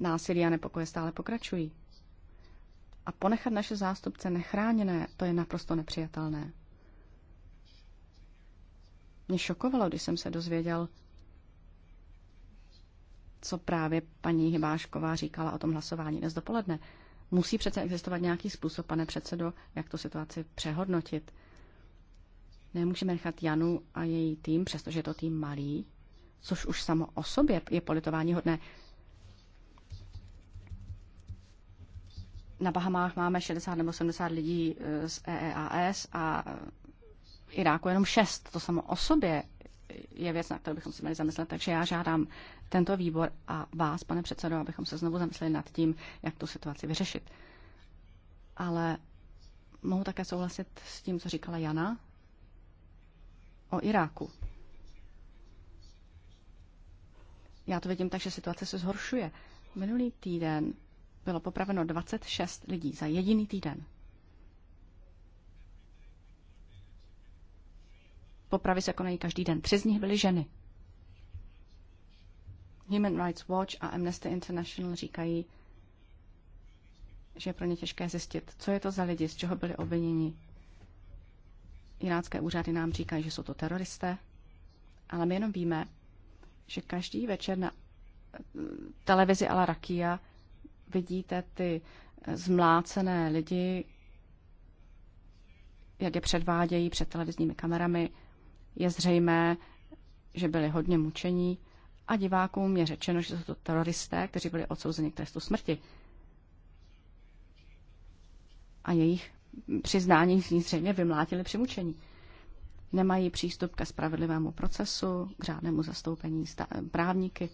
Násilí a nepokoje stále pokračují. A ponechat naše zástupce nechráněné, to je naprosto nepřijatelné. Mě šokovalo, když jsem se dozvěděl, co právě paní Hybášková říkala o tom hlasování dnes dopoledne. Musí přece existovat nějaký způsob, pane předsedo, jak tu situaci přehodnotit. Nemůžeme nechat Janu a její tým, přestože je to tým malý, což už samo o sobě je politování hodné. Na Bahamách máme 60 nebo 70 lidí eh, z EEAS a Iráku jenom 6. To samo o sobě je věc, na kterou bychom si měli zamyslet. Takže já žádám tento výbor a vás, pane předsedo, abychom se znovu zamysleli nad tím, jak tu situaci vyřešit. Ale mohu také souhlasit s tím, co říkala Jana o Iráku. Já to vidím tak, že situace se zhoršuje. Minulý týden bylo popraveno 26 lidí za jediný týden. Popravy se konají každý den. Tři z nich byly ženy. Human Rights Watch a Amnesty International říkají, že je pro ně těžké zjistit, co je to za lidi, z čeho byli obviněni. Irácké úřady nám říkají, že jsou to teroristé, ale my jenom víme, že každý večer na eh, televizi Al Rakia vidíte ty eh, zmlácené lidi, jak je předvádějí před televizními kamerami je zřejmé, že byli hodně mučení a divákům je řečeno, že jsou to teroristé, kteří byli odsouzeni k trestu smrti. A jejich přiznání z ní zřejmě vymlátili při mučení. Nemají přístup ke spravedlivému procesu, k řádnému zastoupení právníky.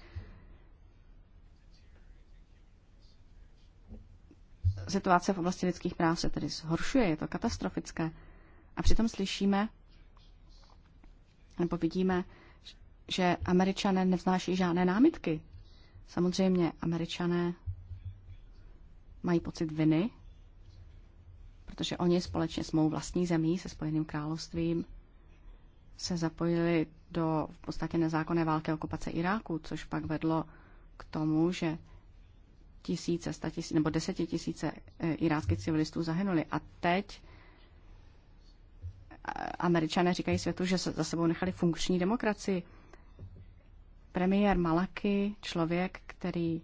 Situace v oblasti lidských práv se tedy zhoršuje, je to katastrofické. A přitom slyšíme, nebo vidíme, že američané nevznáší žádné námitky. Samozřejmě američané mají pocit viny, protože oni společně s mou vlastní zemí, se Spojeným královstvím, se zapojili do v podstatě nezákonné války okupace Iráku, což pak vedlo k tomu, že tisíce, statisíce nebo desetitisíce eh, iráckých civilistů zahynuli. A teď američané říkají světu, že za sebou nechali funkční demokracii. Premiér Malaky, člověk, který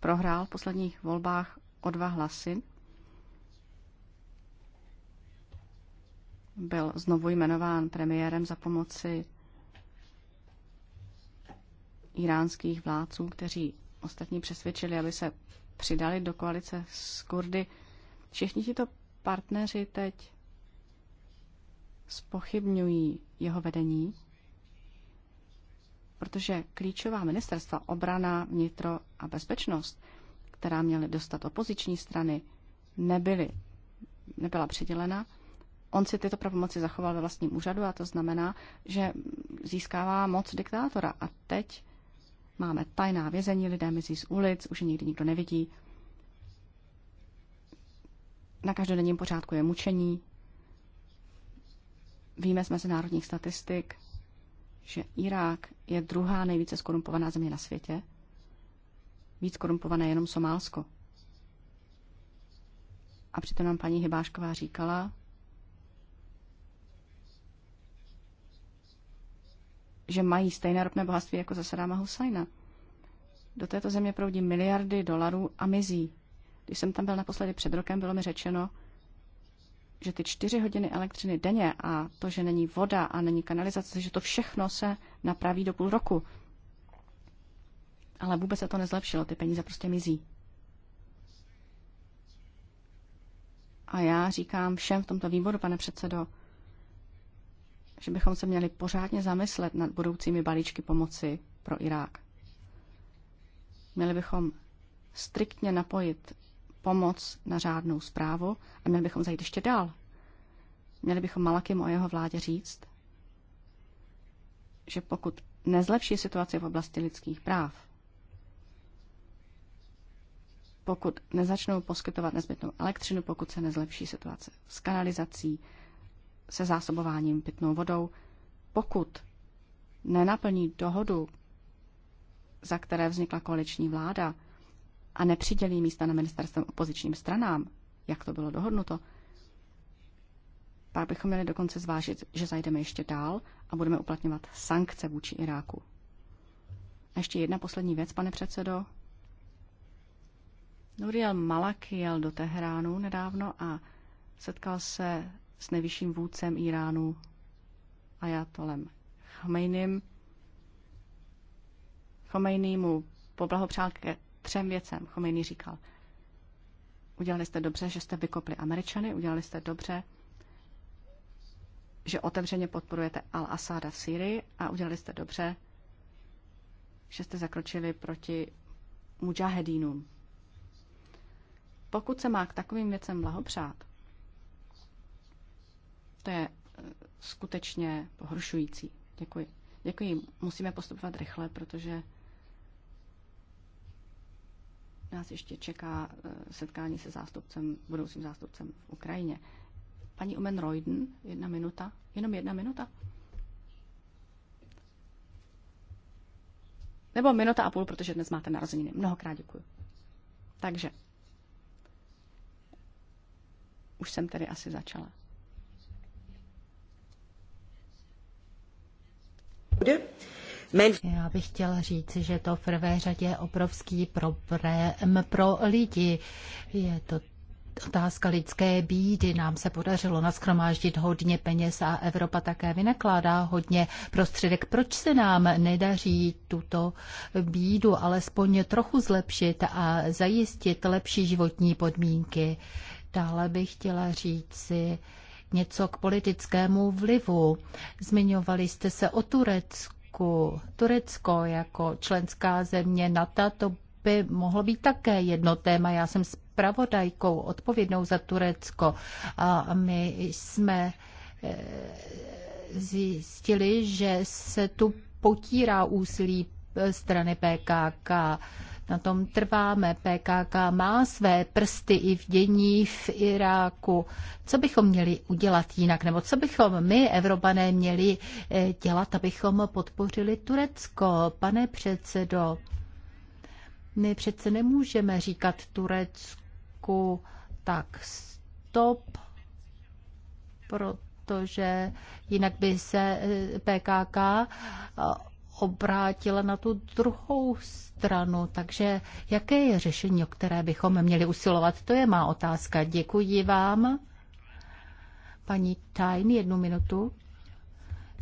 prohrál v posledních volbách o dva hlasy, byl znovu jmenován premiérem za pomoci iránských vládců, kteří ostatní přesvědčili, aby se přidali do koalice s Kurdy. Všichni tito partneři teď spochybňují jeho vedení, protože klíčová ministerstva obrana, vnitro a bezpečnost, která měly dostat opoziční strany, nebyly, nebyla přidělena. On si tyto pravomoci zachoval ve vlastním úřadu a to znamená, že získává moc diktátora. A teď máme tajná vězení, lidé mizí z ulic, už je nikdy nikdo nevidí. Na každodenním pořádku je mučení, Víme z mezinárodních statistik, že Irák je druhá nejvíce skorumpovaná země na světě. Víc korumpované jenom Somálsko. A přitom nám paní Hybášková říkala, že mají stejné ropné bohatství jako za Sadáma Husajna. Do této země proudí miliardy dolarů a mizí. Když jsem tam byl naposledy před rokem, bylo mi řečeno, že ty čtyři hodiny elektřiny denně a to, že není voda a není kanalizace, že to všechno se napraví do půl roku. Ale vůbec se to nezlepšilo, ty peníze prostě mizí. A já říkám všem v tomto výboru, pane předsedo, že bychom se měli pořádně zamyslet nad budoucími balíčky pomoci pro Irák. Měli bychom striktně napojit pomoc na řádnou zprávu a měli bychom zajít ještě dál. Měli bychom Malakim o jeho vládě říct, že pokud nezlepší situaci v oblasti lidských práv, pokud nezačnou poskytovat nezbytnou elektřinu, pokud se nezlepší situace s kanalizací, se zásobováním pitnou vodou, pokud nenaplní dohodu, za které vznikla koaliční vláda, a nepřidělí místa na ministerstvem opozičním stranám, jak to bylo dohodnuto, pak bychom měli dokonce zvážit, že zajdeme ještě dál a budeme uplatňovat sankce vůči Iráku. A ještě jedna poslední věc, pane předsedo. Nuriel Malak jel do Teheránu nedávno a setkal se s nejvyšším vůdcem Iránu Ajatolem Chomejným. Chomejný mu poblahopřál třem věcem. Chomejný říkal, udělali jste dobře, že jste vykopli Američany, udělali jste dobře, že otevřeně podporujete Al-Asada v Syrii a udělali jste dobře, že jste zakročili proti mujahedínům. Pokud se má k takovým věcem blahopřát, to je eh, skutečně pohoršující. Děkuji. Děkuji. Musíme postupovat rychle, protože nás ještě čeká eh, setkání se zástupcem, budoucím zástupcem v Ukrajině. Paní Omen Reuden, jedna minuta, jenom jedna minuta. Nebo minuta a půl, protože dnes máte narozeniny. Mnohokrát děkuji. Takže. Už jsem tedy asi začala. Bude. Já bych chtěla říct, že to v prvé řadě je obrovský problém pro lidi. Je to otázka lidské bídy. Nám se podařilo naskromáždit hodně peněz a Evropa také vynakládá hodně prostředek. Proč se nám nedaří tuto bídu alespoň trochu zlepšit a zajistit lepší životní podmínky? Dále bych chtěla říct si něco k politickému vlivu. Zmiňovali jste se o Turecku Turecku. Turecko jako členská země NATO to by mohlo být také jedno téma. Já jsem spravodajkou odpovědnou za Turecko a my jsme eh, zjistili, že se tu potírá úsilí eh, strany PKK. Na tom trváme. PKK má své prsty i v dění v Iráku. Co bychom měli udělat jinak? Nebo co bychom my, Evropané, měli eh, dělat, abychom podpořili Turecko? Pane předsedo, my přece nemůžeme říkat Turecku tak stop, protože jinak by se eh, PKK obrátila na tu druhou stranu. Takže jaké je řešení, o které bychom měli usilovat? To je má otázka. Děkuji vám. Paní Tajn, jednu minutu.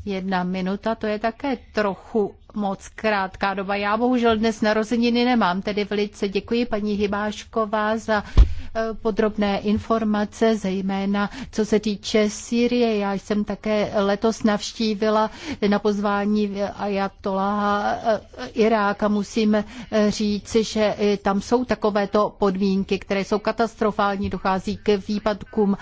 Jedna minuta, to je také trochu moc krátká doba. Já bohužel dnes narozeniny nemám, tedy velice děkuji paní Hybášková za Eh, podrobné informace, zejména co se týče Sýrie. Já jsem také letos navštívila na pozvání Ajatoláha eh, Irák a musím eh, říci, že tam jsou takovéto podmínky, které jsou katastrofální, dochází k výpadkům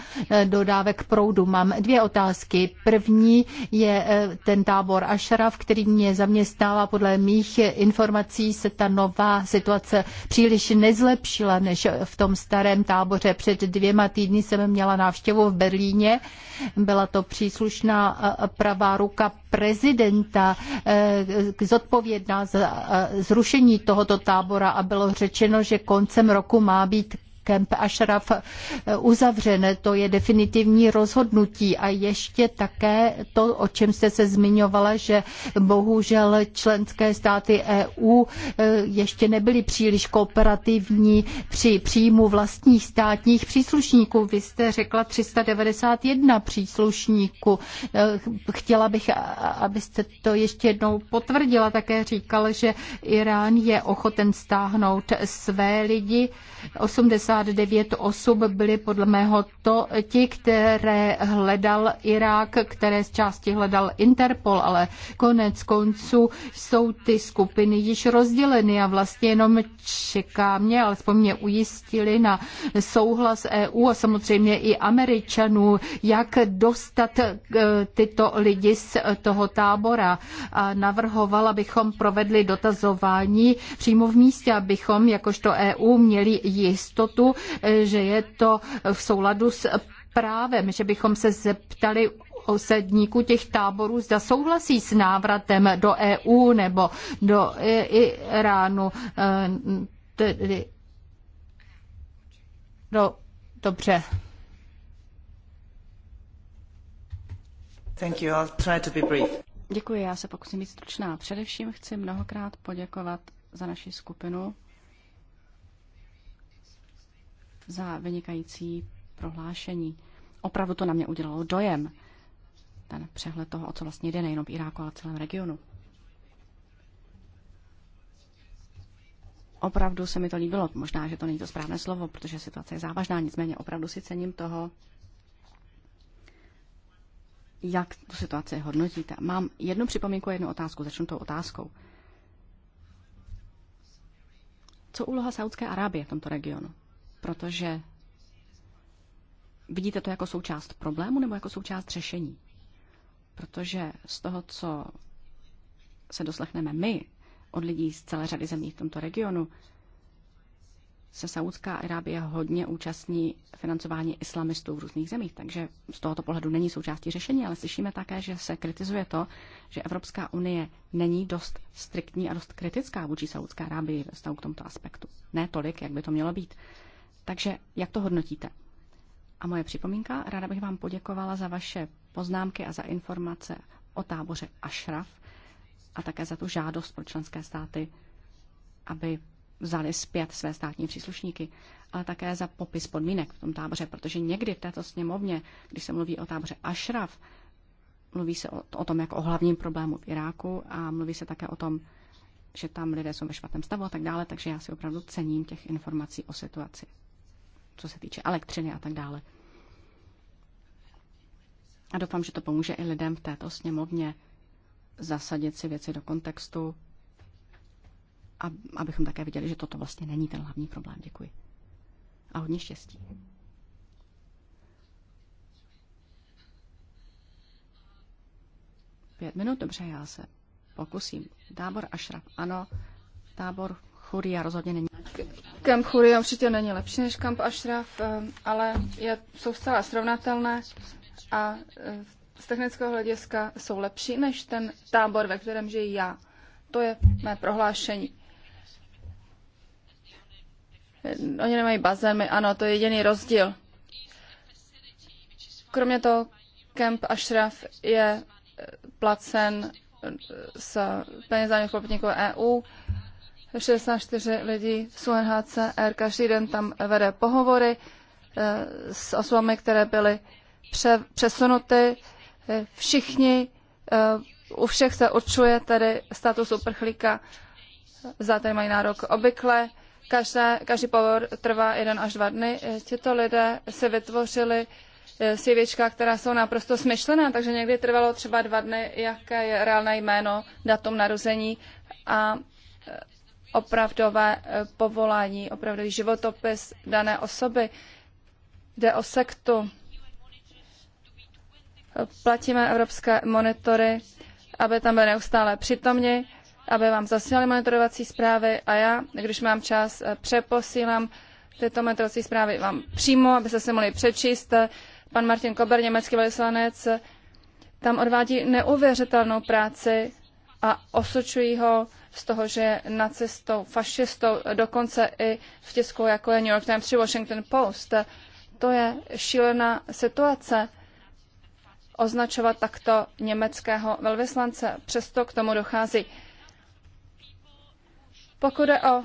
dodávek proudu. Mám dvě otázky. První je ten tábor ašraf, který mě zaměstnává. Podle mých informací se ta nová situace příliš nezlepšila než v tom starém dětském táboře. Před dvěma týdny jsem měla návštěvu v Berlíně. Byla to příslušná eh, pravá ruka prezidenta eh, zodpovědná za eh, zrušení tohoto tábora a bylo řečeno, že koncem roku má být Kemp Ashraf eh, uzavřen. To je definitivní rozhodnutí a ještě také to, o čem jste se zmiňovala, že bohužel členské státy EU eh, ještě nebyly příliš kooperativní při příjmu vlastních státních příslušníků. Vy jste řekla 391 příslušníků. Eh, chtěla bych, abyste to ještě jednou potvrdila. Také říkal, že Irán je ochoten stáhnout své lidi. 80 99 osob byli podle mého to ti, které hledal Irák, které z části hledal Interpol, ale konec konců jsou ty skupiny již rozděleny a vlastně jenom čeká mě, alespoň mě ujistili na souhlas EU a samozřejmě i Američanů, jak dostat eh, tyto lidi z toho tábora. A navrhoval, abychom provedli dotazování přímo v místě, abychom jakožto EU měli jistotu, že je to v souladu s právem, že bychom se zeptali osadníků těch táborů, zda souhlasí s návratem do EU nebo do Iránu. Eh, tedy... No, dobře. Thank you. I'll try to be brief. Děkuji, já se pokusím být stručná. Především chci mnohokrát poděkovat za naši skupinu, za vynikající prohlášení. Opravdu to na mě udělalo dojem, ten přehled toho, o co vlastně jde nejenom v Iráku, ale v celém regionu. Opravdu se mi to líbilo. Možná, že to není to správné slovo, protože situace je závažná, nicméně opravdu si cením toho, jak tu situaci hodnotíte. Mám jednu připomínku a jednu otázku. Začnu tou otázkou. Co úloha Saudské Arábie v tomto regionu? protože vidíte to jako součást problému nebo jako součást řešení. Protože z toho, co se doslechneme my od lidí z celé řady zemí v tomto regionu, se Saudská Arábie hodně účastní financování islamistů v různých zemích, takže z tohoto pohledu není součástí řešení, ale slyšíme také, že se kritizuje to, že Evropská unie není dost striktní a dost kritická vůči Saudské Arábii ve vztahu k tomto aspektu. Ne tolik, jak by to mělo být. Takže jak to hodnotíte? A moje připomínka, ráda bych vám poděkovala za vaše poznámky a za informace o táboře Ashraf a také za tu žádost pro členské státy, aby vzali zpět své státní příslušníky, ale také za popis podmínek v tom táboře, protože někdy v této sněmovně, když se mluví o táboře Ashraf, mluví se o, o tom jako o hlavním problému v Iráku a mluví se také o tom, že tam lidé jsou ve špatném stavu a tak dále, takže já si opravdu cením těch informací o situaci co se týče elektřiny a tak dále. A doufám, že to pomůže i lidem v této sněmovně zasadit si věci do kontextu, abychom také viděli, že toto vlastně není ten hlavní problém. Děkuji. A hodně štěstí. Pět minut, dobře, já se pokusím. Tábor Ašraf, ano. Tábor Churia rozhodně není. Kemp Churia určitě není lepší než Kamp Ashraf, eh, ale je, jsou zcela srovnatelné a eh, z technického hlediska jsou lepší než ten tábor, ve kterém žiji já. To je mé prohlášení. Oni nemají bazén, my ano, to je jediný rozdíl. Kromě toho, kemp Ashraf je eh, placen s peněz daných EU 64 lidí z UNHCR každý den tam vede pohovory eh, s osobami, které byly přesunuty. Všichni, eh, u všech se určuje tedy status uprchlíka, za který mají nárok Obykle Každé, každý pohovor trvá jeden až dva dny. Eh, tito lidé se vytvořili CVčka, která jsou naprosto smyšlená, takže někdy trvalo třeba dva dny, jaké je reálné jméno, datum narození a opravdové eh, povolání, opravdový životopis dané osoby. Jde o sektu. Platíme evropské monitory, aby tam byly neustále přitomni, aby vám zasílali monitorovací zprávy a já, když mám čas, eh, přeposílám tyto monitorovací zprávy vám přímo, aby se si mohli přečíst. Pan Martin Kober, německý velislanec, eh, tam odvádí neuvěřitelnou práci a osočují ho z toho, že je nacistou, fašistou, dokonce i v tisku, jako je New York Times či Washington Post. To je šílená situace označovat takto německého velvyslance. Přesto k tomu dochází. Pokud je o e,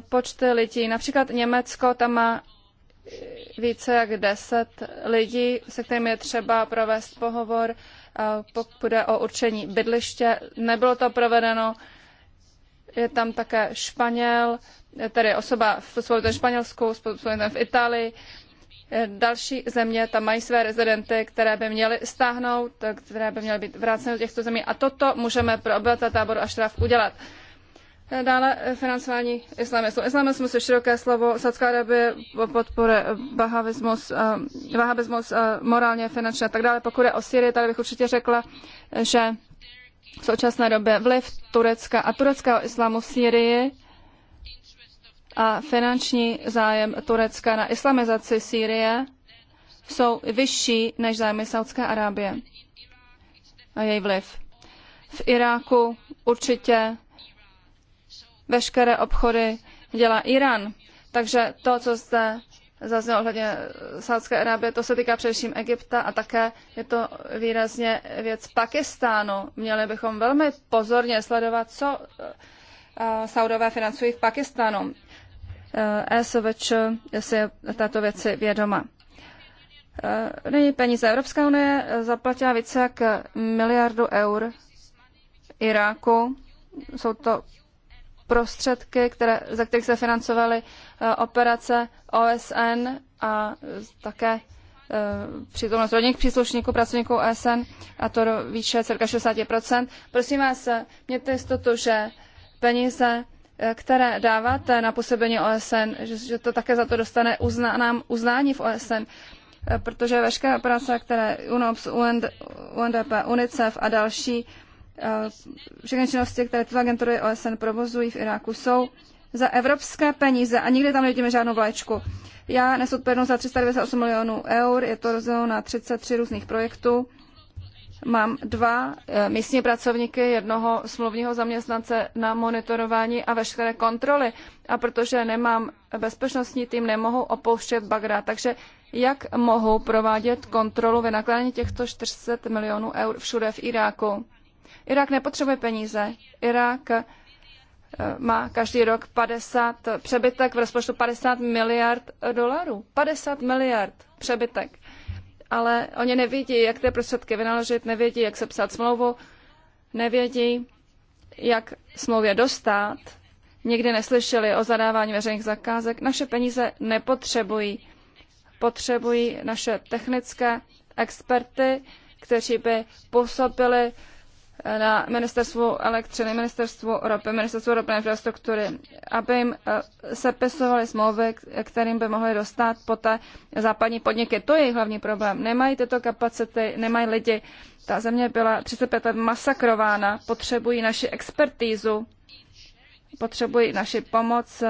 počty lidí, například Německo, tam má e, více jak deset lidí, se kterými je třeba provést pohovor, pokud je o určení bydliště. Nebylo to provedeno, je tam také Španěl, tedy osoba v spolutem Španělsku, v Itálii. Další země tam mají své rezidenty, které by měly stáhnout, které by měly být vráceny do těchto zemí. A toto můžeme pro obyvatele táboru Ašraf udělat. Dále financování islamismu. Islamismus je široké slovo. Sadská Arabie podpore vahabismus, vahabismus eh, eh, morálně, finančně a tak dále. Pokud je o Syrii, tady bych určitě řekla, že v současné době vliv Turecka a tureckého islámu v Syrii a finanční zájem Turecka na islamizaci Sýrie jsou vyšší než zájmy Saudské Arábie a její vliv. V Iráku určitě veškeré obchody dělá Irán. Takže to, co zde zaznělo ohledně Sádské Arábie, to se týká především Egypta a také je to výrazně věc Pakistánu. Měli bychom velmi pozorně sledovat, co eh, Saudové financují v Pakistánu. ESVČ eh, si tato věci vědoma. Eh, nyní peníze. Evropská unie zaplatila více jak miliardu eur Iráku. Jsou to prostředky, které, za kterých se financovaly eh, operace OSN a eh, také eh, přítomnost rodinných příslušníků, pracovníků OSN, a to výše cirka 60 Prosím vás, mějte jistotu, že peníze, které dáváte na působení OSN, že, že to také za to dostane uzna, nám uznání v OSN, protože veškeré operace, které UNOPS, UND, UNDP, UNICEF a další Eh, všechny činnosti, které tyto agentury OSN provozují v Iráku, jsou za evropské peníze a nikdy tam nevidíme žádnou vlaječku. Já nesu odpovědnost za 398 milionů eur, je to rozděleno na 33 různých projektů. Mám dva eh, místní pracovníky, jednoho smluvního zaměstnance na monitorování a veškeré kontroly. A protože nemám bezpečnostní tým, nemohu opouštět Bagrát. Takže jak mohu provádět kontrolu vynakládání těchto 400 milionů eur všude v Iráku? Irák nepotřebuje peníze. Irák eh, má každý rok 50, eh, přebytek v rozpočtu 50 miliard eh, dolarů. 50 miliard přebytek. Ale oni nevědí, jak ty prostředky vynaložit, nevědí, jak sepsat smlouvu, nevědí, jak smlouvě dostat. Nikdy neslyšeli o zadávání veřejných zakázek. Naše peníze nepotřebují. Potřebují naše technické experty, kteří by působili na ministerstvu elektřiny, ministerstvu ropy, ministerstvu ropné infrastruktury, aby jim eh, sepisovali smlouvy, kterým by mohly dostat poté západní podniky. To je jejich hlavní problém. Nemají tyto kapacity, nemají lidi. Ta země byla 35 let masakrována, potřebují naši expertízu, potřebují naši pomoc,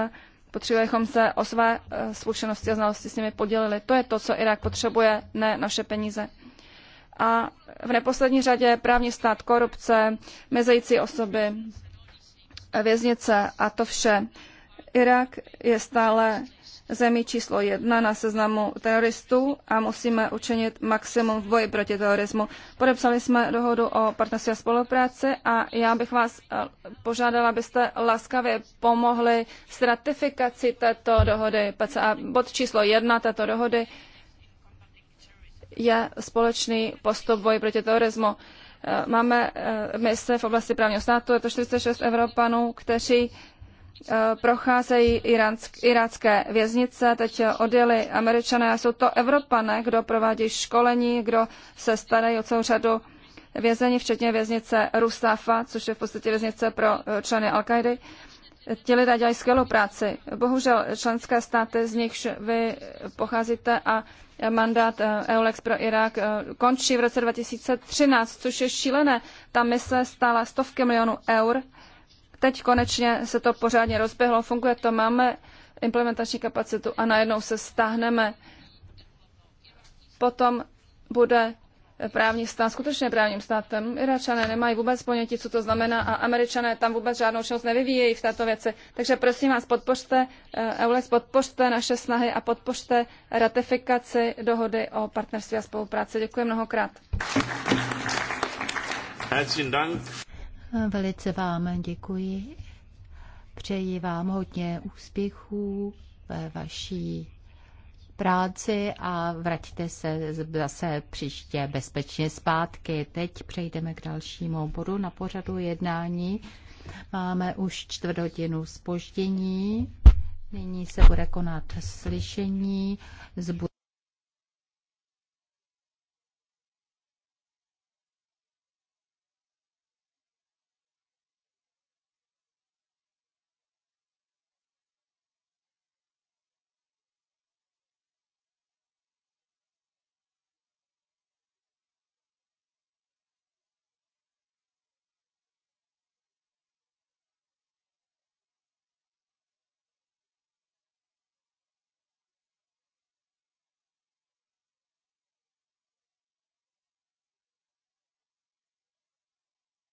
potřebují, abychom se o své eh, zkušenosti a znalosti s nimi podělili. To je to, co Irák potřebuje, ne naše peníze a v neposlední řadě právní stát korupce, mezející osoby, věznice a to vše. Irák je stále zemí číslo jedna na seznamu teroristů a musíme učinit maximum v boji proti terorismu. Podepsali jsme dohodu o partnerství a spolupráci a já bych vás eh, požádala, abyste laskavě pomohli s ratifikací této dohody PCA. Bod číslo jedna této dohody je společný postup boji proti terorismu. Eh, máme eh, mise v oblasti právního státu, je to 46 Evropanů, kteří eh, procházejí irácké věznice, teď odjeli američané jsou to Evropané, kdo provádí školení, kdo se starají o celou řadu vězení, včetně věznice Rusafa, což je v podstatě věznice pro členy al -Qaidi. Ti lidé dělají skvělou práci. Bohužel členské státy, z nichž vy pocházíte a mandát eh, EULEX pro Irák eh, končí v roce 2013, což je šílené. Ta mise stála stovky milionů eur. Teď konečně se to pořádně rozběhlo, funguje to, máme implementační kapacitu a najednou se stáhneme. Potom bude právní stát skutečně právním státem. Iračané nemají vůbec ponětí, co to znamená a američané tam vůbec žádnou činnost nevyvíjejí v této věci. Takže prosím vás, podpořte eh, EULEX, podpořte naše snahy a podpořte ratifikaci dohody o partnerství a spolupráci. Děkuji mnohokrát. Eh, velice vám děkuji. Přeji vám hodně úspěchů ve vaší práci a vraťte se zase příště bezpečně zpátky. Teď přejdeme k dalšímu bodu na pořadu jednání. Máme už čtvrt hodinu spoždění. Nyní se bude konat slyšení. Zbud-